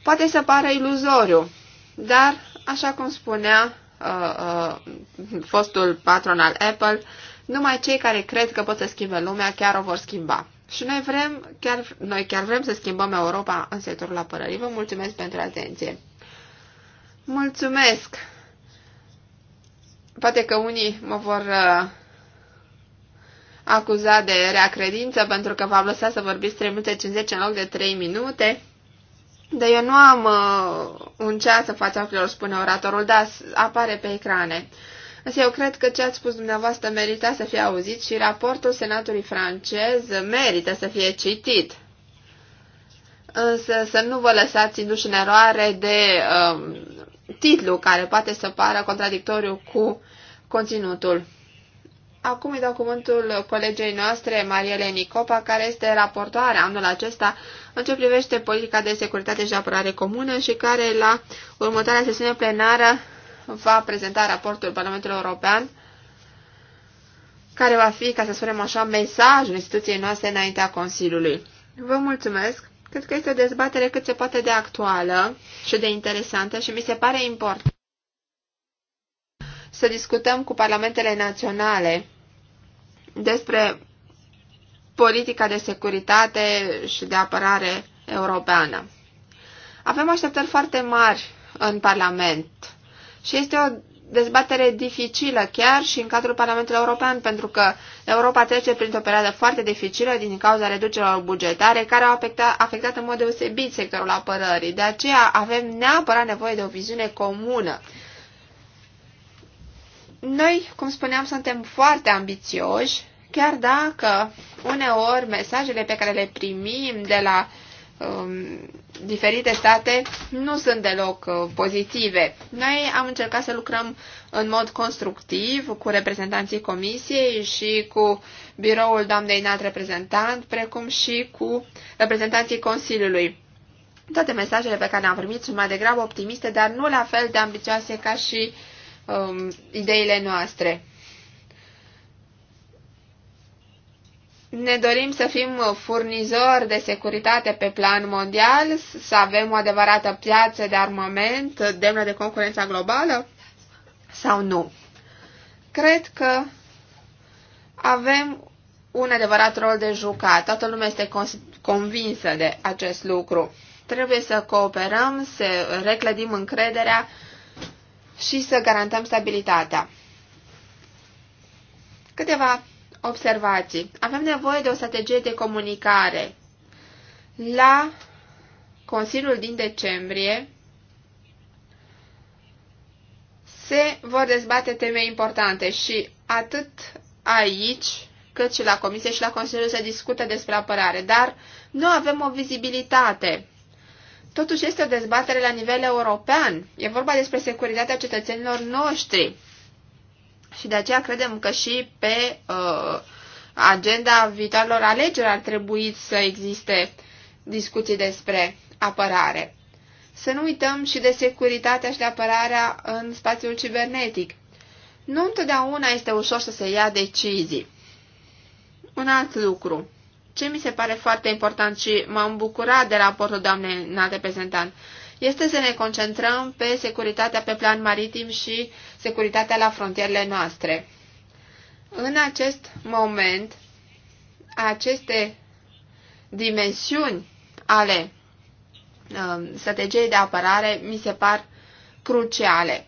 Poate să pară iluzoriu, dar, așa cum spunea uh, uh, fostul patron al Apple, uh, numai cei care cred că pot să schimbe lumea chiar o vor schimba. Și noi vrem, chiar, noi chiar vrem să schimbăm Europa în sectorul apărării. Vă mulțumesc pentru atenție. Mulțumesc! Poate că unii mă vor uh, acuza de rea credință pentru că v-am lăsat să vorbiți 3 minute 50 în loc de 3 minute. Dar eu nu am uh, un ceas să fața filor, spune oratorul, dar apare pe ecrane. Însă eu cred că ce ați spus dumneavoastră merita să fie auzit și raportul Senatului francez merită să fie citit. Însă să nu vă lăsați induși în eroare de um, titlu care poate să pară contradictoriu cu conținutul. Acum îi dau cuvântul colegei noastre, Mariele Nicopa, care este raportoare anul acesta în ce privește politica de securitate și apărare comună și care la următoarea sesiune plenară va prezenta raportul Parlamentului European, care va fi, ca să spunem așa, mesajul instituției noastre înaintea Consiliului. Vă mulțumesc! Cred că este o dezbatere cât se poate de actuală și de interesantă și mi se pare important să discutăm cu parlamentele naționale despre politica de securitate și de apărare europeană. Avem așteptări foarte mari în Parlament și este o dezbatere dificilă chiar și în cadrul Parlamentului European, pentru că Europa trece printr-o perioadă foarte dificilă din cauza reducerilor bugetare care au afectat, afectat în mod deosebit sectorul apărării. De aceea avem neapărat nevoie de o viziune comună. Noi, cum spuneam, suntem foarte ambițioși, chiar dacă uneori mesajele pe care le primim de la um, diferite state nu sunt deloc uh, pozitive. Noi am încercat să lucrăm în mod constructiv cu reprezentanții comisiei și cu biroul doamnei înalt reprezentant, precum și cu reprezentanții Consiliului. Toate mesajele pe care le-am primit sunt mai degrabă optimiste, dar nu la fel de ambițioase ca și um, ideile noastre. ne dorim să fim furnizori de securitate pe plan mondial, să avem o adevărată piață de armament demnă de concurența globală sau nu? Cred că avem un adevărat rol de jucat. Toată lumea este convinsă de acest lucru. Trebuie să cooperăm, să reclădim încrederea și să garantăm stabilitatea. Câteva observații. Avem nevoie de o strategie de comunicare. La Consiliul din decembrie se vor dezbate teme importante și atât aici cât și la Comisie și la Consiliul se discută despre apărare, dar nu avem o vizibilitate. Totuși este o dezbatere la nivel european. E vorba despre securitatea cetățenilor noștri. Și de aceea credem că și pe uh, agenda viitoarelor alegeri ar trebui să existe discuții despre apărare. Să nu uităm și de securitatea și de apărarea în spațiul cibernetic. Nu întotdeauna este ușor să se ia decizii. Un alt lucru, ce mi se pare foarte important și m-am bucurat de raportul doamnei înalt reprezentant, este să ne concentrăm pe securitatea pe plan maritim și securitatea la frontierele noastre. În acest moment, aceste dimensiuni ale um, strategiei de apărare mi se par cruciale.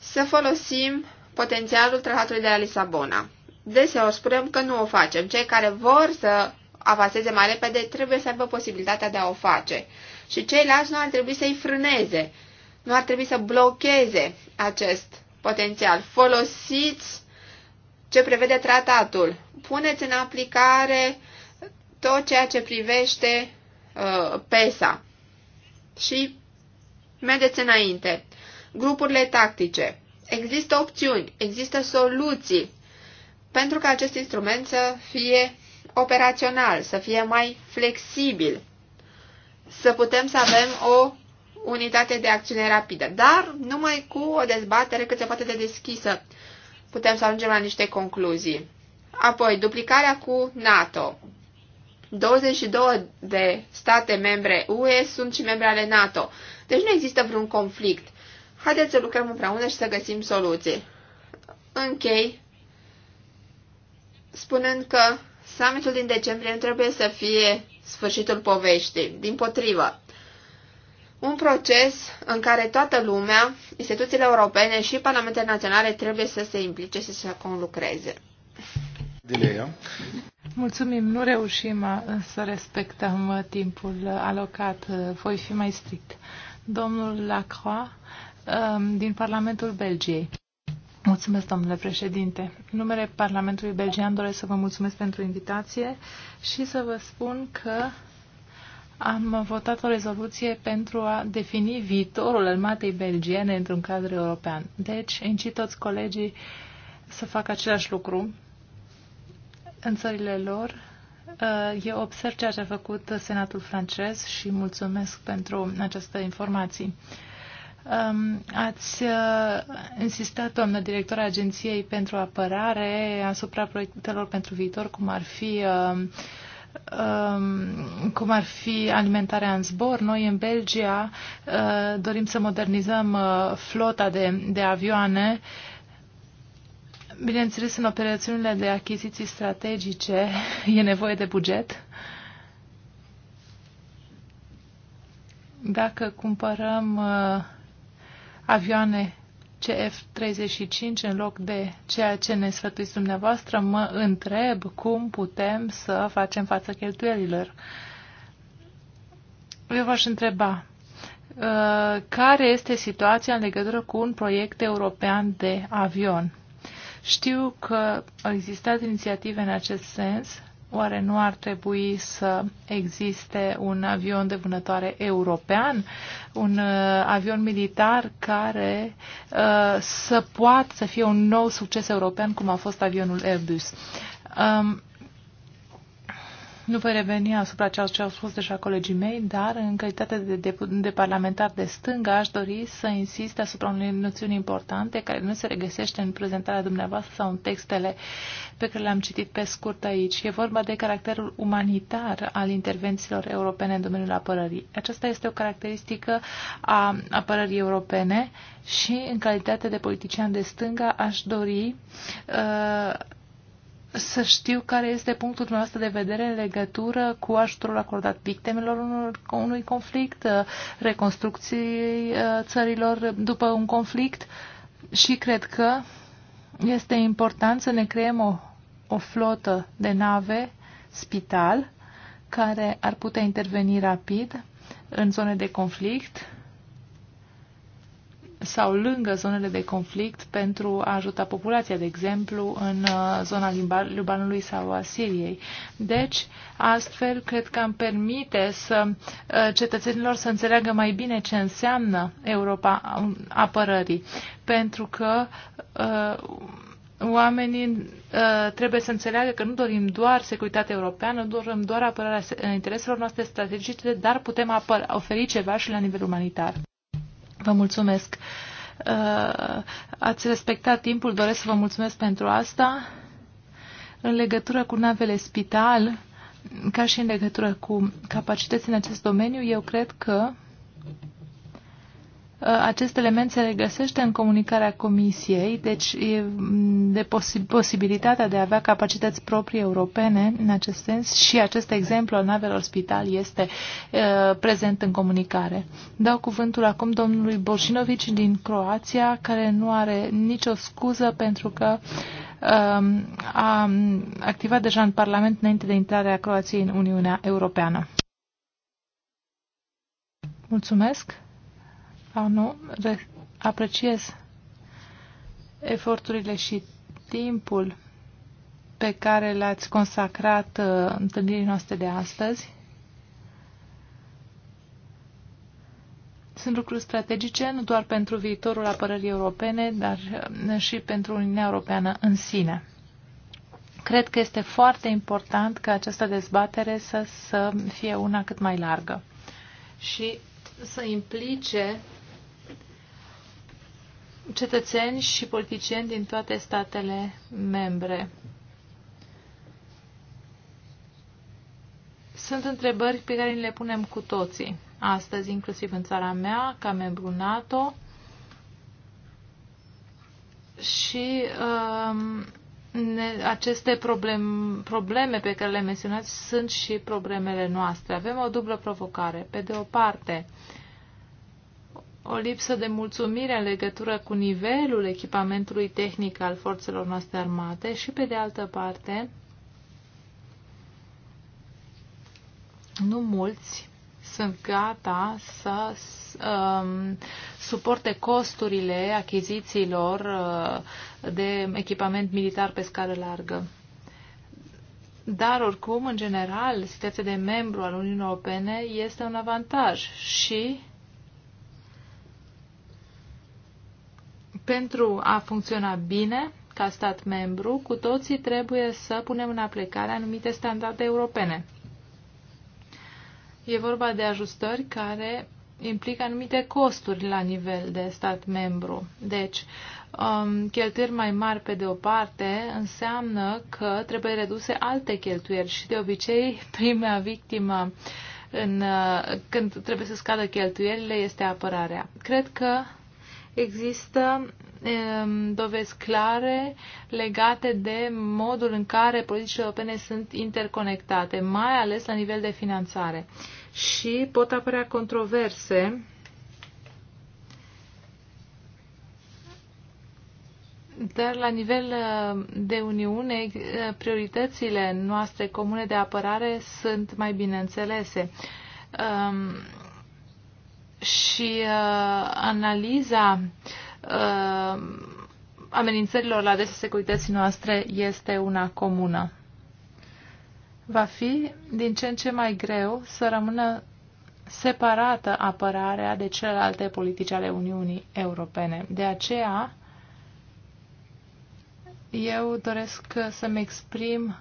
Să folosim potențialul tratatului de la Lisabona. Deseori spunem că nu o facem. Cei care vor să avanseze mai repede trebuie să aibă posibilitatea de a o face și ceilalți nu ar trebui să-i frâneze, nu ar trebui să blocheze acest potențial. Folosiți ce prevede tratatul. Puneți în aplicare tot ceea ce privește uh, PESA și mergeți înainte. Grupurile tactice. Există opțiuni, există soluții pentru ca acest instrument să fie operațional, să fie mai flexibil să putem să avem o unitate de acțiune rapidă, dar numai cu o dezbatere cât se poate de deschisă putem să ajungem la niște concluzii. Apoi, duplicarea cu NATO. 22 de state membre UE sunt și membre ale NATO, deci nu există vreun conflict. Haideți să lucrăm împreună și să găsim soluții. Închei spunând că summitul din decembrie nu trebuie să fie sfârșitul poveștii. Din potrivă, un proces în care toată lumea, instituțiile europene și parlamentele naționale trebuie să se implice și să conlucreze. Dileia. Mulțumim, nu reușim să respectăm timpul alocat. Voi fi mai strict. Domnul Lacroix, din Parlamentul Belgiei. Mulțumesc, domnule președinte. În numele Parlamentului Belgian doresc să vă mulțumesc pentru invitație și să vă spun că am votat o rezoluție pentru a defini viitorul armatei belgiene într-un cadru european. Deci, incit toți colegii să facă același lucru în țările lor. Uh, eu observ ceea ce a făcut Senatul francez și mulțumesc pentru această informații. Um, ați uh, insistat, doamnă directora Agenției pentru Apărare, asupra proiectelor pentru viitor, cum ar fi um, um, cum ar fi alimentarea în zbor. Noi în Belgia uh, dorim să modernizăm uh, flota de, de avioane Bineînțeles, în operațiunile de achiziții strategice e nevoie de buget. Dacă cumpărăm uh, avioane CF-35 în loc de ceea ce ne sfătuiți dumneavoastră, mă întreb cum putem să facem față cheltuielilor. Eu v-aș întreba, uh, care este situația în legătură cu un proiect european de avion? Știu că au existat inițiative în acest sens, Oare nu ar trebui să existe un avion de vânătoare european, un uh, avion militar care uh, să poată să fie un nou succes european, cum a fost avionul Airbus? Um, nu voi reveni asupra ceea ce au spus deja colegii mei, dar în calitate de, de, de parlamentar de stânga aș dori să insist asupra unei noțiuni importante care nu se regăsește în prezentarea dumneavoastră sau în textele pe care le-am citit pe scurt aici. E vorba de caracterul umanitar al intervențiilor europene în domeniul apărării. Aceasta este o caracteristică a apărării europene și în calitate de politician de stânga aș dori uh, să știu care este punctul dumneavoastră de vedere în legătură cu ajutorul acordat victimelor unui conflict, reconstrucției uh, țărilor după un conflict și cred că este important să ne creăm o, o flotă de nave, spital, care ar putea interveni rapid în zone de conflict sau lângă zonele de conflict pentru a ajuta populația, de exemplu, în uh, zona Libanului sau a Siriei. Deci, astfel, cred că am permite să uh, cetățenilor să înțeleagă mai bine ce înseamnă Europa apărării, pentru că uh, oamenii trebuie să înțeleagă că nu dorim doar securitatea europeană, nu dorim doar apărarea intereselor noastre strategice, dar putem oferi ceva și la nivel umanitar. Vă mulțumesc. Uh, ați respectat timpul, doresc să vă mulțumesc pentru asta. În legătură cu navele spital, ca și în legătură cu capacități în acest domeniu, eu cred că Uh, acest element se regăsește în comunicarea Comisiei, deci mm, de posibilitatea de a avea capacități proprii europene în acest sens și acest exemplu al navelor spital este uh, prezent în comunicare. Dau cuvântul acum domnului Boșinovici din Croația, care nu are nicio scuză pentru că um, a activat deja în Parlament înainte de intrarea Croației în Uniunea Europeană. Mulțumesc! Anu, apreciez eforturile și timpul pe care le ați consacrat uh, întâlnirii noastre de astăzi. Sunt lucruri strategice nu doar pentru viitorul apărării europene, dar uh, și pentru Uniunea Europeană în sine. Cred că este foarte important ca această dezbatere să, să fie una cât mai largă și să implice cetățeni și politicieni din toate statele membre. Sunt întrebări pe care le punem cu toții, astăzi inclusiv în țara mea, ca membru NATO, și um, ne, aceste problem, probleme pe care le menționați sunt și problemele noastre. Avem o dublă provocare. Pe de o parte, uh, o lipsă de mulțumire în legătură cu nivelul echipamentului tehnic al forțelor noastre armate și, pe de altă parte, nu mulți sunt gata să um, suporte costurile achizițiilor uh, de echipament militar pe scară largă. Dar, oricum, în general, situația de membru al Uniunii Europene este un avantaj și pentru a funcționa bine ca stat membru, cu toții trebuie să punem în aplicare anumite standarde europene. E vorba de ajustări care implică anumite costuri la nivel de stat membru. Deci, um, cheltuieli mai mari pe de o parte înseamnă că trebuie reduse alte cheltuieli și de obicei prima victimă în, uh, când trebuie să scadă cheltuielile este apărarea. Cred că există ehm, dovezi clare legate de modul în care politicile europene sunt interconectate, mai ales la nivel de finanțare. Și pot apărea controverse dar la nivel ehm, de Uniune, ehm, prioritățile noastre comune de apărare sunt mai bine înțelese și uh, analiza uh, amenințărilor la adresa securității noastre este una comună. Va fi din ce în ce mai greu să rămână separată apărarea de celelalte politici ale Uniunii Europene. De aceea, eu doresc să-mi exprim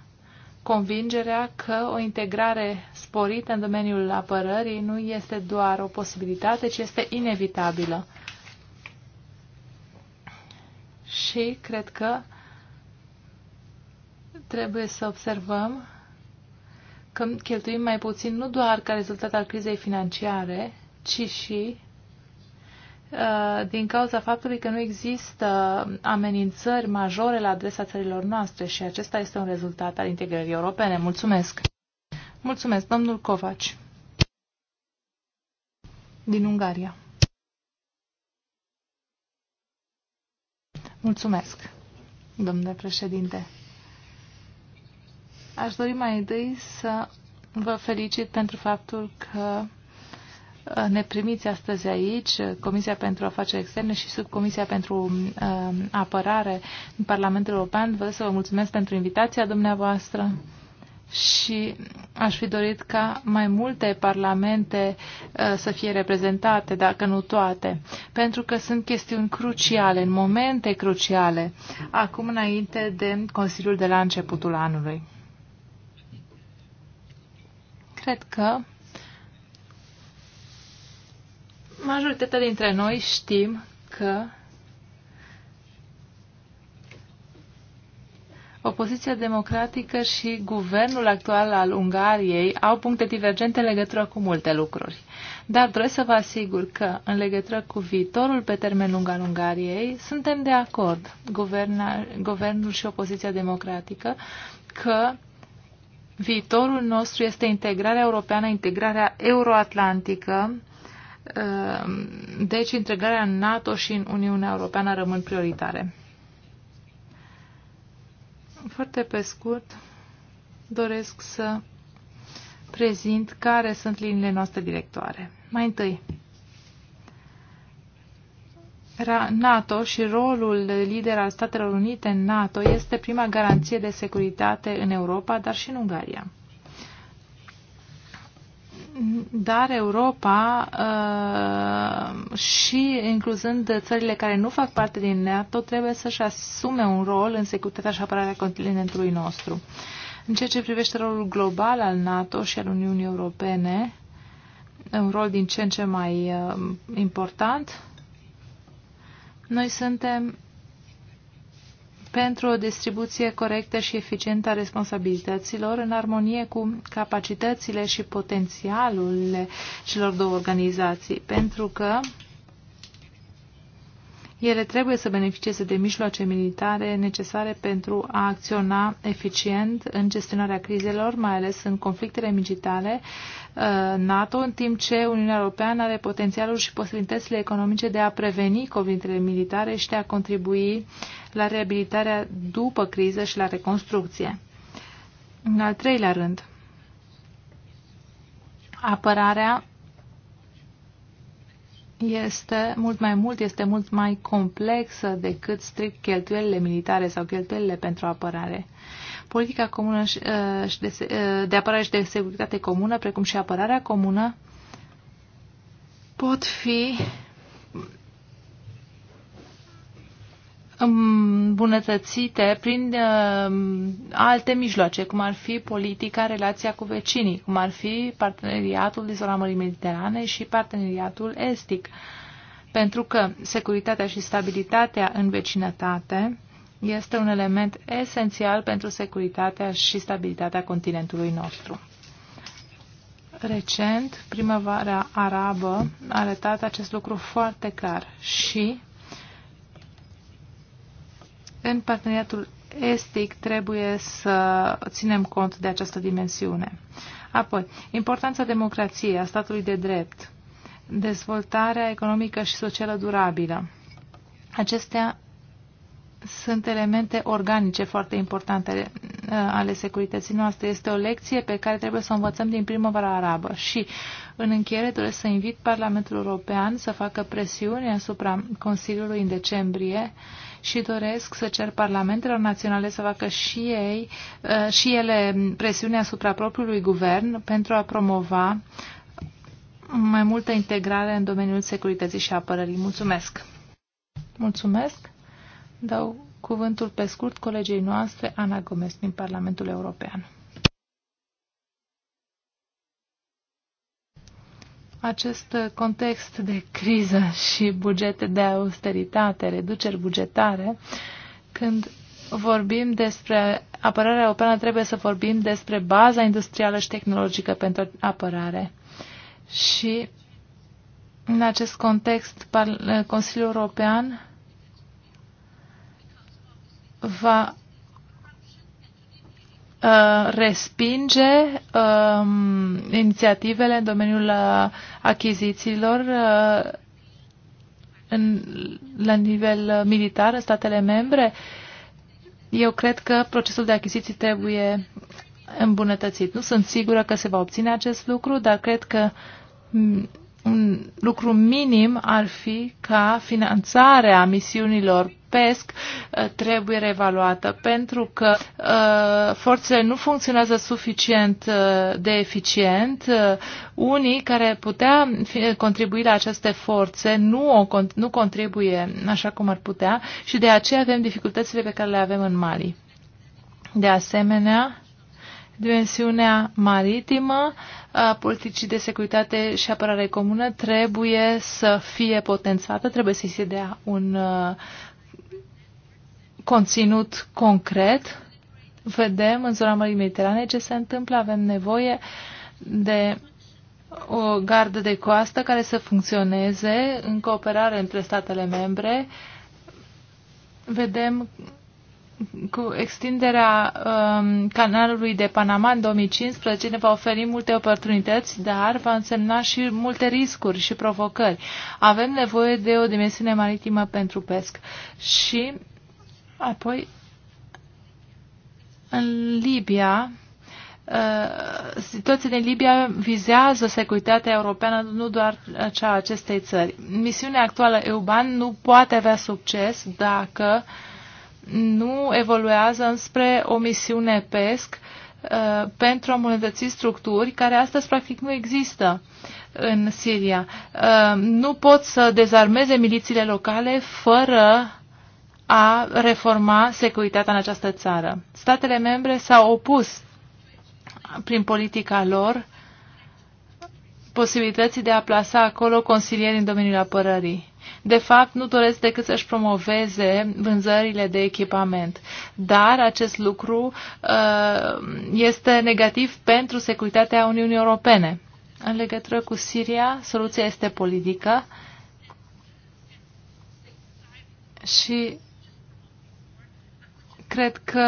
convingerea că o integrare sporită în domeniul apărării nu este doar o posibilitate, ci este inevitabilă. Și cred că trebuie să observăm că cheltuim mai puțin nu doar ca rezultat al crizei financiare, ci și Uh, din cauza faptului că nu există amenințări majore la adresa țărilor noastre și acesta este un rezultat al integrării europene. Mulțumesc! Mulțumesc, domnul Covaci, din Ungaria. Mulțumesc, domnule președinte. Aș dori mai întâi să vă felicit pentru faptul că ne primiți astăzi aici, Comisia pentru Afaceri Externe și Subcomisia pentru uh, Apărare în Parlamentul European. Vă să vă mulțumesc pentru invitația dumneavoastră și aș fi dorit ca mai multe parlamente uh, să fie reprezentate, dacă nu toate, pentru că sunt chestiuni cruciale, în momente cruciale, acum înainte de Consiliul de la începutul anului. Cred că Majoritatea dintre noi știm că Opoziția democratică și guvernul actual al Ungariei au puncte divergente în legătură cu multe lucruri. Dar doresc să vă asigur că, în legătură cu viitorul pe termen lung al Ungariei, suntem de acord, guverna, guvernul și opoziția democratică, că viitorul nostru este integrarea europeană, integrarea euroatlantică, Ehm, deci, integrarea în NATO și în Uniunea Europeană rămân prioritare. Foarte pe scurt, doresc să prezint care sunt liniile noastre directoare. Mai întâi, NATO și rolul de lider al Statelor Unite în NATO este prima garanție de securitate în Europa, dar și în Ungaria. Dar Europa uh, și incluzând țările care nu fac parte din NATO trebuie să-și asume un rol în securitatea și apărarea continentului nostru. În ceea ce privește rolul global al NATO și al Uniunii Europene, un rol din ce în ce mai uh, important, noi suntem pentru o distribuție corectă și eficientă a responsabilităților în armonie cu capacitățile și potențialul celor două organizații, pentru că ele trebuie să beneficieze de mijloace militare necesare pentru a acționa eficient în gestionarea crizelor, mai ales în conflictele militare uh, NATO, în timp ce Uniunea Europeană are potențialul și posibilitățile economice de a preveni conflictele militare și de a contribui la reabilitarea după criză și la reconstrucție. În al treilea rând, apărarea este mult mai mult, este mult mai complexă decât strict cheltuielile militare sau cheltuielile pentru apărare. Politica comună și uh, de, uh, de apărare și de securitate comună, precum și apărarea comună, pot fi îmbunătățite prin uh, alte mijloace, cum ar fi politica, relația cu vecinii, cum ar fi parteneriatul din zona Mării Mediterane și parteneriatul estic. Pentru că securitatea și stabilitatea în vecinătate este un element esențial pentru securitatea și stabilitatea continentului nostru. Recent, primăvara arabă a arătat acest lucru foarte clar și în parteneriatul estic trebuie să ținem cont de această dimensiune. Apoi, importanța democrației, a statului de drept, dezvoltarea economică și socială durabilă. Acestea sunt elemente organice foarte importante uh, ale securității noastre. Este o lecție pe care trebuie să o învățăm din primăvara arabă și, în încheiere, doresc să invit Parlamentul European să facă presiune asupra Consiliului în decembrie uh, și doresc să cer parlamentelor naționale să facă și ei uh, și ele presiune asupra propriului guvern pentru a promova mai multă integrare în domeniul securității și apărării. Mulțumesc! Mulțumesc! Dau cuvântul pe scurt colegei noastre, Ana Gomes, din Parlamentul European. acest context de criză și bugete de austeritate, reduceri bugetare, când vorbim despre apărarea europeană, trebuie să vorbim despre baza industrială și tehnologică pentru apărare. Și în acest context, Consiliul European va Uh, respinge um, inițiativele în domeniul uh, achizițiilor uh, în, la nivel uh, militar în statele membre. Eu cred că procesul de achiziții trebuie îmbunătățit. Nu sunt sigură că se va obține acest lucru, dar cred că un lucru minim ar fi ca finanțarea misiunilor PESC uh, trebuie reevaluată pentru că uh, forțele nu funcționează suficient uh, de eficient. unii care putea contribui la aceste forțe nu, o, nu contribuie așa cum ar putea și de aceea avem dificultățile pe care le avem în Mali. De asemenea, dimensiunea maritimă a politicii de securitate și apărare comună trebuie să fie potențată, trebuie să-i se dea un uh, conținut concret. Vedem în zona Mării Mediterane ce se întâmplă. Avem nevoie de o gardă de coastă care să funcționeze în cooperare între statele membre. Vedem cu extinderea um, canalului de Panama în 2015 ne va oferi multe oportunități, dar va însemna și multe riscuri și provocări. Avem nevoie de o dimensiune maritimă pentru pesc și Apoi, în Libia, uh, situația din Libia vizează securitatea europeană, nu doar cea a acestei țări. Misiunea actuală EUBAN nu poate avea succes dacă nu evoluează înspre o misiune PESC uh, pentru a îmbunătăți structuri care astăzi practic nu există în Siria. Uh, nu pot să dezarmeze milițiile locale fără a reforma securitatea în această țară. Statele membre s-au opus prin politica lor posibilității de a plasa acolo consilieri în domeniul apărării. De fapt, nu doresc decât să-și promoveze vânzările de echipament. Dar acest lucru uh, este negativ pentru securitatea Uniunii Europene. În legătură cu Siria, soluția este politică și cred că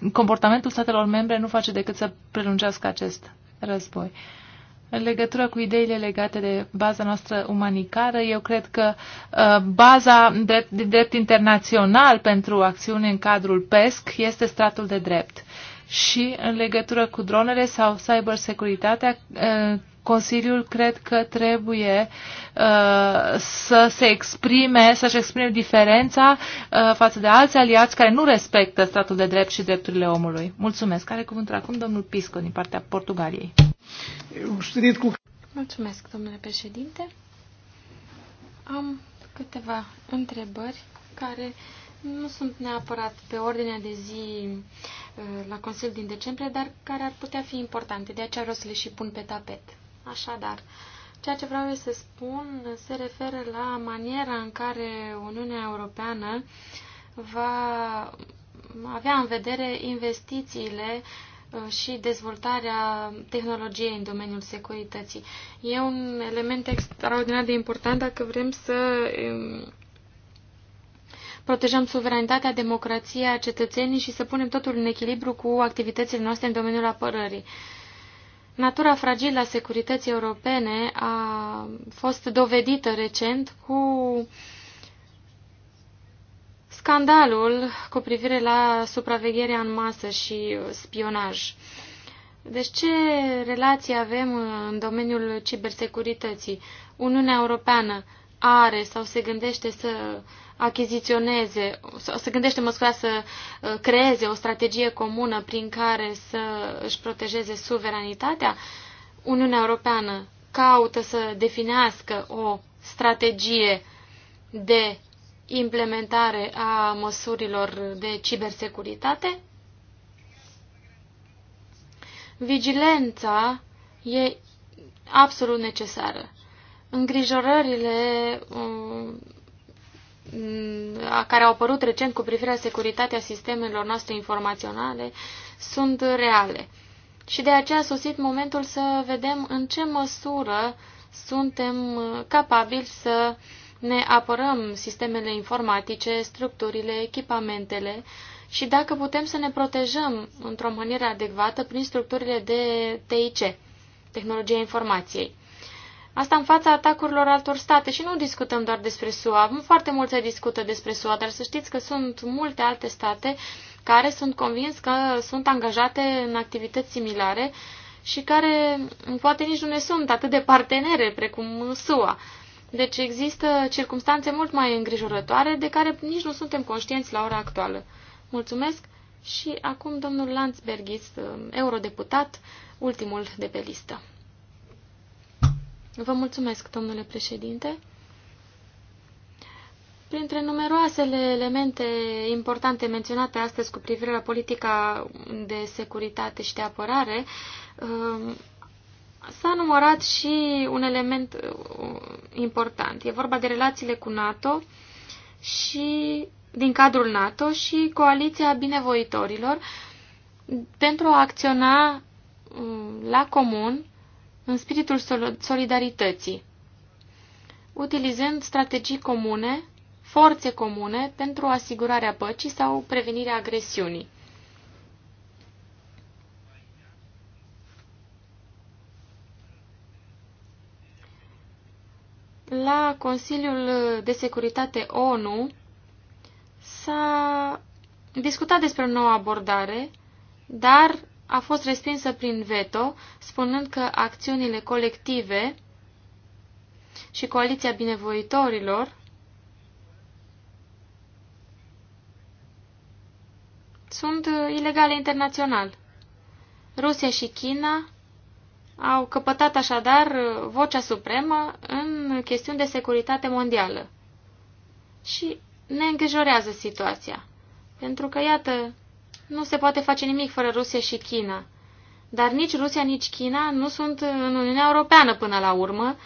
um, comportamentul statelor membre nu face decât să prelungească acest război. În legătură cu ideile legate de baza noastră umanicară, eu cred că uh, baza drept, de drept internațional pentru acțiune în cadrul PESC este stratul de drept. Și în legătură cu dronele sau cybersecuritatea, uh, Consiliul cred că trebuie uh, să se exprime, să-și exprime diferența uh, față de alți aliați care nu respectă statul de drept și drepturile omului. Mulțumesc. Care cuvântul acum domnul Pisco din partea Portugaliei? Mulțumesc, domnule președinte. Am câteva întrebări care nu sunt neapărat pe ordinea de zi uh, la Consiliul din decembrie, dar care ar putea fi importante. De aceea vreau să le și pun pe tapet. Așadar, ceea ce vreau eu să spun se referă la maniera în care Uniunea Europeană va avea în vedere investițiile uh, și dezvoltarea tehnologiei în domeniul securității. E un element extraordinar de important dacă vrem să um, protejăm suveranitatea, democrația, cetățenii și să punem totul în echilibru cu activitățile noastre în domeniul apărării. Natura fragilă a securității europene a fost dovedită recent cu scandalul cu privire la supravegherea în masă și spionaj. Deci ce relație avem în domeniul cibersecurității? Uniunea Europeană are sau se gândește să achiziționeze, sau se gândește Moscova să uh, creeze o strategie comună prin care să își protejeze suveranitatea, Uniunea Europeană caută să definească o strategie de implementare a măsurilor de cibersecuritate? Vigilența e absolut necesară. Îngrijorările um, Mm, care au apărut recent cu privire la securitatea sistemelor noastre informaționale sunt reale. Și de aceea a sosit momentul să vedem în ce măsură suntem uh, capabili să ne apărăm sistemele informatice, structurile, echipamentele și dacă putem să ne protejăm într-o manieră adecvată prin structurile de TIC, tehnologia informației. Asta în fața atacurilor altor state și nu discutăm doar despre SUA. Foarte mult se discută despre SUA, dar să știți că sunt multe alte state care sunt convins că sunt angajate în activități similare și care poate nici nu ne sunt atât de partenere precum SUA. Deci există circunstanțe mult mai îngrijorătoare de care nici nu suntem conștienți la ora actuală. Mulțumesc și acum domnul Landsbergis, eurodeputat, ultimul de pe listă. Vă mulțumesc, domnule președinte. Printre numeroasele elemente importante menționate astăzi cu privire la politica de securitate și de apărare, um, s-a numărat și un element uh, important. E vorba de relațiile cu NATO și din cadrul NATO și coaliția binevoitorilor pentru a acționa um, la comun în spiritul solidarității, utilizând strategii comune, forțe comune pentru asigurarea păcii sau prevenirea agresiunii. La Consiliul de Securitate ONU s-a discutat despre o nouă abordare, dar a fost respinsă prin veto, spunând că acțiunile colective și coaliția binevoitorilor sunt uh, ilegale internațional. Rusia și China au căpătat așadar uh, vocea supremă în chestiuni de securitate mondială. Și ne îngrijorează situația, pentru că, iată, nu se poate face nimic fără Rusia și China. Dar nici Rusia, nici China nu sunt în Uniunea Europeană până la urmă,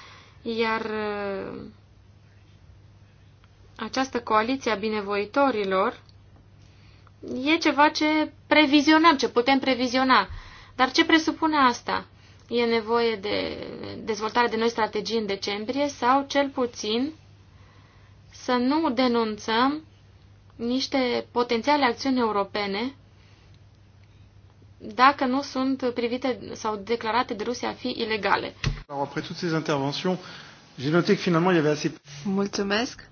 iar uh, această coaliție a binevoitorilor e ceva ce previzionăm, ce putem previziona. Dar ce presupune asta? E nevoie de dezvoltare de noi strategii în decembrie sau cel puțin să nu denunțăm niște potențiale acțiuni europene dacă nu sunt privite sau declarate de Rusia a fi ilegale. Mulțumesc.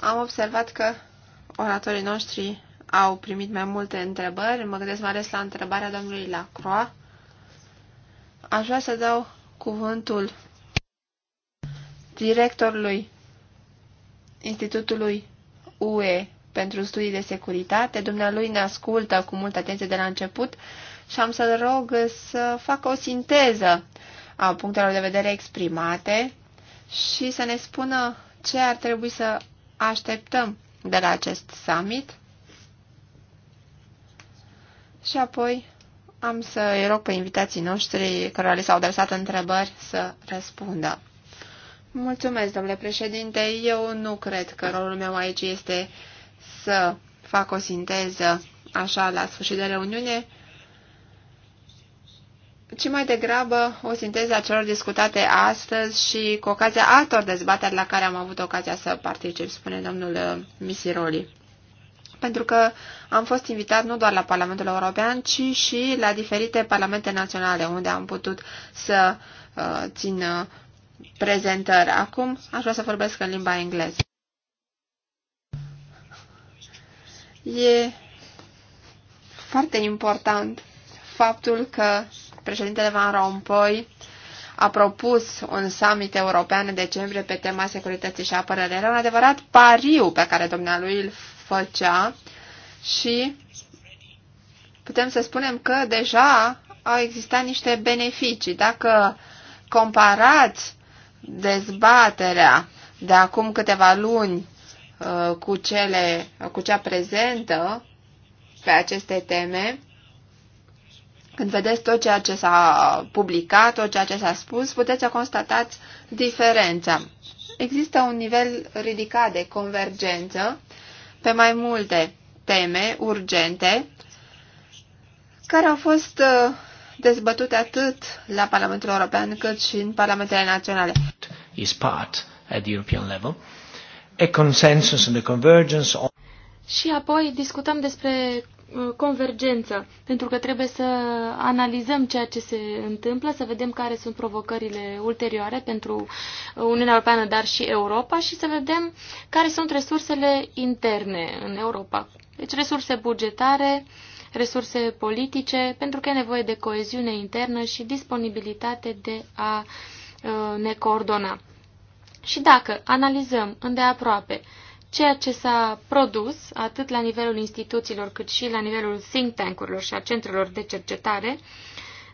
Am observat că oratorii noștri au primit mai multe întrebări. Mă gândesc mai ales la întrebarea domnului Lacroix. Aș vrea să dau cuvântul directorului Institutului UE pentru studii de securitate. Dumnealui ne ascultă cu multă atenție de la început și am să-l rog să facă o sinteză a punctelor de vedere exprimate și să ne spună ce ar trebui să așteptăm de la acest summit. Și apoi am să îi rog pe invitații noștri care le s-au adresat întrebări să răspundă. Mulțumesc, domnule președinte. Eu nu cred că rolul meu aici este uh, să fac o sinteză așa la sfârșit de reuniune, ci mai degrabă o sinteză a celor discutate astăzi și cu ocazia altor dezbateri la care am avut ocazia să particip, spune domnul uh, Misiroli. Pentru că am fost invitat nu doar la Parlamentul European, ci și la diferite parlamente naționale, unde am putut să uh, țin uh, prezentări. Acum aș vrea să vorbesc în limba engleză. E foarte important faptul că președintele Van Rompuy a propus un summit european în decembrie pe tema securității și apărării. Era un adevărat pariu pe care lui îl făcea și putem să spunem că deja au existat niște beneficii. Dacă comparați dezbaterea de acum câteva luni Uh, cu, cele, cu cea prezentă pe aceste teme, când vedeți tot ceea ce s-a publicat, tot ceea ce s-a spus, puteți să constatați diferența. Există un nivel ridicat de convergență pe mai multe teme urgente care au fost uh, dezbătute atât la Parlamentul European cât și în Parlamentele Naționale. Is part at the European level a consensus and a convergence on... Și apoi discutăm despre uh, convergență, pentru că trebuie să analizăm ceea ce se întâmplă, să vedem care sunt provocările ulterioare pentru uh, Uniunea Europeană, dar și Europa și să vedem care sunt resursele interne în Europa. Deci resurse bugetare, resurse politice, pentru că e nevoie de coeziune internă și disponibilitate de a uh, ne coordona. Și dacă analizăm îndeaproape ceea ce s-a produs atât la nivelul instituțiilor cât și la nivelul think tank-urilor și a centrelor de cercetare,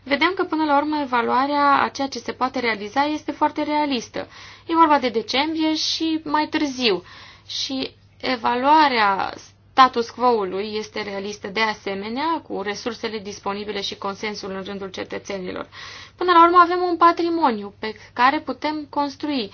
vedem că până la urmă evaluarea a ceea ce se poate realiza este foarte realistă. E vorba de decembrie și mai târziu și evaluarea status quo-ului este realistă de asemenea cu resursele disponibile și consensul în rândul cetățenilor. Până la urmă avem un patrimoniu pe care putem construi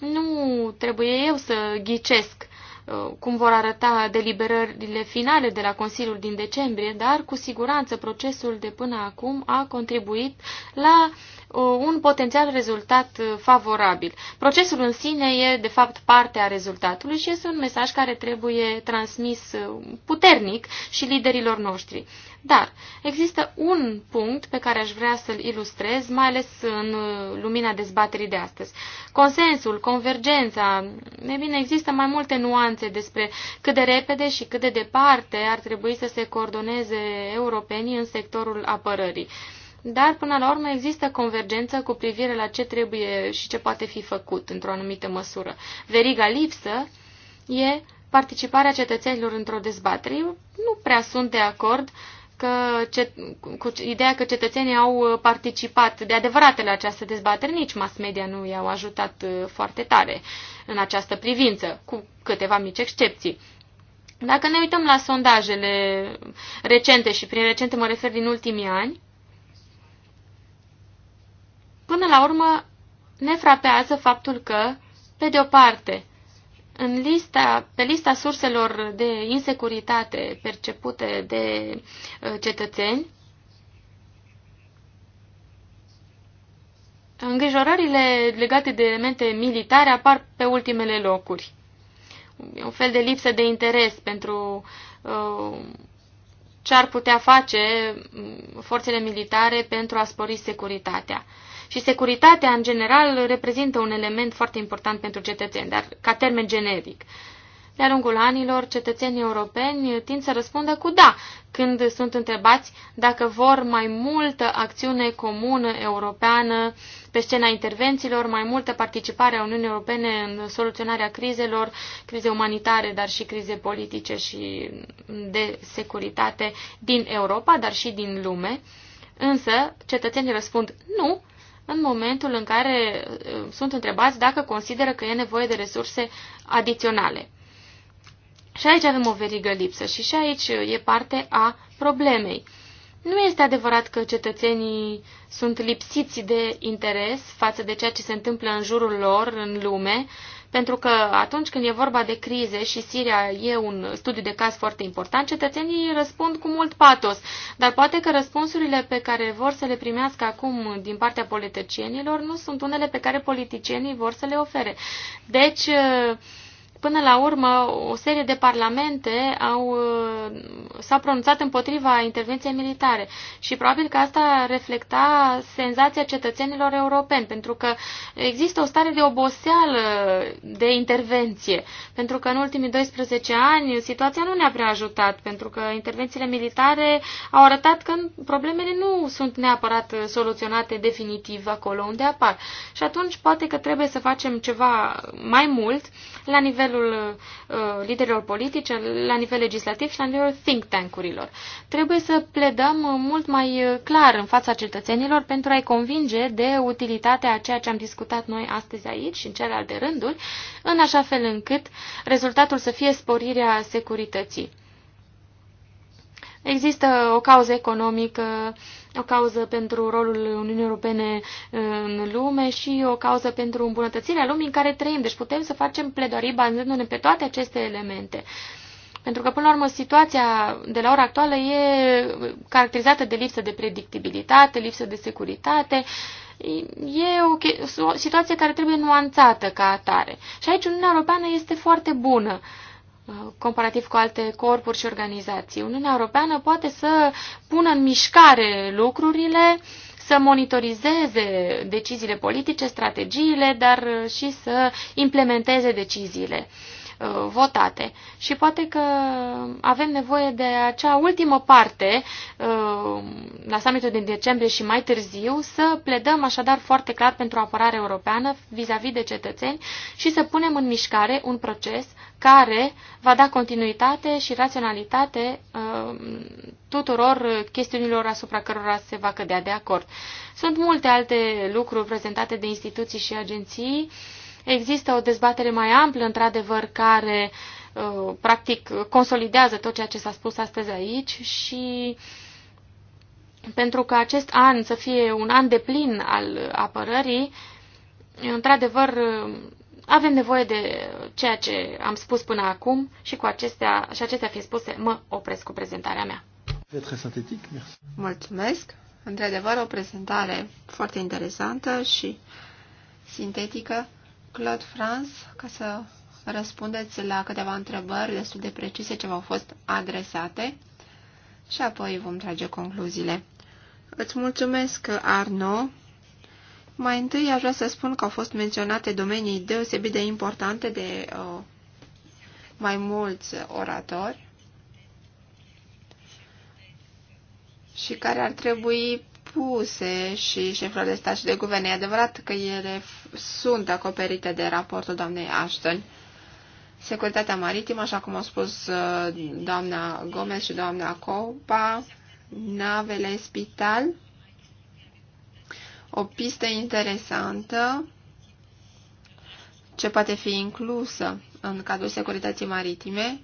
nu trebuie eu să ghicesc uh, cum vor arăta deliberările finale de la Consiliul din decembrie, dar cu siguranță procesul de până acum a contribuit la Uh, un potențial rezultat uh, favorabil. Procesul în sine e, de fapt, parte a rezultatului și este un mesaj care trebuie transmis uh, puternic și liderilor noștri. Dar există un punct pe care aș vrea să-l ilustrez, mai ales în lumina dezbaterii de astăzi. Consensul, convergența, e bine, există mai multe nuanțe despre cât de repede și cât de departe ar trebui să se coordoneze europenii în sectorul apărării. Uh, dar până la urmă există convergență cu privire la ce trebuie și ce poate fi făcut într-o anumită măsură. Veriga lipsă e participarea cetățenilor într-o dezbatere. Eu nu prea sunt de acord că, ce, cu ideea că cetățenii au participat de adevărat la această dezbatere, nici mass media nu i-au ajutat uh, foarte tare în această privință, cu câteva mici excepții. Dacă ne uităm la sondajele recente și prin recente mă refer din ultimii ani, Până la urmă, ne frapează faptul că, pe de o parte, în lista, pe lista surselor de insecuritate percepute de uh, cetățeni, îngrijorările legate de elemente militare apar pe ultimele locuri. E un fel de lipsă de interes pentru uh, ce ar putea face mm, forțele militare pentru a spori securitatea. Și securitatea, în general, reprezintă un element foarte important pentru cetățeni, dar ca termen generic. De-a lungul anilor, cetățenii europeni tind să răspundă cu da când sunt întrebați dacă vor mai multă acțiune comună europeană pe scena intervențiilor, mai multă participare a Uniunii Europene în soluționarea crizelor, crize umanitare, dar și crize politice și de securitate din Europa, dar și din lume. Însă, cetățenii răspund nu în momentul în care uh, sunt întrebați dacă consideră că e nevoie de resurse adiționale. Și aici avem o verigă lipsă și și aici uh, e parte a problemei. Nu este adevărat că cetățenii sunt lipsiți de interes față de ceea ce se întâmplă în jurul lor, în lume, uh, pentru că atunci când e vorba de crize și Siria e un studiu de caz foarte important, cetățenii răspund cu mult patos. Dar poate că răspunsurile pe care vor să le primească acum din partea politicienilor nu sunt unele pe care politicienii vor să le ofere. Deci, Până la urmă, o serie de parlamente au, uh, s-au pronunțat împotriva intervenției militare și probabil că asta reflecta senzația cetățenilor europeni, pentru că există o stare de oboseală de intervenție, pentru că în ultimii 12 ani situația nu ne-a prea ajutat, pentru că intervențiile militare au arătat că problemele nu sunt neapărat soluționate definitiv acolo unde apar. Și atunci poate că trebuie să facem ceva mai mult la nivelul uh, liderilor politice, la nivel legislativ și la nivelul think tank-urilor. Trebuie să pledăm uh, mult mai uh, clar în fața cetățenilor pentru a-i convinge de utilitatea a ceea ce am discutat noi astăzi aici și în celelalte rânduri, în așa fel încât rezultatul să fie sporirea securității. Există o cauză economică, uh, o cauză pentru rolul Uniunii Europene uh, în lume și o cauză pentru îmbunătățirea lumii în care trăim. Deci putem să facem pledoarii bazându-ne pe toate aceste elemente. Pentru că, până la urmă, situația de la ora actuală e caracterizată de lipsă de predictibilitate, lipsă de securitate. E o, o situație care trebuie nuanțată ca atare. Și aici Uniunea Europeană este foarte bună. Uh, Uh, comparativ cu alte corpuri și organizații. Uniunea Europeană poate să pună în mișcare lucrurile, să monitorizeze deciziile politice, strategiile, dar și să implementeze deciziile. Uh, votate. Și poate că avem nevoie de acea ultimă parte uh, la summitul din decembrie și mai târziu să pledăm așadar foarte clar pentru apărare europeană vis-a-vis -vis de cetățeni și să punem în mișcare un proces care va da continuitate și raționalitate uh, tuturor chestiunilor asupra cărora se va cădea de acord. Sunt multe alte lucruri prezentate de instituții și agenții uh, Există o dezbatere mai amplă, într-adevăr, care uh, practic consolidează tot ceea ce s-a spus astăzi aici și pentru că acest an să fie un an de plin al apărării, într-adevăr, uh, avem nevoie de ceea ce am spus până acum și cu acestea, și acestea fiind spuse, mă opresc cu prezentarea mea. Mulțumesc! Într-adevăr, o prezentare foarte interesantă și sintetică. Claude France, ca să răspundeți la câteva întrebări destul de precise ce v-au fost adresate și apoi vom trage concluziile. Îți mulțumesc, Arno. Mai întâi aș vrea să spun că au fost menționate domenii deosebit de importante de uh, mai mulți oratori și care ar trebui spuse și șeful de stat și de guvern. E adevărat că ele sunt acoperite de raportul doamnei Ashton. Securitatea maritimă, așa cum au spus uh, doamna Gomez și doamna Copa, navele spital, o pistă interesantă ce poate fi inclusă în cadrul securității maritime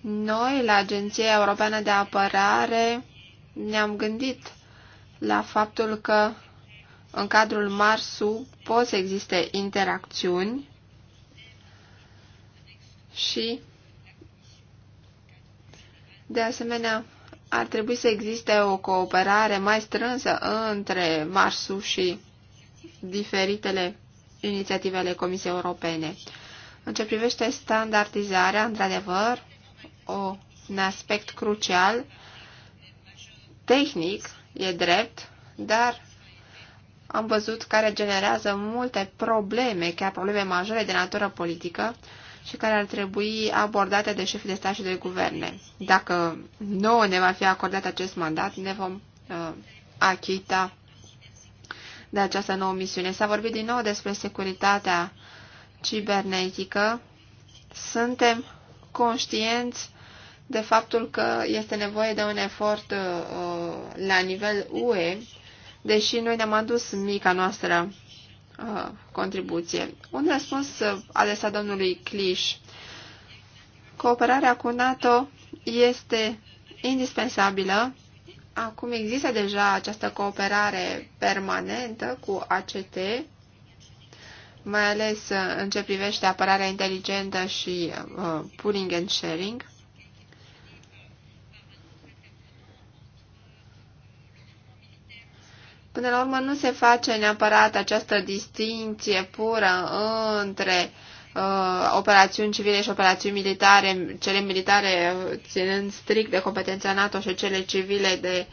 Noi, la Agenția Europeană de Apărare, ne-am gândit la faptul că în cadrul MARSU pot să existe interacțiuni și, de asemenea, ar trebui să existe o cooperare mai strânsă între MARSU și diferitele inițiative ale Comisiei Europene. În ce privește standardizarea, într-adevăr, o, un aspect crucial, tehnic, e drept, dar am văzut care generează multe probleme, chiar probleme majore de natură politică și care ar trebui abordate de șefii de stat și de guverne. Dacă nouă ne va fi acordat acest mandat, ne vom uh, achita de această nouă misiune. S-a vorbit din nou despre securitatea cibernetică. Suntem conștienți de faptul că este nevoie de un efort uh, uh, la nivel UE, deși noi ne-am adus mica noastră uh, contribuție. Un răspuns uh, adesea domnului Cliș. Cooperarea cu NATO este indispensabilă. Acum există deja această cooperare permanentă cu ACT, mai ales uh, în ce privește apărarea inteligentă și uh, pooling and sharing. Până la urmă nu se face neapărat această distinție pură între uh, operațiuni civile și operațiuni militare, cele militare uh, ținând strict de competența NATO și cele civile de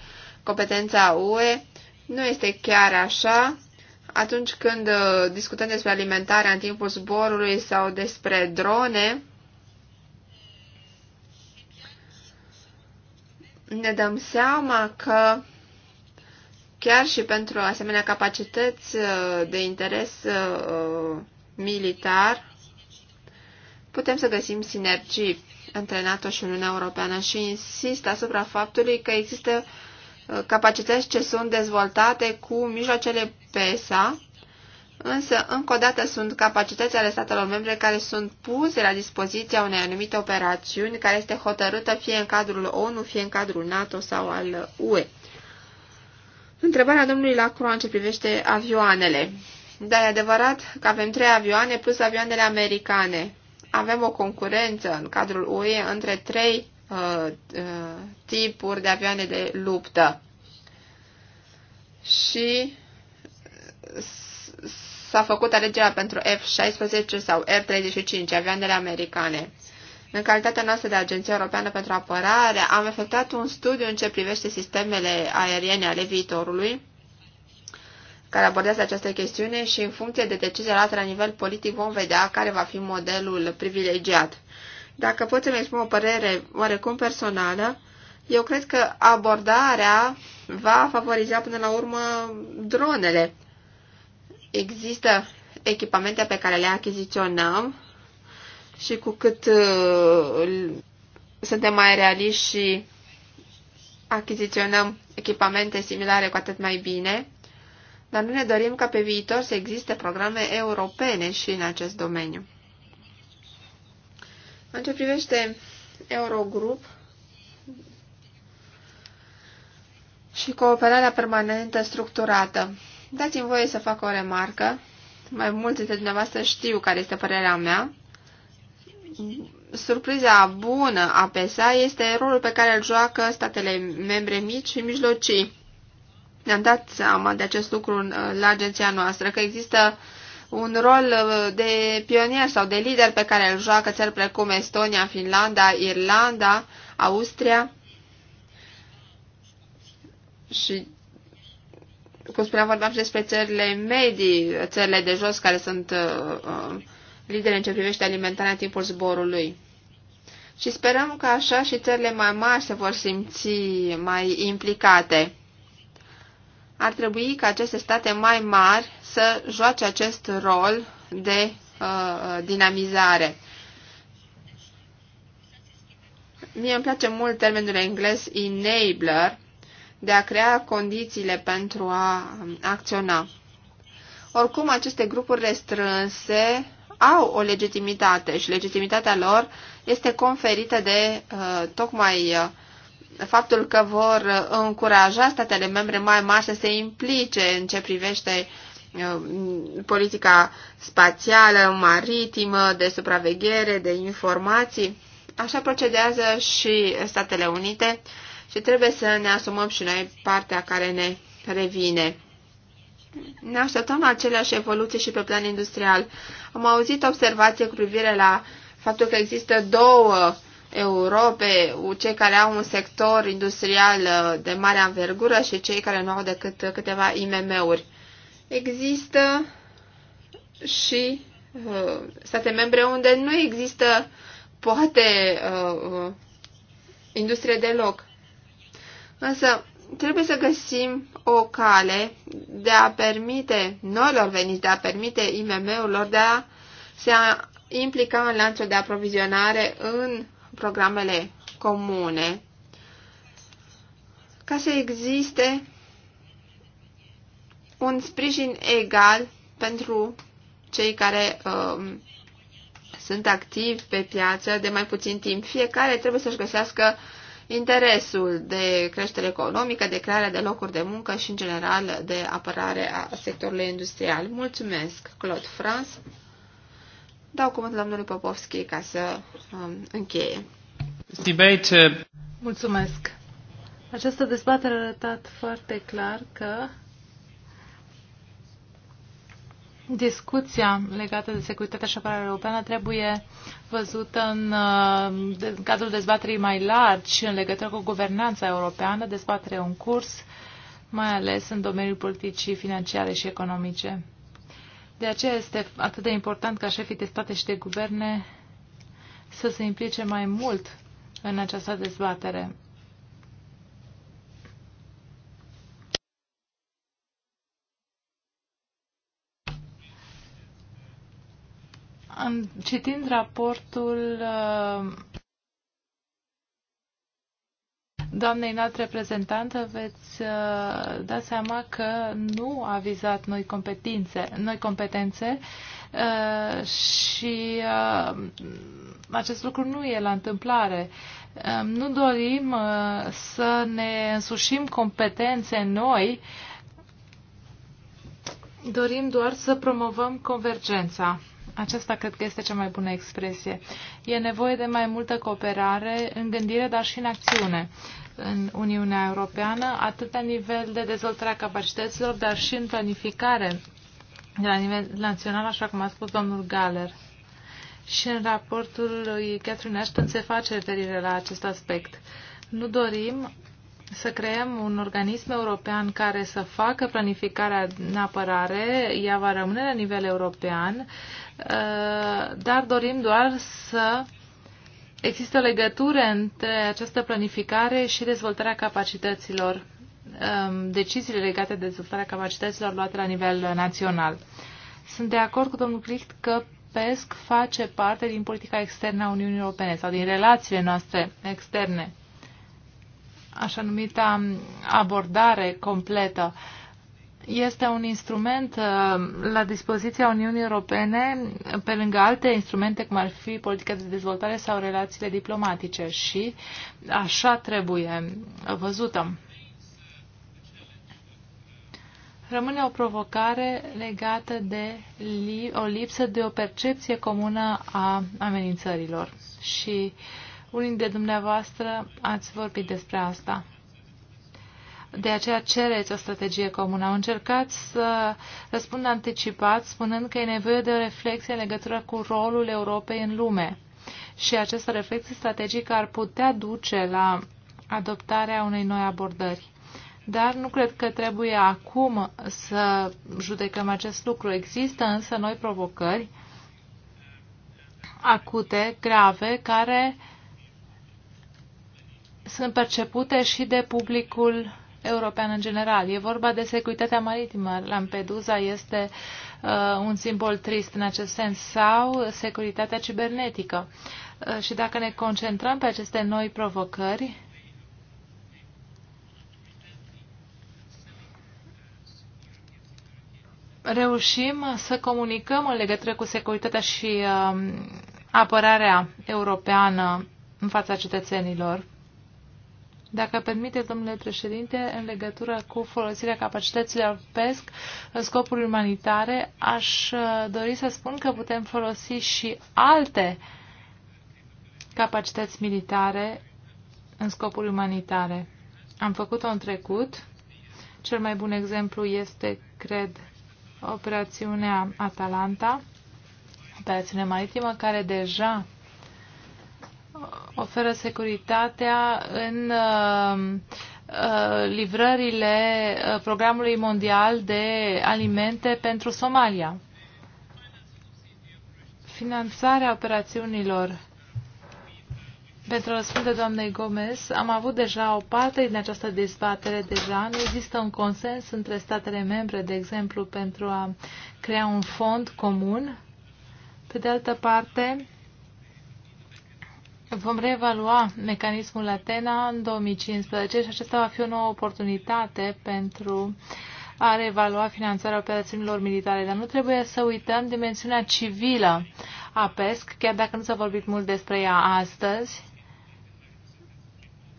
competența UE. Nu este chiar așa. Atunci când uh, discutăm despre alimentarea în timpul zborului sau despre drone, ne dăm seama că chiar și pentru asemenea capacități uh, de interes uh, uh, militar, putem să găsim sinergii între NATO și Uniunea Europeană și insist asupra faptului că există capacități ce sunt dezvoltate cu mijloacele PESA, însă încă o dată sunt capacități ale statelor membre care sunt puse la dispoziția unei anumite operațiuni care este hotărâtă fie în cadrul ONU, fie în cadrul NATO sau al UE. Întrebarea domnului Lacroix în ce privește avioanele. Dar e adevărat că avem trei avioane plus avioanele americane. Avem o concurență în cadrul UE între trei uh, uh, tipuri de avioane de luptă. Și s-a făcut alegerea pentru F-16 sau R-35, avioanele americane. În calitatea noastră de Agenție Europeană pentru Apărare, am efectuat un studiu în ce privește sistemele aeriene ale viitorului, care abordează această chestiune și în funcție de decizia luată la nivel politic vom vedea care va fi modelul privilegiat. Dacă pot să-mi exprim o părere oarecum personală, eu cred că abordarea va favoriza până la urmă dronele. Există echipamente pe care le achiziționăm și cu cât uh, suntem mai realiști și achiziționăm echipamente similare cu atât mai bine, dar nu ne dorim ca pe viitor să existe programe europene și în acest domeniu. În ce privește Eurogrup și cooperarea permanentă structurată, dați-mi voie să fac o remarcă. Mai mulți dintre dumneavoastră știu care este părerea mea surpriza bună a PSA este rolul pe care îl joacă statele membre mici și mijlocii. Ne-am dat seama de acest lucru uh, la agenția noastră, că există un rol uh, de pionier sau de lider pe care îl joacă țări precum Estonia, Finlanda, Irlanda, Austria și cum spuneam, vorbeam și despre țările medii, țările de jos care sunt uh, uh lider în ce privește alimentarea în timpul zborului. Și sperăm că așa și țările mai mari se vor simți mai implicate. Ar trebui ca aceste state mai mari să joace acest rol de uh, dinamizare. Mie îmi place mult termenul englez enabler, de a crea condițiile pentru a acționa. Oricum, aceste grupuri restrânse au o legitimitate și legitimitatea lor este conferită de uh, tocmai uh, faptul că vor uh, încuraja statele membre mai mari să se implice în ce privește politica spațială, maritimă, de supraveghere, de informații. Așa procedează și Statele Unite și trebuie să ne asumăm și noi partea care ne revine. Ne așteptăm la aceleași evoluții și pe plan industrial. Am auzit observație cu privire la faptul că există două Europe, cei care au un sector industrial uh, de mare anvergură și cei care nu au decât câteva IMM-uri. Există și uh, state membre unde nu există poate uh, uh industrie deloc. Însă trebuie să găsim o cale de a permite noilor veniți, de a permite IMM-urilor de a se a implica în lanțul de aprovizionare în programele comune ca să existe un sprijin egal pentru cei care uh, sunt activi pe piață de mai puțin timp. Fiecare trebuie să-și găsească interesul de creștere economică, de crearea de locuri de muncă și, în general, de apărare a sectorului industrial. Mulțumesc, Claude Franz. Dau cuvântul domnului Popovski ca să um, încheie. Debate. Uh, Mulțumesc. Această dezbatere a arătat foarte clar că Discuția legată de securitatea și apărarea europeană trebuie văzută în, uh, în cadrul dezbaterii mai largi în legătură cu guvernanța europeană, dezbaterea în curs, mai ales în domeniul politicii financiare și economice. De aceea este atât de important ca șefii de state și de guverne să se implice mai mult în această dezbatere. în, citind raportul uh, doamnei înalt reprezentantă, veți da seama că nu a vizat noi competențe, noi competențe uh, și acest lucru nu e la întâmplare. Nu dorim să ne însușim competențe noi, dorim doar să promovăm convergența. Aceasta cred că este cea mai bună expresie. E nevoie de mai multă cooperare în gândire, dar și în acțiune în Uniunea Europeană, atât la nivel de a capacităților, dar și în planificare de la nivel național, așa cum a spus domnul Galler. Și în raportul lui Catherine Ashton se face referire la acest aspect. Nu dorim să creăm un organism european care să facă planificarea în apărare, ea va rămâne la nivel european, uh, dar dorim doar să există o legătură între această planificare și dezvoltarea capacităților, um, deciziile legate de dezvoltarea capacităților luate la nivel național. Sunt de acord cu domnul Cricht că PESC face parte din politica externă a Uniunii Europene sau din relațiile noastre externe așa numita um, abordare completă este un instrument uh, la dispoziția Uniunii Europene, pe lângă alte instrumente, cum ar fi politica de dezvoltare sau relațiile diplomatice și așa trebuie văzută. Rămâne o provocare legată de o lipsă de o percepție comună a amenințărilor și uh, unii dintre dumneavoastră ați vorbit despre asta. De aceea cereți o strategie comună. Au încercat să răspund anticipat, spunând că e nevoie de o reflexie în legătură cu rolul Europei în lume. Și această reflexie strategică ar putea duce la adoptarea unei noi abordări. Dar nu cred că trebuie acum să judecăm acest lucru. Există însă noi provocări acute, grave, care uh, sunt percepute și de publicul european în general. E vorba de securitatea maritimă. Lampedusa este uh, un simbol trist în acest sens sau securitatea cibernetică. Uh, și dacă ne concentrăm pe aceste noi provocări, reușim să comunicăm în legătură cu securitatea și uh, apărarea europeană în fața cetățenilor dacă permite, domnule președinte, în legătură cu folosirea capacităților PESC în scopuri umanitare, aș uh, dori să spun că putem folosi și alte capacități militare în scopuri umanitare. Am făcut-o în trecut. Cel mai bun exemplu este, cred, operațiunea Atalanta, operațiune maritimă, care deja oferă securitatea în uh, uh, livrările uh, programului mondial de alimente pentru Somalia. Finanțarea operațiunilor pentru a răspunde doamnei Gomez, am avut deja o parte din această dezbatere deja. Nu există un consens între statele membre, de exemplu, pentru a crea un fond comun. Pe de altă parte, Vom reevalua mecanismul Atena în 2015 și acesta va fi o nouă oportunitate pentru a reevalua finanțarea operațiunilor militare. Dar nu trebuie să uităm dimensiunea civilă a PESC, chiar dacă nu s-a vorbit mult despre ea astăzi.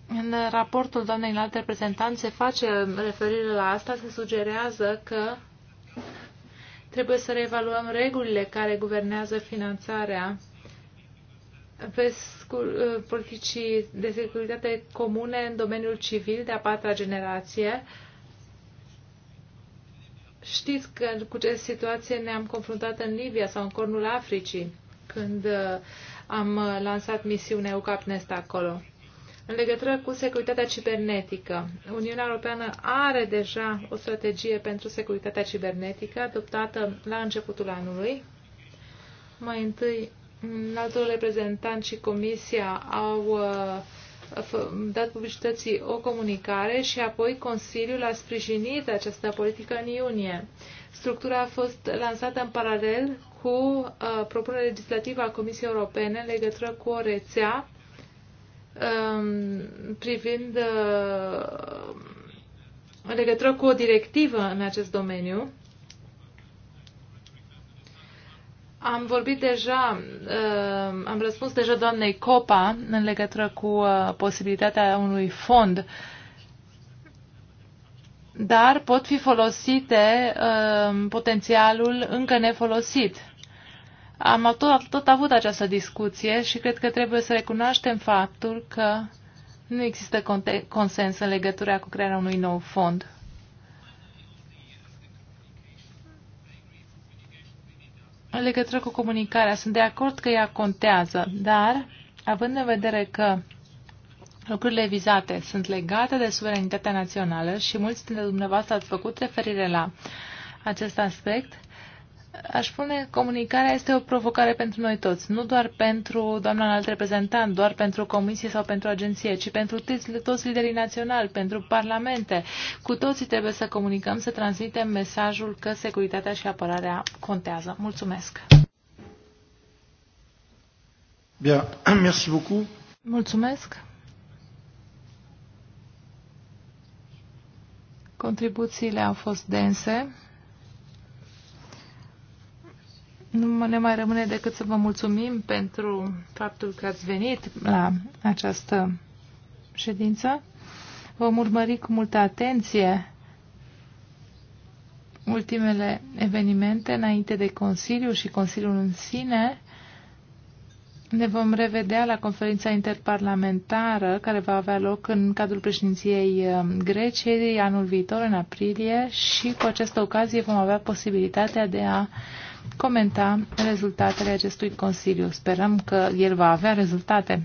În raportul doamnei înalt reprezentant se face referire la asta, se sugerează că trebuie să reevaluăm regulile care guvernează finanțarea pe uh, politicii de securitate comune în domeniul civil de a patra generație. Știți că cu ce situație ne-am confruntat în Libia sau în cornul Africii când uh, am uh, lansat misiunea UCAPNEST acolo. În legătură cu securitatea cibernetică, Uniunea Europeană are deja o strategie pentru securitatea cibernetică adoptată la începutul anului. Mai întâi Mm, altul reprezentant și comisia au uh, dat publicității o comunicare și apoi Consiliul a sprijinit această politică în iunie. Structura a fost lansată în paralel cu uh, propunerea legislativă a Comisiei Europene în legătură cu o rețea um, privind uh, în legătură cu o directivă în acest domeniu Am vorbit deja, uh, am răspuns deja doamnei Copa în legătură cu uh, posibilitatea unui fond dar pot fi folosite uh, potențialul încă nefolosit. Am tot, tot avut această discuție și cred că trebuie să recunoaștem faptul că nu există consens în legătura cu crearea unui nou fond. în legătură cu comunicarea, sunt de acord că ea contează, dar având în vedere că lucrurile vizate sunt legate de suveranitatea națională și mulți dintre dumneavoastră ați făcut referire la acest aspect, aș spune, comunicarea este o provocare pentru noi toți, nu doar pentru doamna înalt reprezentant, doar pentru comisie sau pentru agenție, ci pentru toți liderii naționali, pentru parlamente. Cu toții trebuie să comunicăm, să transmitem mesajul că securitatea și apărarea contează. Mulțumesc! Bien, merci beaucoup. Mulțumesc! Contribuțiile au fost dense. Nu ne mai rămâne decât să vă mulțumim pentru faptul că ați venit la această ședință. Vom urmări cu multă atenție ultimele evenimente înainte de Consiliu și Consiliul în sine. Ne vom revedea la conferința interparlamentară care va avea loc în cadrul președinției uh, Greciei anul viitor, în aprilie, și cu această ocazie vom avea posibilitatea de a comenta rezultatele acestui Consiliu. Sperăm că el va avea rezultate,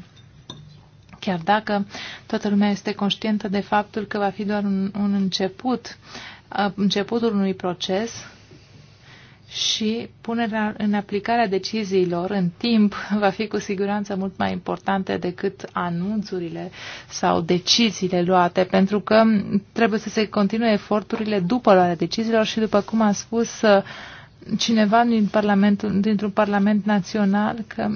chiar dacă toată lumea este conștientă de faptul că va fi doar un, un început, uh, începutul unui proces și punerea în aplicarea deciziilor în timp va fi cu siguranță mult mai importantă decât anunțurile sau deciziile luate, pentru că trebuie să se continue eforturile după luarea deciziilor și, după cum am spus, cineva din parlamentul, dintr-un parlament național că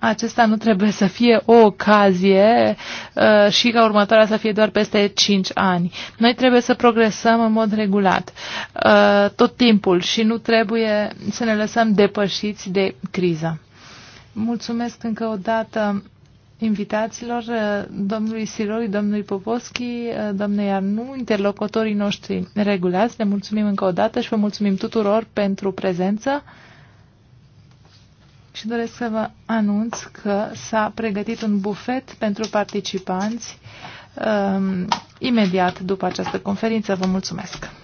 acesta nu trebuie să fie o ocazie uh, și ca următoarea să fie doar peste 5 ani. Noi trebuie să progresăm în mod regulat, uh, tot timpul și nu trebuie să ne lăsăm depășiți de criza. Mulțumesc încă o dată invitaților, uh, domnului Siroi, domnului Popovski, uh, domnei Arnu, interlocutorii noștri regulați. Le mulțumim încă o dată și vă mulțumim tuturor pentru prezență. Și doresc să vă anunț că s-a pregătit un bufet pentru participanți um, imediat după această conferință. Vă mulțumesc!